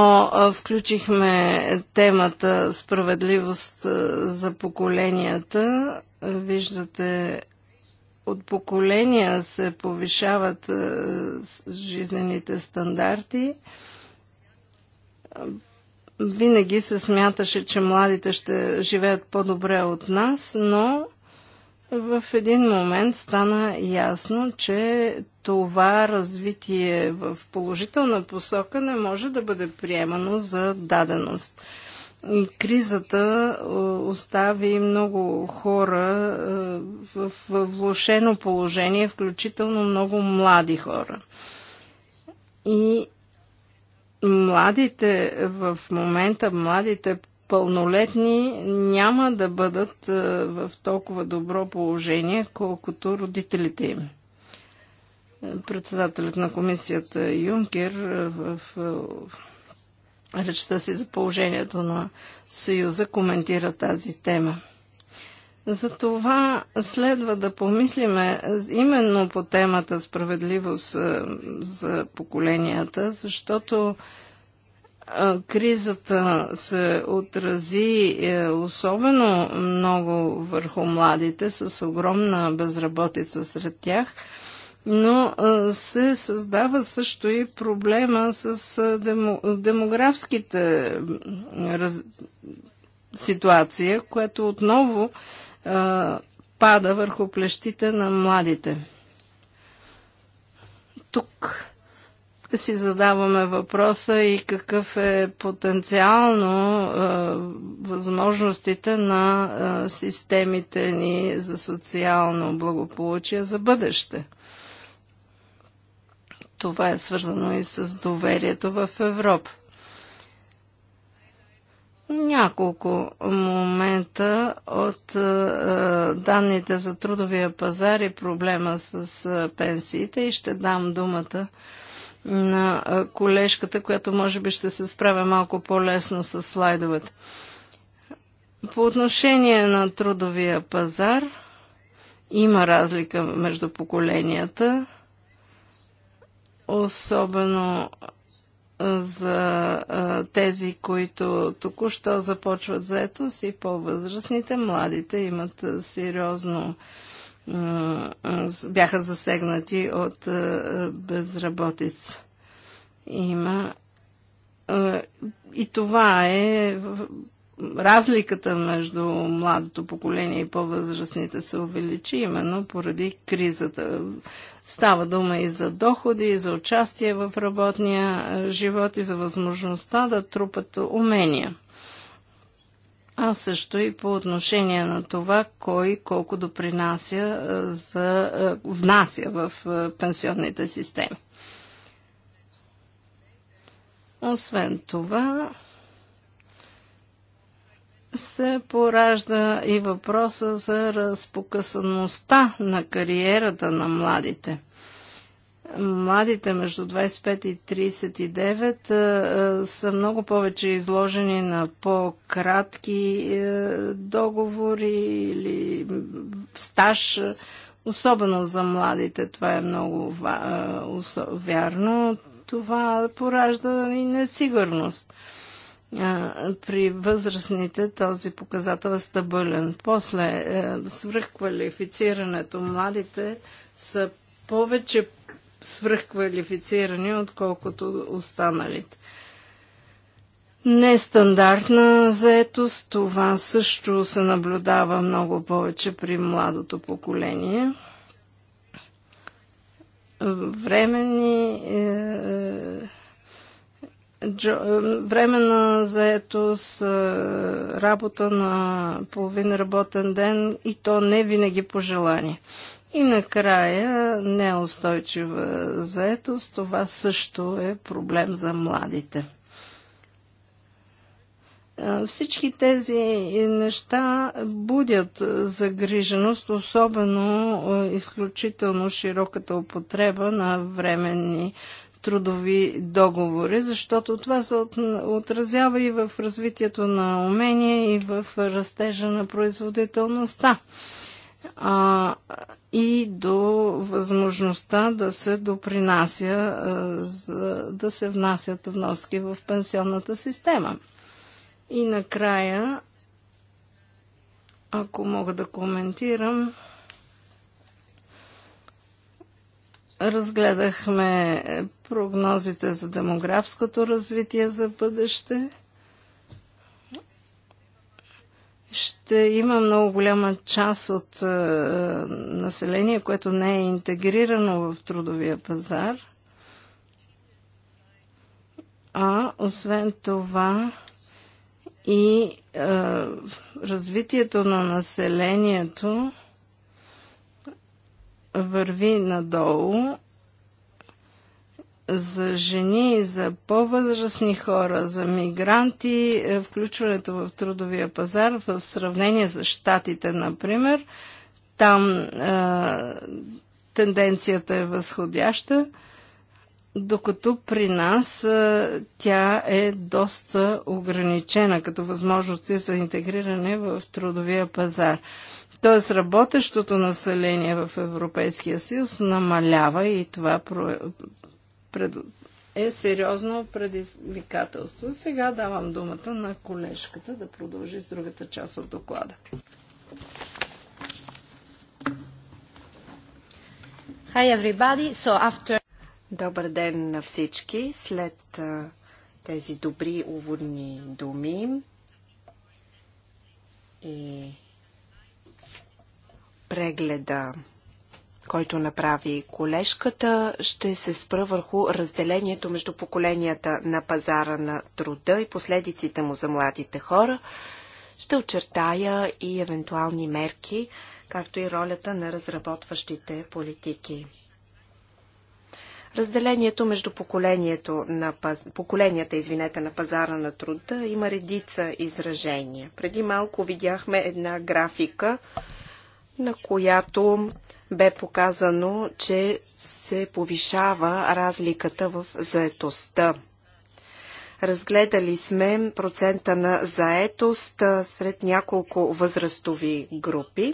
Speaker 5: включихме темата справедливост за поколенията? Виждате, от поколения се повишават жизнените стандарти винаги се смяташе, че младите ще живеят по-добре от нас, но в един момент стана ясно, че това развитие в положителна посока не може да бъде приемано за даденост. Кризата е, остави много хора е, в влошено положение, включително много млади хора. И младите в момента, младите пълнолетни няма да бъдат е, в толкова добро положение, колкото родителите им. Председателят на комисията Юнкер е, в е, речта си за положението на Съюза коментира тази тема. Затова следва да помислиме именно по темата справедливост за поколенията, защото кризата се отрази е, особено много върху младите, с огромна безработица сред тях, но се създава също и проблема с демографските раз, ситуация, което отново пада върху плещите на младите. Тук да си задаваме въпроса и какъв е потенциално е, възможностите на е, системите ни за социално благополучие за бъдеще. Това е свързано и с доверието в Европа. Няколко момента от е, данните за трудовия пазар и проблема с е, пенсиите и ще дам думата на колежката, която може би ще се справя малко по-лесно с слайдовете. По отношение на трудовия пазар, има разлика между поколенията, особено за тези, които току-що започват заетост и по-възрастните, младите имат сериозно бяха засегнати от безработица. Има. И това е разликата между младото поколение и по-възрастните се увеличи именно поради кризата. Става дума и за доходи, и за участие в работния живот, и за възможността да трупат умения а също и по отношение на това, кой колко допринася за, внася в пенсионните системи. Освен това, се поражда и въпроса за разпокъсаността на кариерата на младите младите между 25 и 39 е, е, са много повече изложени на по-кратки е, договори или стаж. Особено за младите това е много вярно. Това поражда и несигурност. При възрастните този показател е стабилен. После свръхквалифицирането младите са повече свръхквалифицирани, отколкото останалите. Нестандартна заетост, това също се наблюдава много повече при младото поколение. Временни е, е е, време на заетост, е, работа на половин работен ден и то не винаги по желание. И накрая неустойчива заетост, това също е проблем за младите. Е, всички тези неща будят загриженост, особено изключително широката употреба на временни трудови договори, защото това се отразява и в развитието на умения и в растежа на производителността. А, и до възможността да се допринася, а, да се внасят вноски в пенсионната система. И накрая, ако мога да коментирам, разгледахме прогнозите за демографското развитие за бъдеще. Ще има много голяма част от е, население, което не е интегрирано в трудовия пазар. А освен това и е, развитието на населението върви надолу за жени, за по-възрастни хора, за мигранти, е, включването в трудовия пазар в сравнение за щатите, например, там е, тенденцията е възходяща, докато при нас е, тя е доста ограничена като възможности за интегриране в трудовия пазар. Тоест работещото население в Европейския съюз намалява и това е сериозно предизвикателство. Сега давам думата на колежката да продължи с другата част от доклада.
Speaker 2: Hi everybody. So after... Добър ден на всички. След тези добри уводни думи и прегледа който направи колежката, ще се спра върху разделението между поколенията на пазара на труда и последиците му за младите хора. Ще очертая и евентуални мерки, както и ролята на разработващите политики. Разделението между поколението на паз... поколенията извинете, на пазара на труда има редица изражения. Преди малко видяхме една графика, на която бе показано, че се повишава разликата в заетостта. Разгледали сме процента на заетост сред няколко възрастови групи,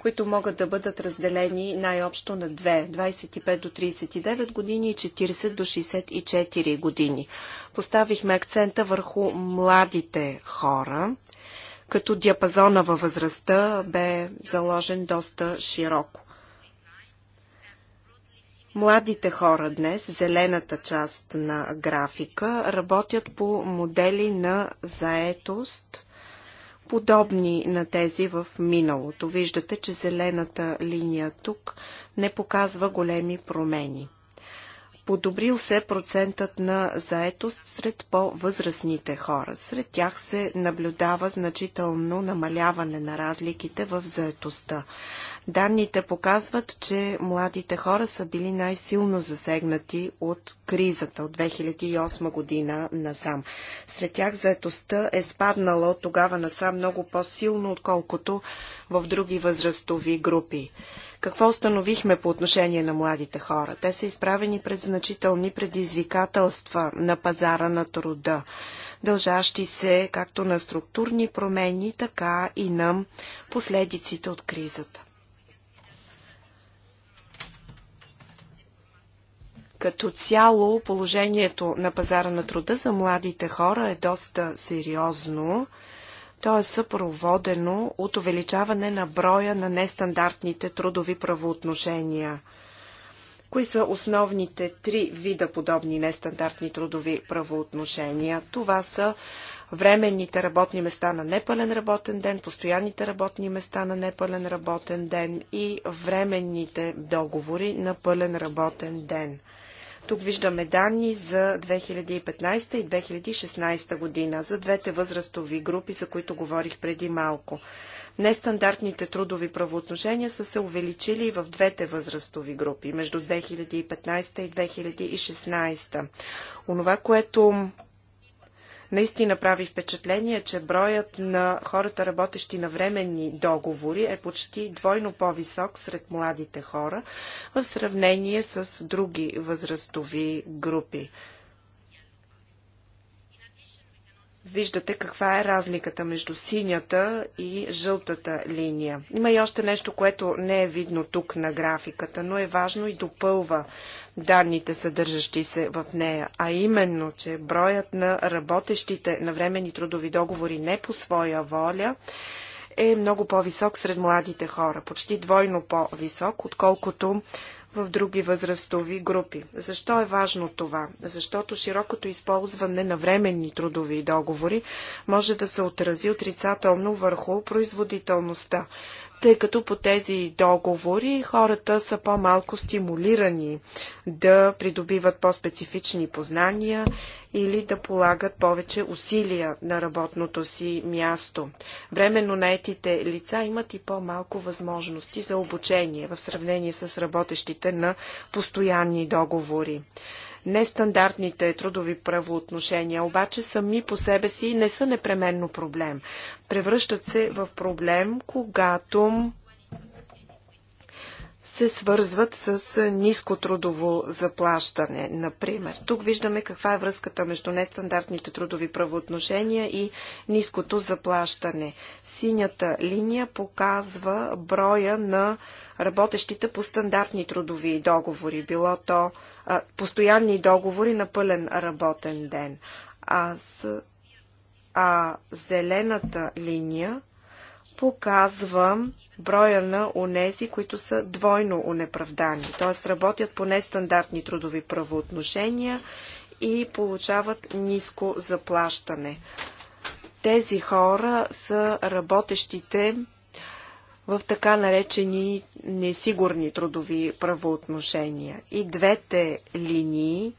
Speaker 2: които могат да бъдат разделени най-общо на две 25 до 39 години и 40 до 64 години. Поставихме акцента върху младите хора, като диапазона във възрастта бе заложен доста широко. Младите хора днес, зелената част на графика, работят по модели на заетост, подобни на тези в миналото. Виждате, че зелената линия тук не показва големи промени подобрил се процентът на заетост сред по-възрастните хора. Сред тях се наблюдава значително намаляване на разликите в заетостта. Данните показват, че младите хора са били най-силно засегнати от кризата от 2008 година насам. Сред тях заетостта е спаднала от тогава насам много по-силно, отколкото в други възрастови групи. Какво установихме по отношение на младите хора? Те са изправени пред значителни предизвикателства на пазара на труда, дължащи се както на структурни промени, така и на последиците от кризата. Като цяло положението на пазара на труда за младите хора е доста сериозно. То е съпроводено от увеличаване на броя на нестандартните трудови правоотношения. Кои са основните три вида подобни нестандартни трудови правоотношения? Това са временните работни места на непълен работен ден, постоянните работни места на непълен работен ден и временните договори на пълен работен ден. Тук виждаме данни за 2015 и 2016 година, за двете възрастови групи, за които говорих преди малко. Нестандартните трудови правоотношения са се увеличили и в двете възрастови групи, между 2015 и 2016. Онова, което Наистина прави впечатление, че броят на хората, работещи на временни договори, е почти двойно по-висок сред младите хора в сравнение с други възрастови групи. Виждате каква е разликата между синята и жълтата линия. Има и още нещо, което не е видно тук на графиката, но е важно и допълва данните, съдържащи се в нея, а именно, че броят на работещите на времени трудови договори не по своя воля е много по-висок сред младите хора, почти двойно по-висок, отколкото в други възрастови групи. Защо е важно това? Защото широкото използване на временни трудови договори може да се отрази отрицателно върху производителността тъй като по тези договори хората са по-малко стимулирани да придобиват по-специфични познания или да полагат повече усилия на работното си място. Временно наетите лица имат и по-малко възможности за обучение в сравнение с работещите на постоянни договори. Нестандартните трудови правоотношения обаче сами по себе си не са непременно проблем. Превръщат се в проблем, когато се свързват с ниско трудово заплащане, например. Тук виждаме каква е връзката между нестандартните трудови правоотношения и ниското заплащане. Синята линия показва броя на работещите по стандартни трудови договори, било то постоянни договори на пълен работен ден. А, с, а зелената линия показва броя на унези, които са двойно унеправдани, т.е. работят по нестандартни трудови правоотношения и получават ниско заплащане. Тези хора са работещите в така наречени несигурни трудови правоотношения. И двете линии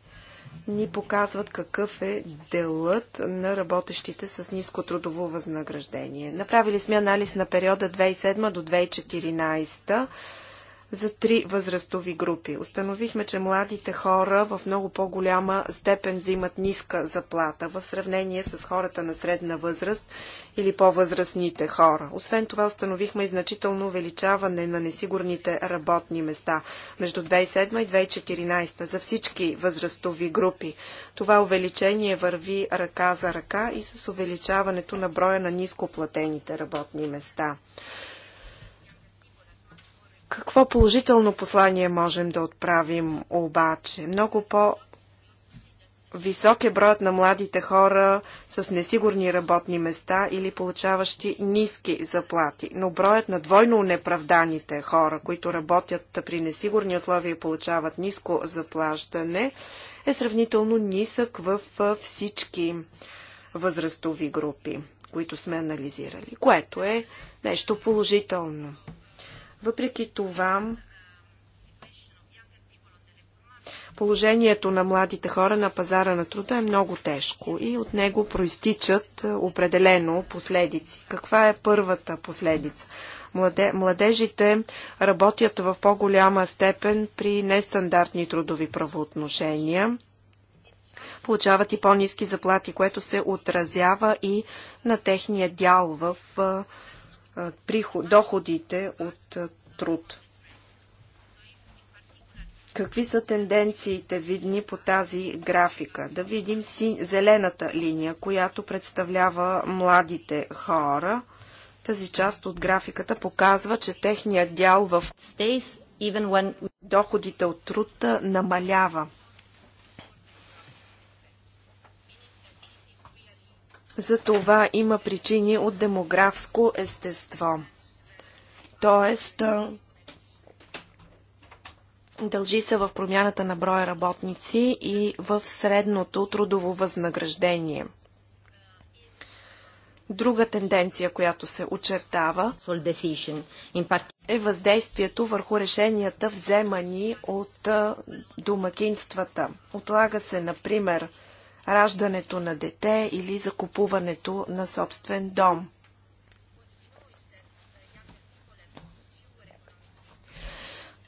Speaker 2: ни показват какъв е делът на работещите с ниско трудово възнаграждение. Направили сме анализ на периода 2007 до 2014 за три възрастови групи. Установихме, че младите хора в много по-голяма степен взимат ниска заплата в сравнение с хората на средна възраст или по-възрастните хора. Освен това установихме и значително увеличаване на несигурните работни места между 2007 и 2014 за всички възрастови групи. Това увеличение върви ръка за ръка и с увеличаването на броя на нископлатените работни места. Какво положително послание можем да отправим обаче? Много по- Висок е броят на младите хора с несигурни работни места или получаващи ниски заплати, но броят на двойно неправданите хора, които работят при несигурни условия и получават ниско заплащане, е сравнително нисък в всички възрастови групи, които сме анализирали, което е нещо положително. Въпреки това, положението на младите хора на пазара на труда е много тежко и от него проистичат е, определено последици. Каква е първата последица? младежите работят в по-голяма степен при нестандартни трудови правоотношения, получават и по-низки заплати, което се отразява и на техния дял в е, приход, доходите от труд. Какви са тенденциите видни по тази графика? Да видим си зелената линия, която представлява младите хора. Тази част от графиката показва, че техният дял в доходите от труд намалява. За това има причини от демографско естество. Тоест, дължи се в промяната на броя работници и в средното трудово възнаграждение. Друга тенденция, която се очертава, е въздействието върху решенията вземани от домакинствата. Отлага се, например, раждането на дете или закупуването на собствен дом.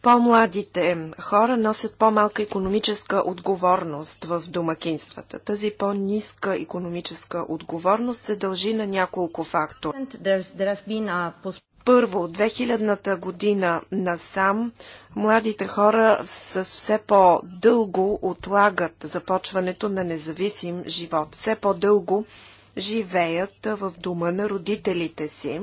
Speaker 2: По-младите хора носят по-малка економическа отговорност в домакинствата. Тази по-ниска економическа отговорност се дължи на няколко фактора. Първо, от 2000-та година насам младите хора с все по-дълго отлагат започването на независим живот. Все по-дълго живеят в дома на родителите си.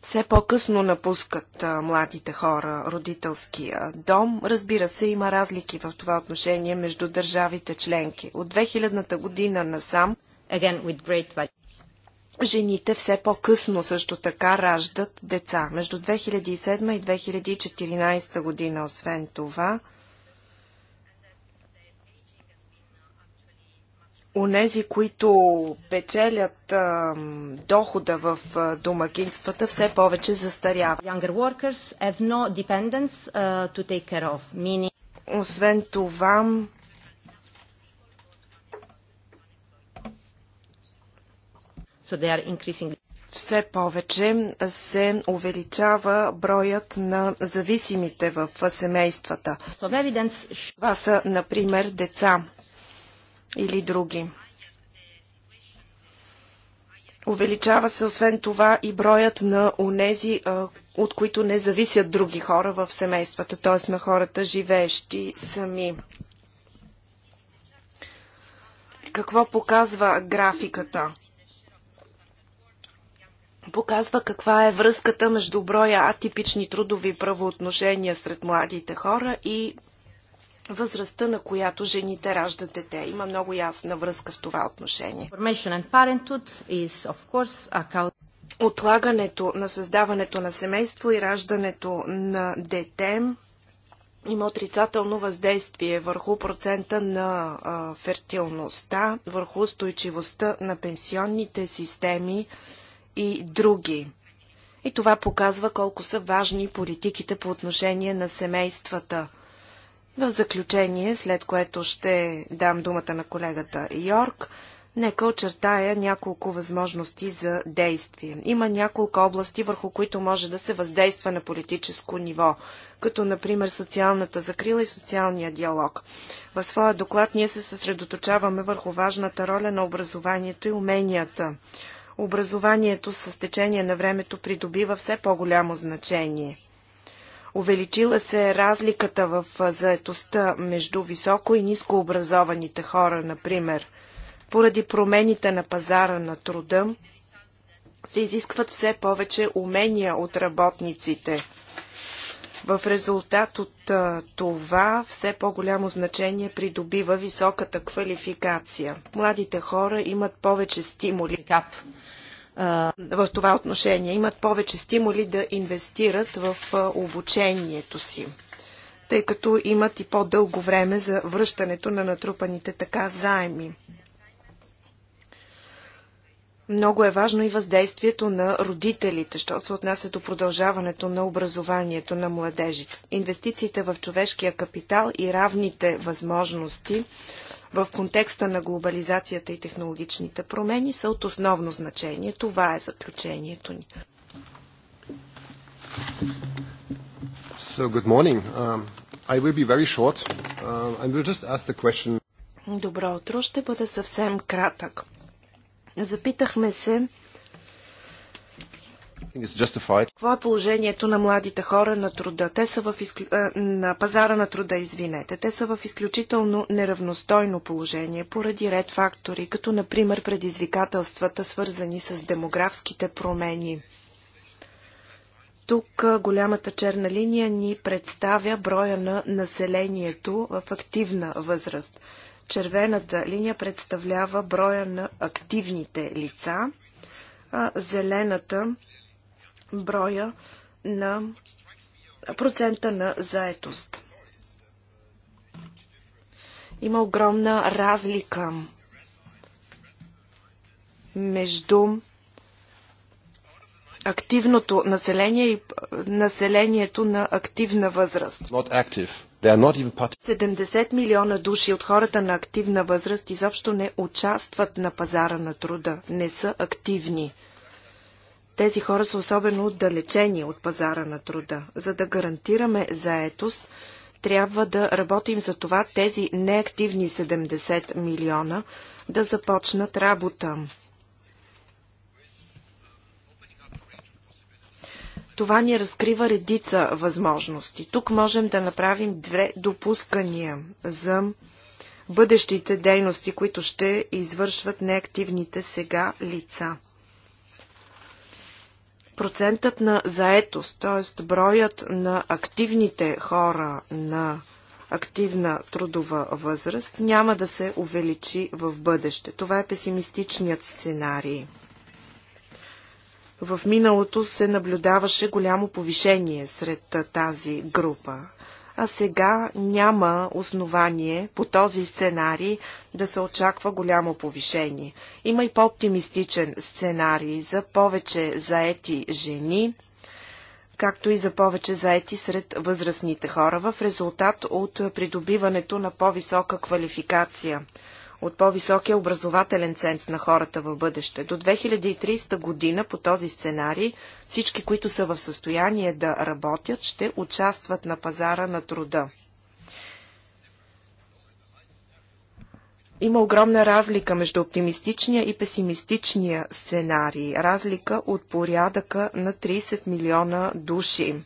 Speaker 2: все по-късно напускат младите хора родителския дом. Разбира се, има разлики в това отношение между държавите членки. От 2000-та година насам Again, with great жените все по-късно също така раждат деца. Между 2007 и 2014 година, освен това, Онези, които печелят а, дохода в а, домакинствата, все повече застаряват. Освен това, So they are increasingly все повече се увеличава броят на зависимите в семействата. Това са, например, деца или други. Увеличава се освен това и броят на унези, от които не зависят други хора в семействата, т.е. на хората, живеещи сами. Какво показва графиката? показва каква е връзката между броя атипични трудови правоотношения сред младите хора и възрастта, на която жените раждат дете. Има много ясна връзка в това отношение. Отлагането на създаването на семейство и раждането на дете има отрицателно въздействие върху процента на фертилността, върху устойчивостта на пенсионните системи, и други. И това показва колко са важни политиките по отношение на семействата. В заключение, след което ще дам думата на колегата Йорк, нека очертая няколко възможности за действие. Има няколко области, върху които може да се въздейства на политическо ниво, като например социалната закрила и социалния диалог. В своя доклад ние се съсредоточаваме върху важната роля на образованието и уменията образованието с течение на времето придобива все по-голямо значение. Увеличила се е разликата в заетостта между високо и ниско образованите хора, например. Поради промените на пазара на труда се изискват все повече умения от работниците. В резултат от това все по-голямо значение придобива високата квалификация. Младите хора имат повече стимули в това отношение, имат повече стимули да инвестират в обучението си, тъй като имат и по-дълго време за връщането на натрупаните така заеми. Много е важно и въздействието на родителите, що се отнася до продължаването на образованието на младежи. Инвестициите в човешкия капитал и равните възможности в контекста на глобализацията и технологичните промени са от основно значение. Това е заключението ни.
Speaker 4: So, good morning. Um, I will be very short. Uh, I will just ask the question.
Speaker 2: Добро утро, ще бъда съвсем кратък. Запитахме се какво е положението на младите хора на труда? Те са в изклю... Е, на пазара на труда, извинете. Те са в изключително неравностойно положение поради ред фактори, като например предизвикателствата, свързани с демографските промени. Тук е, голямата черна линия ни представя броя на населението в активна възраст. Червената линия представлява броя на активните лица, а зелената броя на процента на заетост. Има огромна разлика между активното население и населението на активна възраст.
Speaker 4: 70
Speaker 2: милиона души от хората на активна възраст изобщо не участват на пазара на труда, не са активни. Тези хора са особено отдалечени от пазара на труда. За да гарантираме заетост, трябва да работим за това тези неактивни 70 милиона да започнат работа. Това ни разкрива редица възможности. Тук можем да направим две допускания за бъдещите дейности, които ще извършват неактивните сега лица – процентът на заетост, т.е. броят на активните хора на активна трудова възраст няма да се увеличи в бъдеще. Това е песимистичният сценарий. В миналото се наблюдаваше голямо повишение сред тази група а сега няма основание по този сценарий да се очаква голямо повишение. Има и по-оптимистичен сценарий за повече заети жени, както и за повече заети сред възрастните хора в резултат от придобиването на по-висока квалификация от по-високия образователен ценз на хората в бъдеще. До 2030 година по този сценарий всички, които са в състояние да работят, ще участват на пазара на труда. Има огромна разлика между оптимистичния и песимистичния сценарий. Разлика от порядъка на 30 милиона души.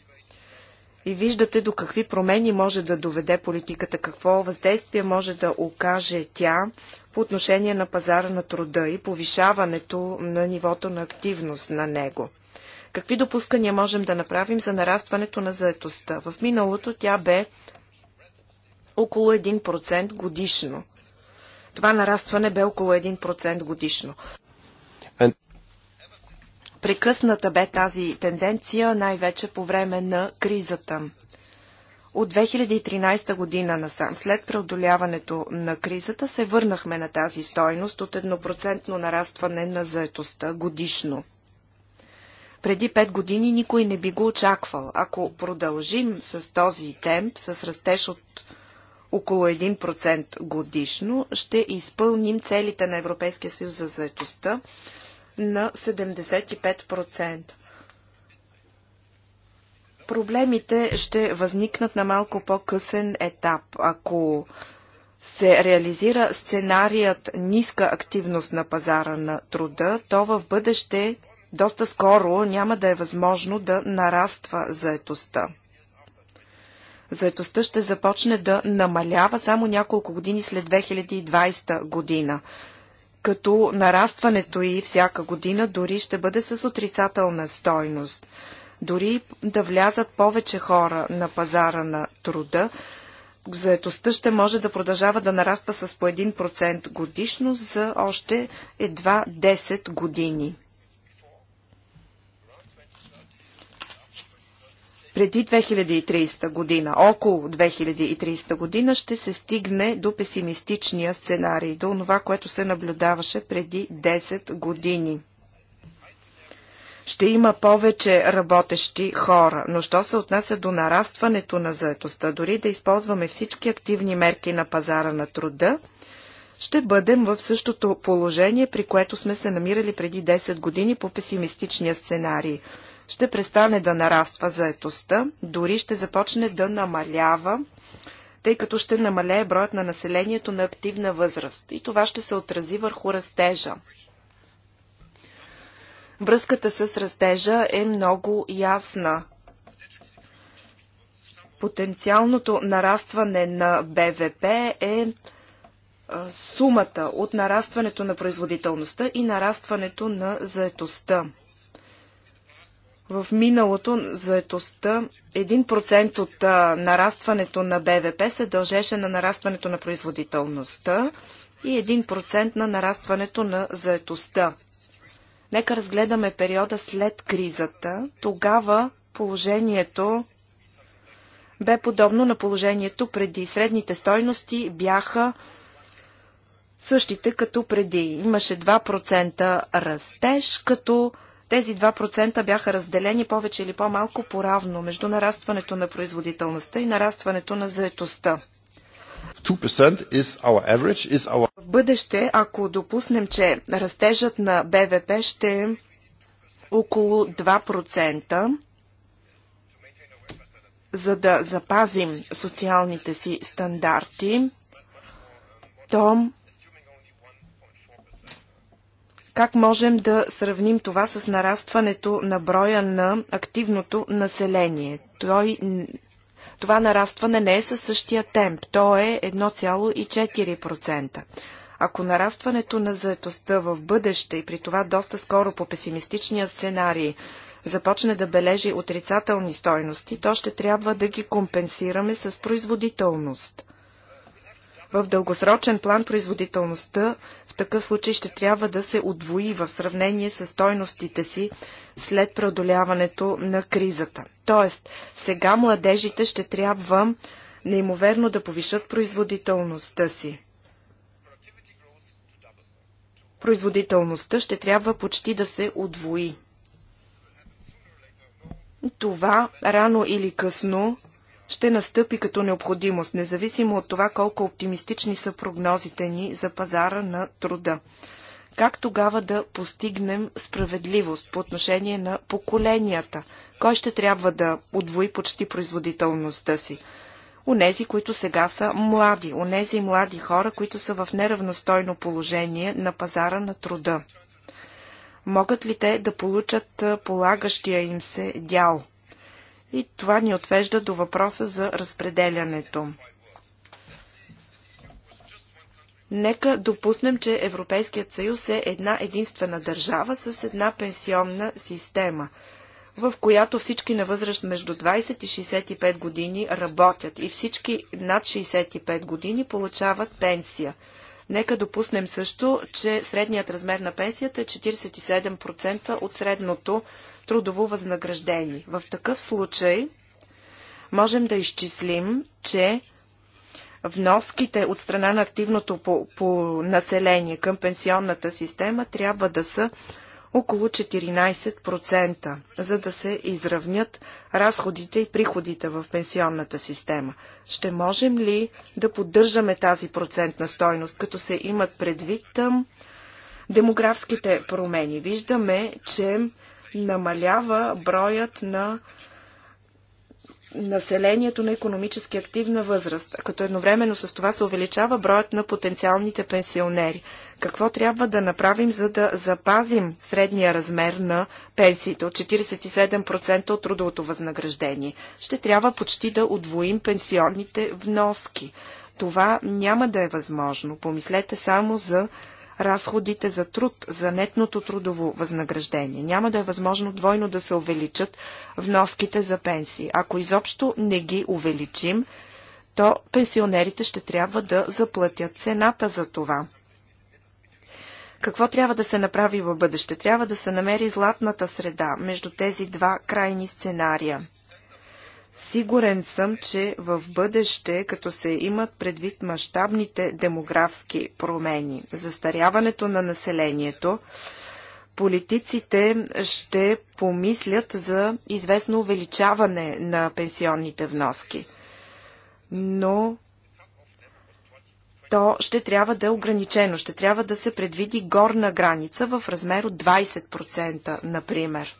Speaker 2: И виждате до какви промени може да доведе политиката, какво въздействие може да окаже тя по отношение на пазара на труда и повишаването на нивото на активност на него. Какви допускания можем да направим за нарастването на заетостта? В миналото тя бе около 1% годишно. Това нарастване бе около 1% годишно. Прекъсната бе тази тенденция най-вече по време на кризата. От 2013 година насам, след преодоляването на кризата, се върнахме на тази стойност от еднопроцентно нарастване на заетостта годишно. Преди 5 години никой не би го очаквал. Ако продължим с този темп, с растеж от около 1% годишно, ще изпълним целите на Европейския съюз за заетостта на 75%. Проблемите ще възникнат на малко по-късен етап, ако се реализира сценарият ниска активност на пазара на труда, то в бъдеще доста скоро няма да е възможно да нараства заетостта. Заетостта ще започне да намалява само няколко години след 2020 година като нарастването и всяка година дори ще бъде с отрицателна стойност. Дори да влязат повече хора на пазара на труда, заетостта ще може да продължава да нараства с по 1% годишно за още едва 10 години. преди 2030 година, около 2030 година, ще се стигне до песимистичния сценарий, до това, което се наблюдаваше преди 10 години ще има повече работещи хора. Но що се отнася до нарастването на заетостта, дори да използваме всички активни мерки на пазара на труда, ще бъдем в същото положение, при което сме се намирали преди 10 години по песимистичния сценарий – ще престане да нараства заетостта, дори ще започне да намалява, тъй като ще намалее броят на населението на активна възраст. И това ще се отрази върху растежа. Връзката с растежа е много ясна. Потенциалното нарастване на БВП е, е сумата от нарастването на производителността и нарастването на заетостта в миналото заетостта 1% от нарастването на БВП се дължеше на нарастването на производителността и 1% на нарастването на заетостта. Нека разгледаме периода след кризата. Тогава положението бе подобно на положението преди. Средните стойности бяха същите като преди. Имаше 2% растеж, като тези 2% бяха разделени повече или по-малко поравно между нарастването на производителността и нарастването на заетостта. В бъдеще, ако допуснем, че растежът на БВП ще е около 2%, за да запазим социалните си стандарти, то как можем да сравним това с нарастването на броя на активното население? Той това нарастване не е със същия темп. То е 1,4%. Ако нарастването на заетостта в бъдеще и при това доста скоро по песимистичния сценарий започне да бележи отрицателни стойности, то ще трябва да ги компенсираме с производителност. В дългосрочен план производителността такъв случай ще трябва да се отвои в сравнение с стойностите си след преодоляването на кризата. Тоест, сега младежите ще трябва неимоверно да повишат производителността си. Производителността ще трябва почти да се отвои. Това рано или късно ще настъпи като необходимост, независимо от това колко оптимистични са прогнозите ни за пазара на труда. Как тогава да постигнем справедливост по отношение на поколенията? Кой ще трябва да отвои почти производителността си? Онези, които сега са млади, онези млади хора, които са в неравностойно положение на пазара на труда. Могат ли те да получат полагащия им се дял? И това ни отвежда до въпроса за разпределянето. Нека допуснем, че Европейският съюз е една единствена държава с една пенсионна система, в която всички на възраст между 20 и 65 години работят и всички над 65 години получават пенсия. Нека допуснем също, че средният размер на пенсията е 47% от средното трудово възнаграждение. В такъв случай можем да изчислим, че вноските от страна на активното по, по население към пенсионната система трябва да са около 14%, за да се изравнят разходите и приходите в пенсионната система. Ще можем ли да поддържаме тази процентна стойност, като се имат предвид там демографските промени? Виждаме, че намалява броят на населението на економически активна възраст, като едновременно с това се увеличава броят на потенциалните пенсионери. Какво трябва да направим, за да запазим средния размер на пенсиите от 47% от трудовото възнаграждение? Ще трябва почти да удвоим пенсионните вноски. Това няма да е възможно. Помислете само за разходите за труд, за нетното трудово възнаграждение. Няма да е възможно двойно да се увеличат вноските за пенсии. Ако изобщо не ги увеличим, то пенсионерите ще трябва да заплатят цената за това. Какво трябва да се направи в бъдеще? Трябва да се намери златната среда между тези два крайни сценария – Сигурен съм, че в бъдеще, като се имат предвид мащабните демографски промени, застаряването на населението, политиците ще помислят за известно увеличаване на пенсионните вноски. Но то ще трябва да е ограничено. Ще трябва да се предвиди горна граница в размер от 20%, например.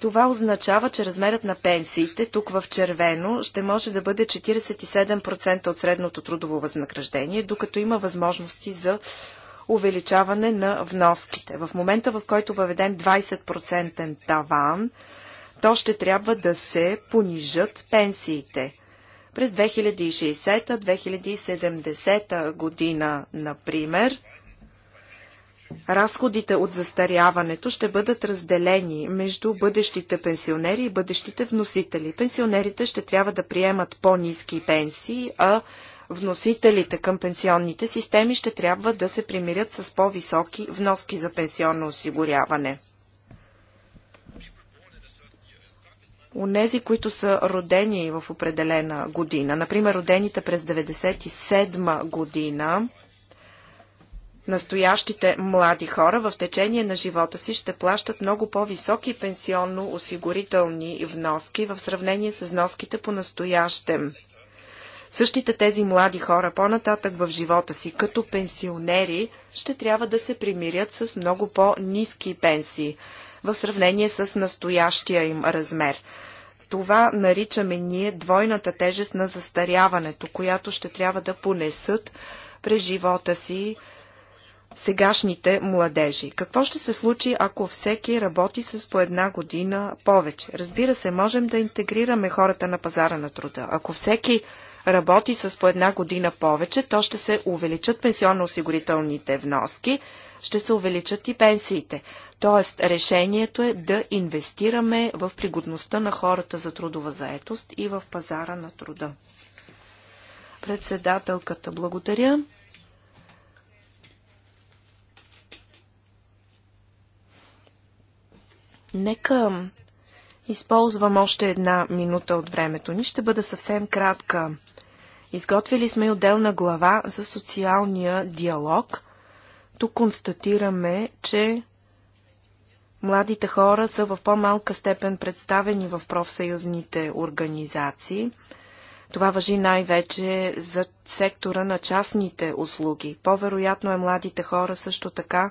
Speaker 2: Това означава, че размерът на пенсиите, тук в червено, ще може да бъде 47% от средното трудово възнаграждение, докато има възможности за увеличаване на вноските. В момента, в който въведем 20% таван, то ще трябва да се понижат пенсиите. През 2060-2070 година, например, разходите от застаряването ще бъдат разделени между бъдещите пенсионери и бъдещите вносители. Пенсионерите ще трябва да приемат по-низки пенсии, а вносителите към пенсионните системи ще трябва да се примирят с по-високи вноски за пенсионно осигуряване. Онези, които са родени в определена година, например родените през 1997 година, настоящите млади хора в течение на живота си ще плащат много по-високи пенсионно-осигурителни вноски в сравнение с вноските по настоящем. Същите тези млади хора по-нататък в живота си, като пенсионери, ще трябва да се примирят с много по-низки пенсии в сравнение с настоящия им размер. Това наричаме ние двойната тежест на застаряването, която ще трябва да понесат през живота си сегашните младежи. Какво ще се случи, ако всеки работи с по една година повече? Разбира се, можем да интегрираме хората на пазара на труда. Ако всеки работи с по една година повече, то ще се увеличат пенсионно-осигурителните вноски, ще се увеличат и пенсиите. Тоест, решението е да инвестираме в пригодността на хората за трудова заетост и в пазара на труда. Председателката, благодаря. Нека използвам още една минута от времето ни. Ще бъда съвсем кратка. Изготвили сме и отделна глава за социалния диалог. Тук констатираме, че младите хора са в по-малка степен представени в профсъюзните организации. Това въжи най-вече за сектора на частните услуги. По-вероятно е младите хора също така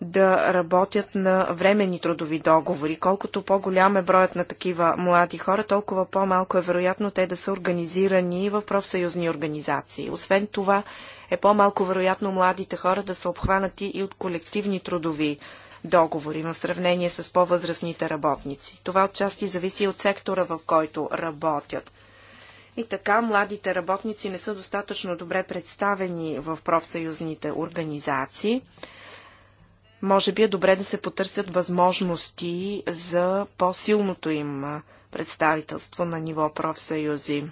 Speaker 2: да работят на временни трудови договори. Колкото по-голям е броят на такива млади хора, толкова по-малко е вероятно те да са организирани в профсъюзни организации. Освен това, е по-малко вероятно младите хора да са обхванати и от колективни трудови договори в сравнение с по-възрастните работници. Това отчасти зависи от сектора, в който работят. И така младите работници не са достатъчно добре представени в профсъюзните организации може би е добре да се потърсят възможности за по-силното им представителство на ниво профсъюзи.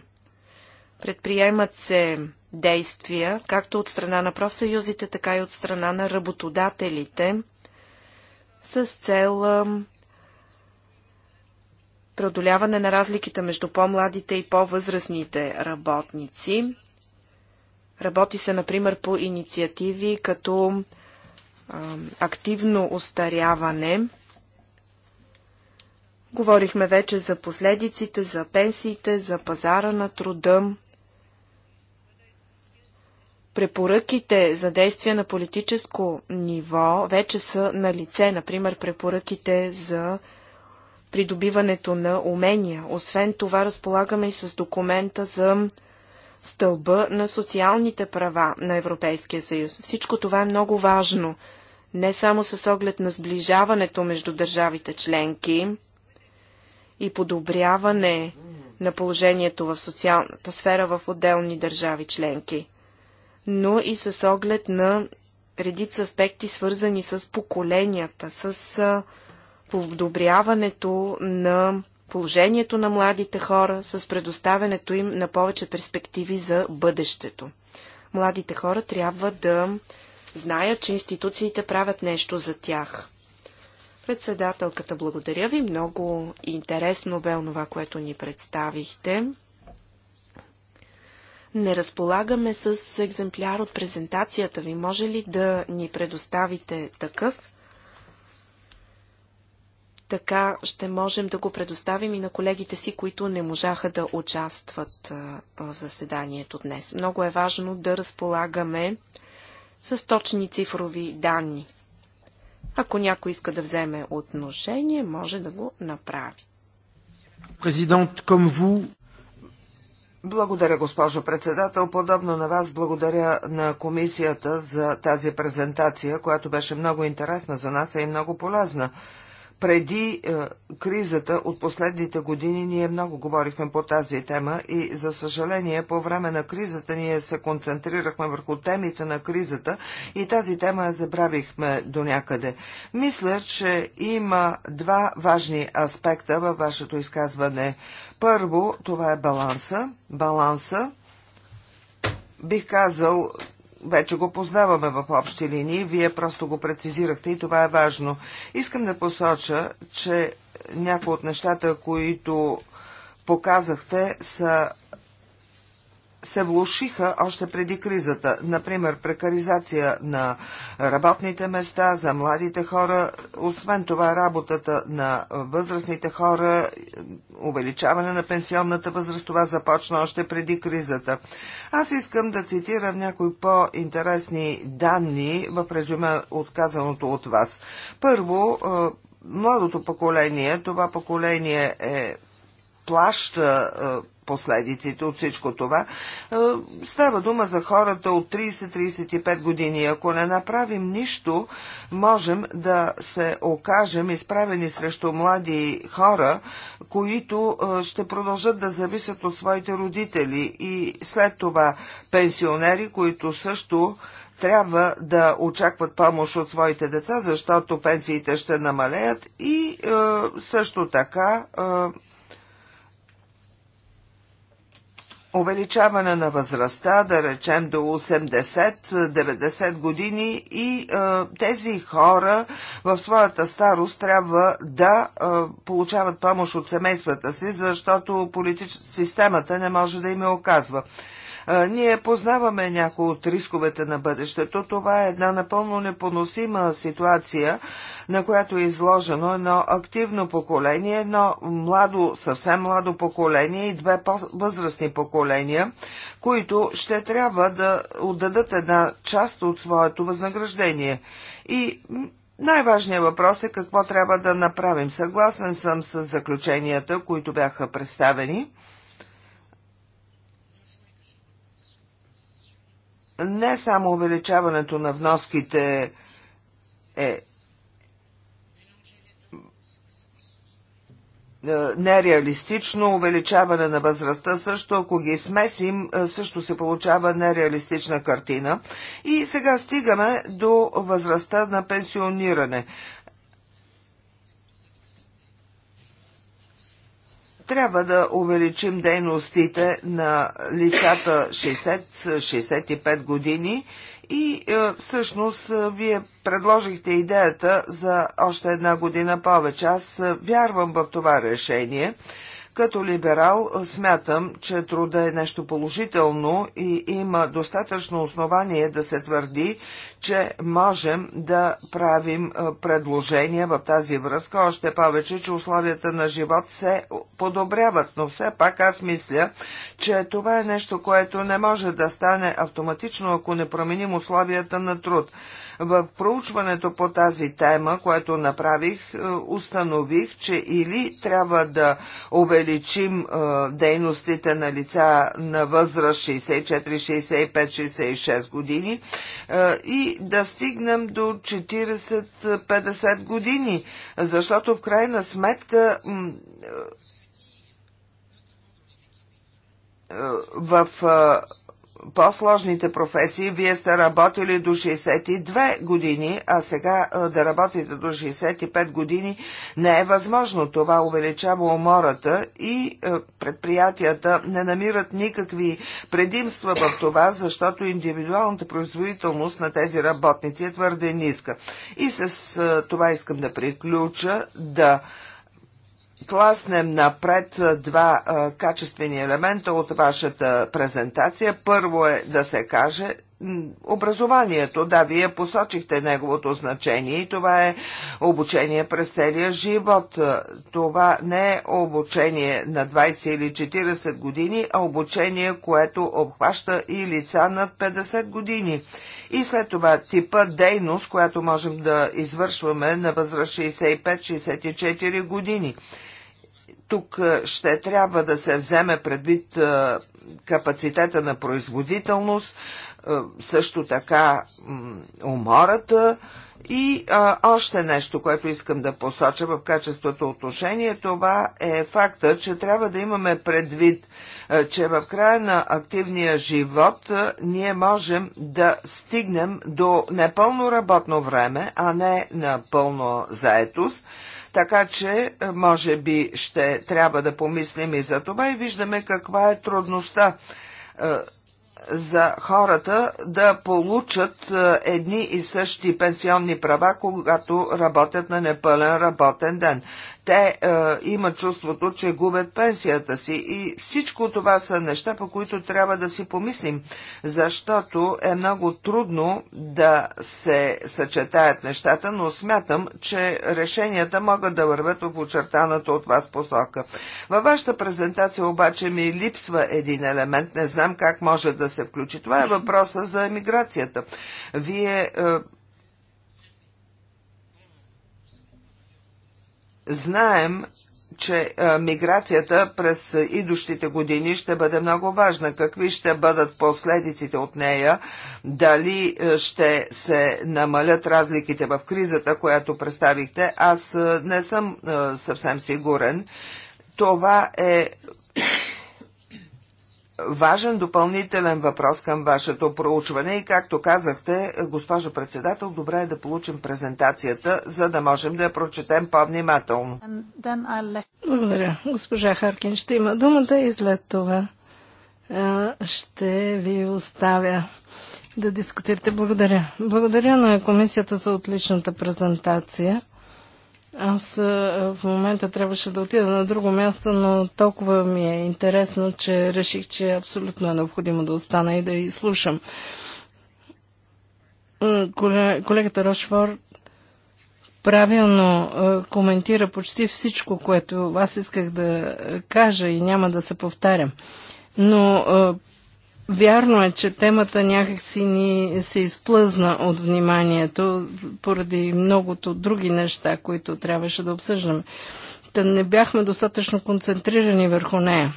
Speaker 2: Предприемат се действия, както от страна на профсъюзите, така и от страна на работодателите, с цел преодоляване на разликите между по-младите и по-възрастните работници. Работи се, например, по инициативи като активно остаряване. Говорихме вече за последиците, за пенсиите, за пазара на труда. Препоръките за действия на политическо ниво вече са на лице, например препоръките за придобиването на умения. Освен това, разполагаме и с документа за стълба на социалните права на Европейския съюз. Всичко това е много важно не само с оглед на сближаването между държавите членки и подобряване на положението в социалната сфера в отделни държави членки, но и с оглед на редица аспекти, свързани с поколенията, с подобряването на положението на младите хора, с предоставянето им на повече перспективи за бъдещето. Младите хора трябва да знаят, че институциите правят нещо за тях. Председателката, благодаря ви. Много интересно бе онова, което ни представихте. Не разполагаме с екземпляр от презентацията ви. Може ли да ни предоставите такъв? Така ще можем да го предоставим и на колегите си, които не можаха да участват в заседанието днес. Много е важно да разполагаме с точни цифрови данни. Ако някой иска да вземе отношение, може да го направи.
Speaker 3: Президент, към ву... Благодаря, госпожо председател. Подобно на вас, благодаря на комисията за тази презентация, която беше много интересна за нас и много полезна. Преди е, кризата от последните години ние много говорихме по тази тема и за съжаление по време на кризата ние се концентрирахме върху темите на кризата и тази тема я забравихме до някъде. Мисля, че има два важни аспекта във вашето изказване. Първо, това е баланса. Баланса, бих казал, вече го познаваме в общи линии, вие просто го прецизирахте и това е важно. Искам да посоча, че някои от нещата, които показахте, са се влушиха още преди кризата. Например, прекаризация на работните места за младите хора, освен това работата на възрастните хора, увеличаване на пенсионната възраст, това започна още преди кризата. Аз искам да цитирам някои по-интересни данни в резюме отказаното от вас. Първо, е, младото поколение, това поколение е плаща е, последиците от всичко това. Е, става дума за хората от 30-35 години. Ако не направим нищо, можем да се окажем изправени срещу млади хора, които е, ще продължат да зависят от своите родители и след това пенсионери, които също трябва да очакват помощ от своите деца, защото пенсиите ще намалеят и е, също така е, увеличаване на възрастта, да речем до 80-90 години и е, тези хора в своята старост трябва да е, получават помощ от семействата си, защото политич... системата не може да им я оказва. Ние познаваме някои от рисковете на бъдещето. Това е една напълно непоносима ситуация, на която е изложено едно активно поколение, едно младо, съвсем младо поколение и две възрастни поколения, които ще трябва да отдадат една част от своето възнаграждение. И най-важният въпрос е какво трябва да направим. Съгласен съм с заключенията, които бяха представени. Не само увеличаването на вноските е Е, нереалистично, увеличаване на възрастта също, ако ги смесим, е, също се получава нереалистична картина. И сега стигаме до възрастта на пенсиониране. трябва да увеличим дейностите на лицата 60-65 години и е, всъщност е, вие предложихте идеята за още една година повече. Аз е, вярвам в това решение. Като либерал смятам, че труда е нещо положително и има достатъчно основание да се твърди, че можем да правим предложения в тази връзка, още повече, че условията на живот се подобряват, но все пак аз мисля, че това е нещо, което не може да стане автоматично, ако не променим условията на труд. В проучването по тази тема, което направих, е, установих, че или трябва да увеличим е, дейностите на лица на възраст 64, 65, 66 години е, и да стигнем до 40-50 години, защото в крайна сметка в по-сложните професии вие сте работили до 62 години, а сега да работите до 65 години не е възможно. Това увеличава умората и предприятията не намират никакви предимства в това, защото индивидуалната производителност на тези работници е твърде ниска. И с това искам да приключа да тласнем напред два а, качествени елемента от вашата презентация. Първо е да се каже образованието. Да, вие посочихте неговото значение и това е обучение през целия живот. Това не е обучение на 20 или 40 години, а обучение, което обхваща и лица над 50 години и след това типа дейност, която можем да извършваме на възраст 65-64 години. Тук ще трябва да се вземе предвид капацитета на производителност, също така умората, и още нещо, което искам да посоча в качеството отношение, това е факта, че трябва да имаме предвид, че в края на активния живот ние можем да стигнем до непълно работно време, а не на пълно заетост – така че, е, може би, ще трябва да помислим и за това и виждаме каква е трудността е, за хората да получат е, едни и същи пенсионни права, когато работят на непълен работен ден те е, имат чувството, че губят пенсията си. И всичко това са неща, по които трябва да си помислим, защото е много трудно да се съчетаят нещата, но смятам, че решенията могат да вървят в очертаната от вас посока. Във вашата презентация обаче ми липсва един елемент, не знам как може да се включи. Това е въпроса за емиграцията. Вие е, знаем, че миграцията през идущите години ще бъде много важна. Какви ще бъдат последиците от нея? Дали ще се намалят разликите в кризата, която представихте? Аз не съм съвсем сигурен. Това е важен допълнителен въпрос към вашето проучване и както казахте, госпожо председател, добре е да получим презентацията, за да можем да я прочетем по-внимателно.
Speaker 1: Благодаря. Госпожа Харкин ще има думата и след
Speaker 5: това ще ви оставя да дискутирате. Благодаря. Благодаря на комисията за отличната презентация. Аз в момента трябваше да отида на друго място, но толкова ми е интересно, че реших, че е абсолютно е необходимо да остана и да изслушам. Колегата Рошфор правилно коментира почти всичко, което аз исках да кажа и няма да се повтарям. Но Вярно е, че темата някакси ни се изплъзна от вниманието поради многото други неща, които трябваше да обсъждаме. Та не бяхме достатъчно концентрирани върху нея.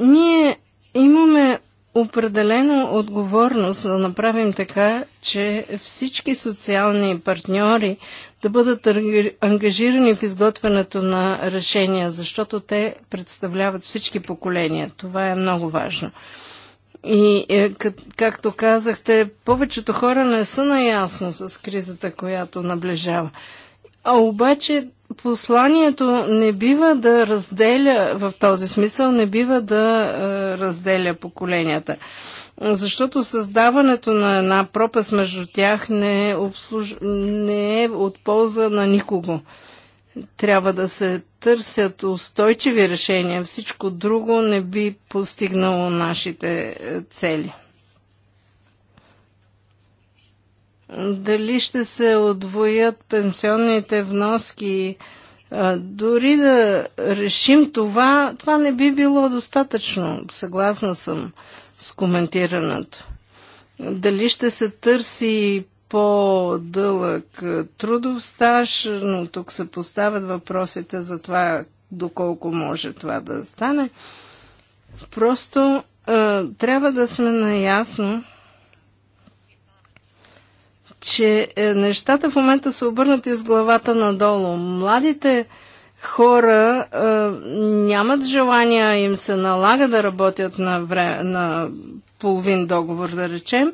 Speaker 5: Ние имаме определено отговорност да направим така, че всички социални партньори да бъдат ангажирани в изготвянето на решения, защото те представляват всички поколения. Това е много важно. И е, както казахте, повечето хора не са наясно с кризата, която наближава. А обаче посланието не бива да разделя, в този смисъл не бива да е, разделя поколенията защото създаването на една пропаст между тях не е, обслуж... не е от полза на никого. Трябва да се търсят устойчиви решения. Всичко друго не би постигнало нашите е, цели. дали ще се отвоят пенсионните вноски, дори да решим това, това не би било достатъчно. Съгласна съм с коментирането. Дали ще се търси по-дълъг трудов стаж, но тук се поставят въпросите за това, доколко може това да стане. Просто е, трябва да сме наясно, че е, нещата в момента са обърнати с главата надолу. Младите хора е, нямат желания, им се налага да работят на, вре, на половин договор, да речем.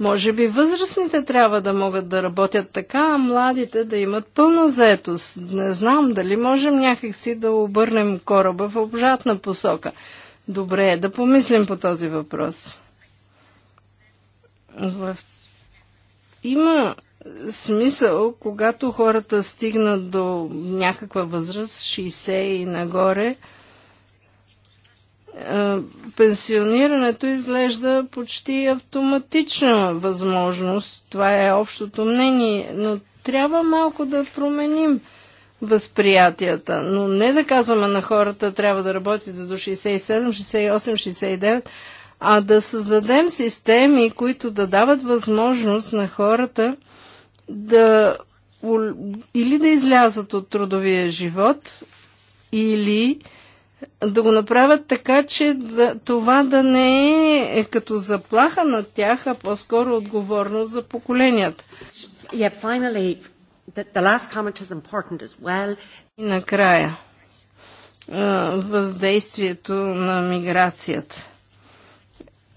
Speaker 5: Може би възрастните трябва да могат да работят така, а младите да имат пълна заетост. Не знам дали можем някакси да обърнем кораба в обжатна посока. Добре е да помислим по този въпрос. В има смисъл, когато хората стигнат до някаква възраст, 60 и нагоре, е, пенсионирането изглежда почти автоматична възможност. Това е общото мнение, но трябва малко да променим възприятията. Но не да казваме на хората, трябва да работите до 67, 68, 69, а да създадем системи, които да дават възможност на хората да или да излязат от трудовия живот, или да го направят така, че да, това да не е, е като заплаха на тях, а по-скоро отговорност за поколенията. Yeah, finally, the last comment is important as well. И накрая, въздействието на миграцията.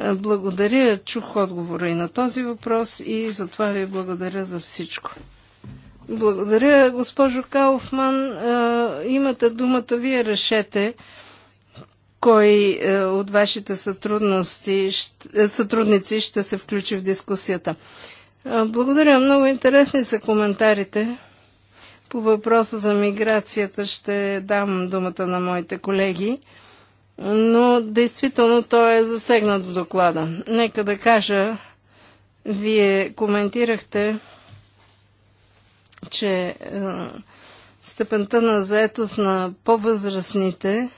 Speaker 5: Е, благодаря, чух отговора и на този въпрос и затова ви благодаря за всичко. Благодаря, госпожо Кауфман. Е, имате думата, вие решете кой е, от вашите сътрудници ще се включи в дискусията. Благодаря, много интересни са коментарите. По въпроса за миграцията ще дам думата на моите колеги но действително той е засегнат в доклада. Нека да кажа, вие коментирахте, че е, степента на заетост на по-възрастните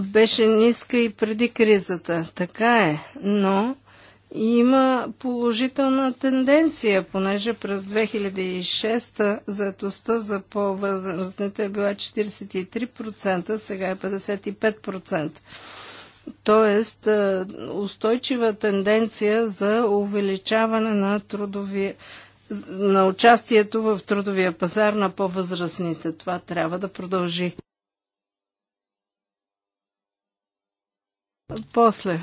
Speaker 5: беше ниска и преди кризата. Така е, но има положителна тенденция, понеже през 2006 заетостта за по-възрастните е била 43%, сега е 55%. Тоест е, устойчива тенденция за увеличаване на трудови на участието в трудовия пазар на по-възрастните. Това трябва да продължи. После.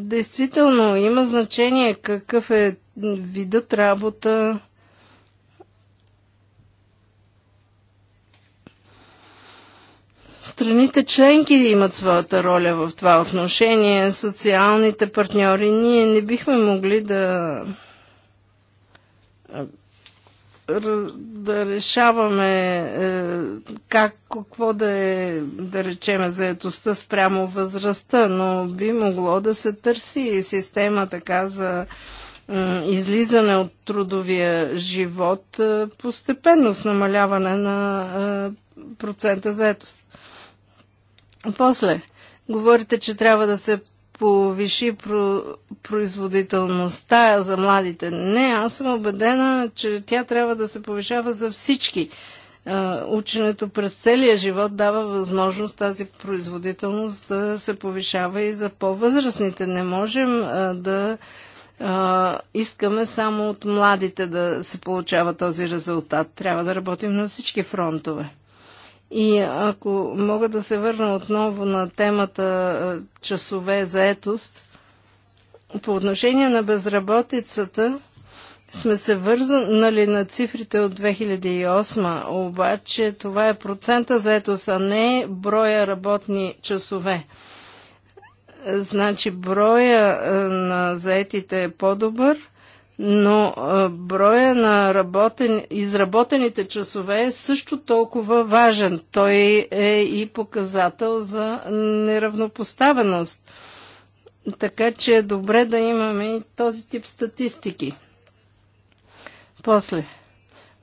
Speaker 5: Действително има значение какъв е видът работа, Страните членки имат своята роля в това отношение, социалните партньори. Ние не бихме могли да да решаваме е, как, какво да е, да речеме, заедостта спрямо възрастта, но би могло да се търси система така за излизане от трудовия живот е, постепенно с намаляване на е, процента заедост. После, говорите, че трябва да се повиши про, производителността за младите. Не, аз съм убедена, че тя трябва да се повишава за всички. Ученето през целия живот дава възможност тази производителност да се повишава и за по-възрастните. Не можем да искаме само от младите да се получава този резултат. Трябва да работим на всички фронтове. И ако мога да се върна отново на темата часове заетост, по отношение на безработицата сме се вързали на цифрите от 2008, обаче това е процента за етост, а не броя работни часове. Значи броя на заетите е по-добър – но броя на работен, изработените часове е също толкова важен. Той е и показател за неравнопоставеност. Така че е добре да имаме и този тип статистики. После.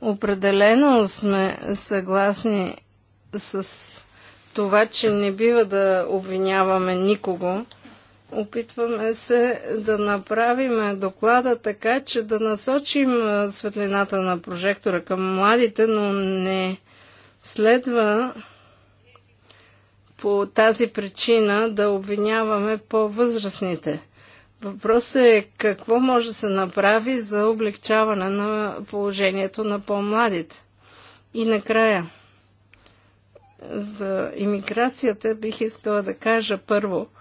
Speaker 5: Определено сме съгласни с това, че не бива да обвиняваме никого. Опитваме се да направим доклада така, че да насочим светлината на прожектора към младите, но не следва по тази причина да обвиняваме по-възрастните. Въпросът е какво може да се направи за облегчаване на положението на по-младите. И накрая, за иммиграцията бих искала да кажа първо –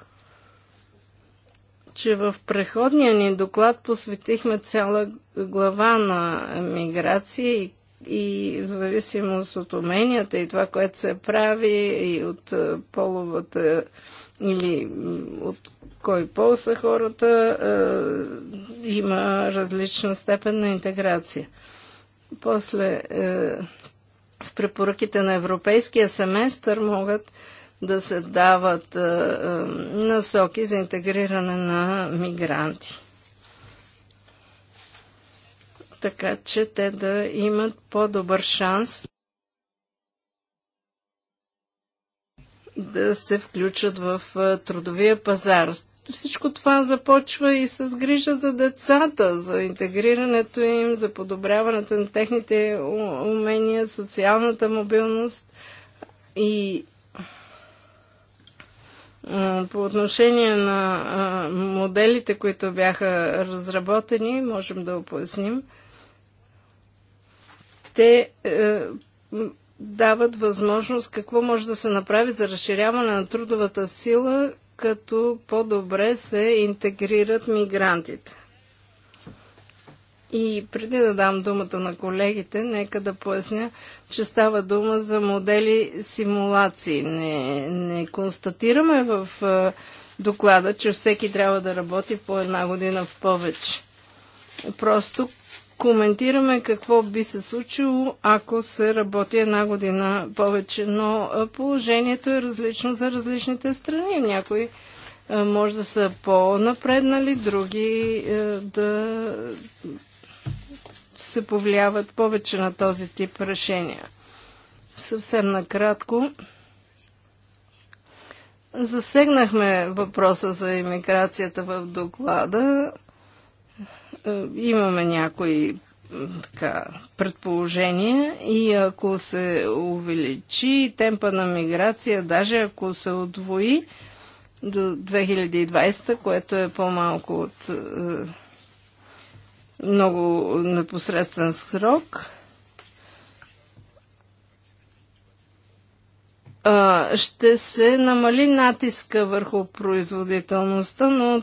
Speaker 5: че в преходния ни доклад посветихме цяла глава на миграция и, и в зависимост от уменията и това, което се прави и от е, половата или от кой пол са хората, е, има различна степен на интеграция. После е, в препоръките на европейския семестър могат да се дават е, е, насоки за интегриране на мигранти. Така че те да имат по-добър шанс да се включат в е, трудовия пазар. Всичко това започва и с грижа за децата, за интегрирането им, за подобряването на техните умения, социалната мобилност и по отношение на моделите, които бяха разработени, можем да опоясним, те е, дават възможност какво може да се направи за разширяване на трудовата сила, като по-добре се интегрират мигрантите. И преди да дам думата на колегите, нека да поясня, че става дума за модели симулации. Не, не констатираме в доклада, че всеки трябва да работи по една година в повече. Просто коментираме какво би се случило, ако се работи една година повече. Но положението е различно за различните страни. Някои може да са по-напреднали, други да се повлияват повече на този тип решения. Съвсем накратко. Засегнахме въпроса за иммиграцията в доклада. Е, имаме някои така, предположения и ако се увеличи темпа на миграция, даже ако се отвои до 2020, което е по-малко от е, много непосредствен срок. Ще се намали натиска върху производителността, но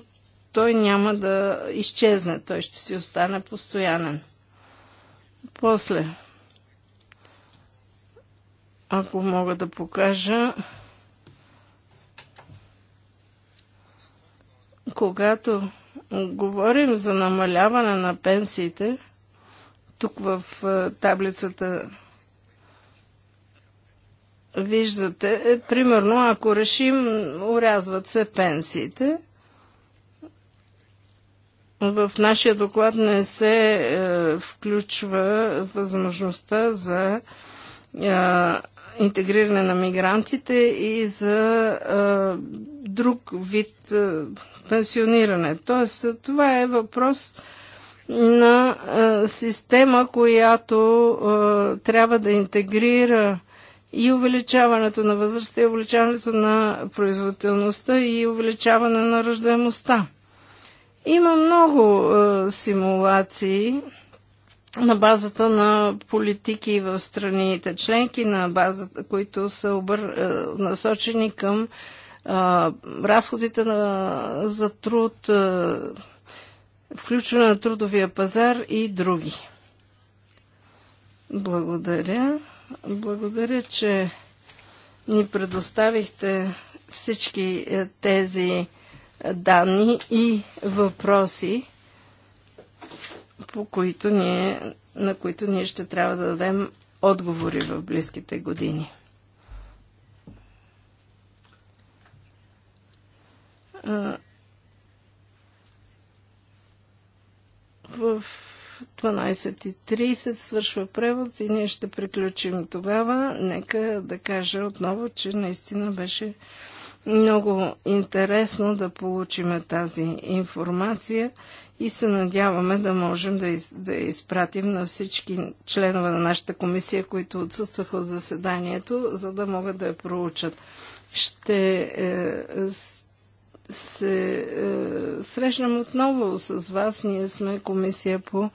Speaker 5: той няма да изчезне, той ще си остане постоянен. После, ако мога да покажа, когато е, говорим за намаляване на пенсиите, тук в е, таблицата виждате, е, примерно, ако решим, урязват се пенсиите. В нашия доклад не се е, включва възможността за е, интегриране на мигрантите и за е, друг вид е, пенсиониране. Тоест, това е въпрос на а, система, която а, трябва да интегрира и увеличаването на възрастта, и увеличаването на производителността, и увеличаване на ръждаемостта. Има много е, симулации на базата на политики в страните членки, на базата, които са обър... насочени към а, разходите на, за труд, а, включване на трудовия пазар и други. Благодаря. Благодаря, че ни предоставихте всички е, тези е, данни и въпроси, по които ние, на които ние ще трябва да дадем отговори в близките години. в 12.30 свършва превод и ние ще приключим тогава. Нека да кажа отново, че наистина беше много интересно да получим тази информация и се надяваме да можем да, из, да изпратим на всички членове на нашата комисия, които отсъстваха от заседанието, за да могат да я проучат. Ще е, се е, срещнем отново с вас. Ние сме комисия по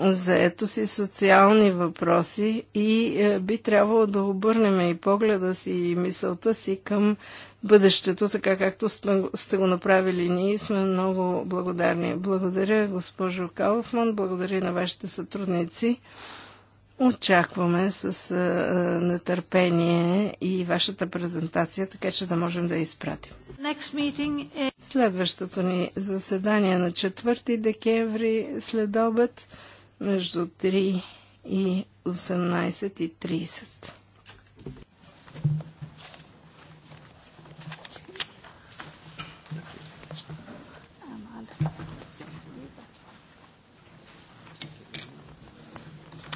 Speaker 5: заетост и социални въпроси и е, би трябвало да обърнем и погледа си и мисълта си към бъдещето, така както сме, сте го направили ние. Сме много благодарни. Благодаря, госпожо Кауфман, благодаря на вашите сътрудници. Очакваме с нетърпение и вашата презентация, така че да можем да я изпратим.
Speaker 1: Is... Следващото ни
Speaker 5: заседание на 4 декември след обед между 3 и 18.30.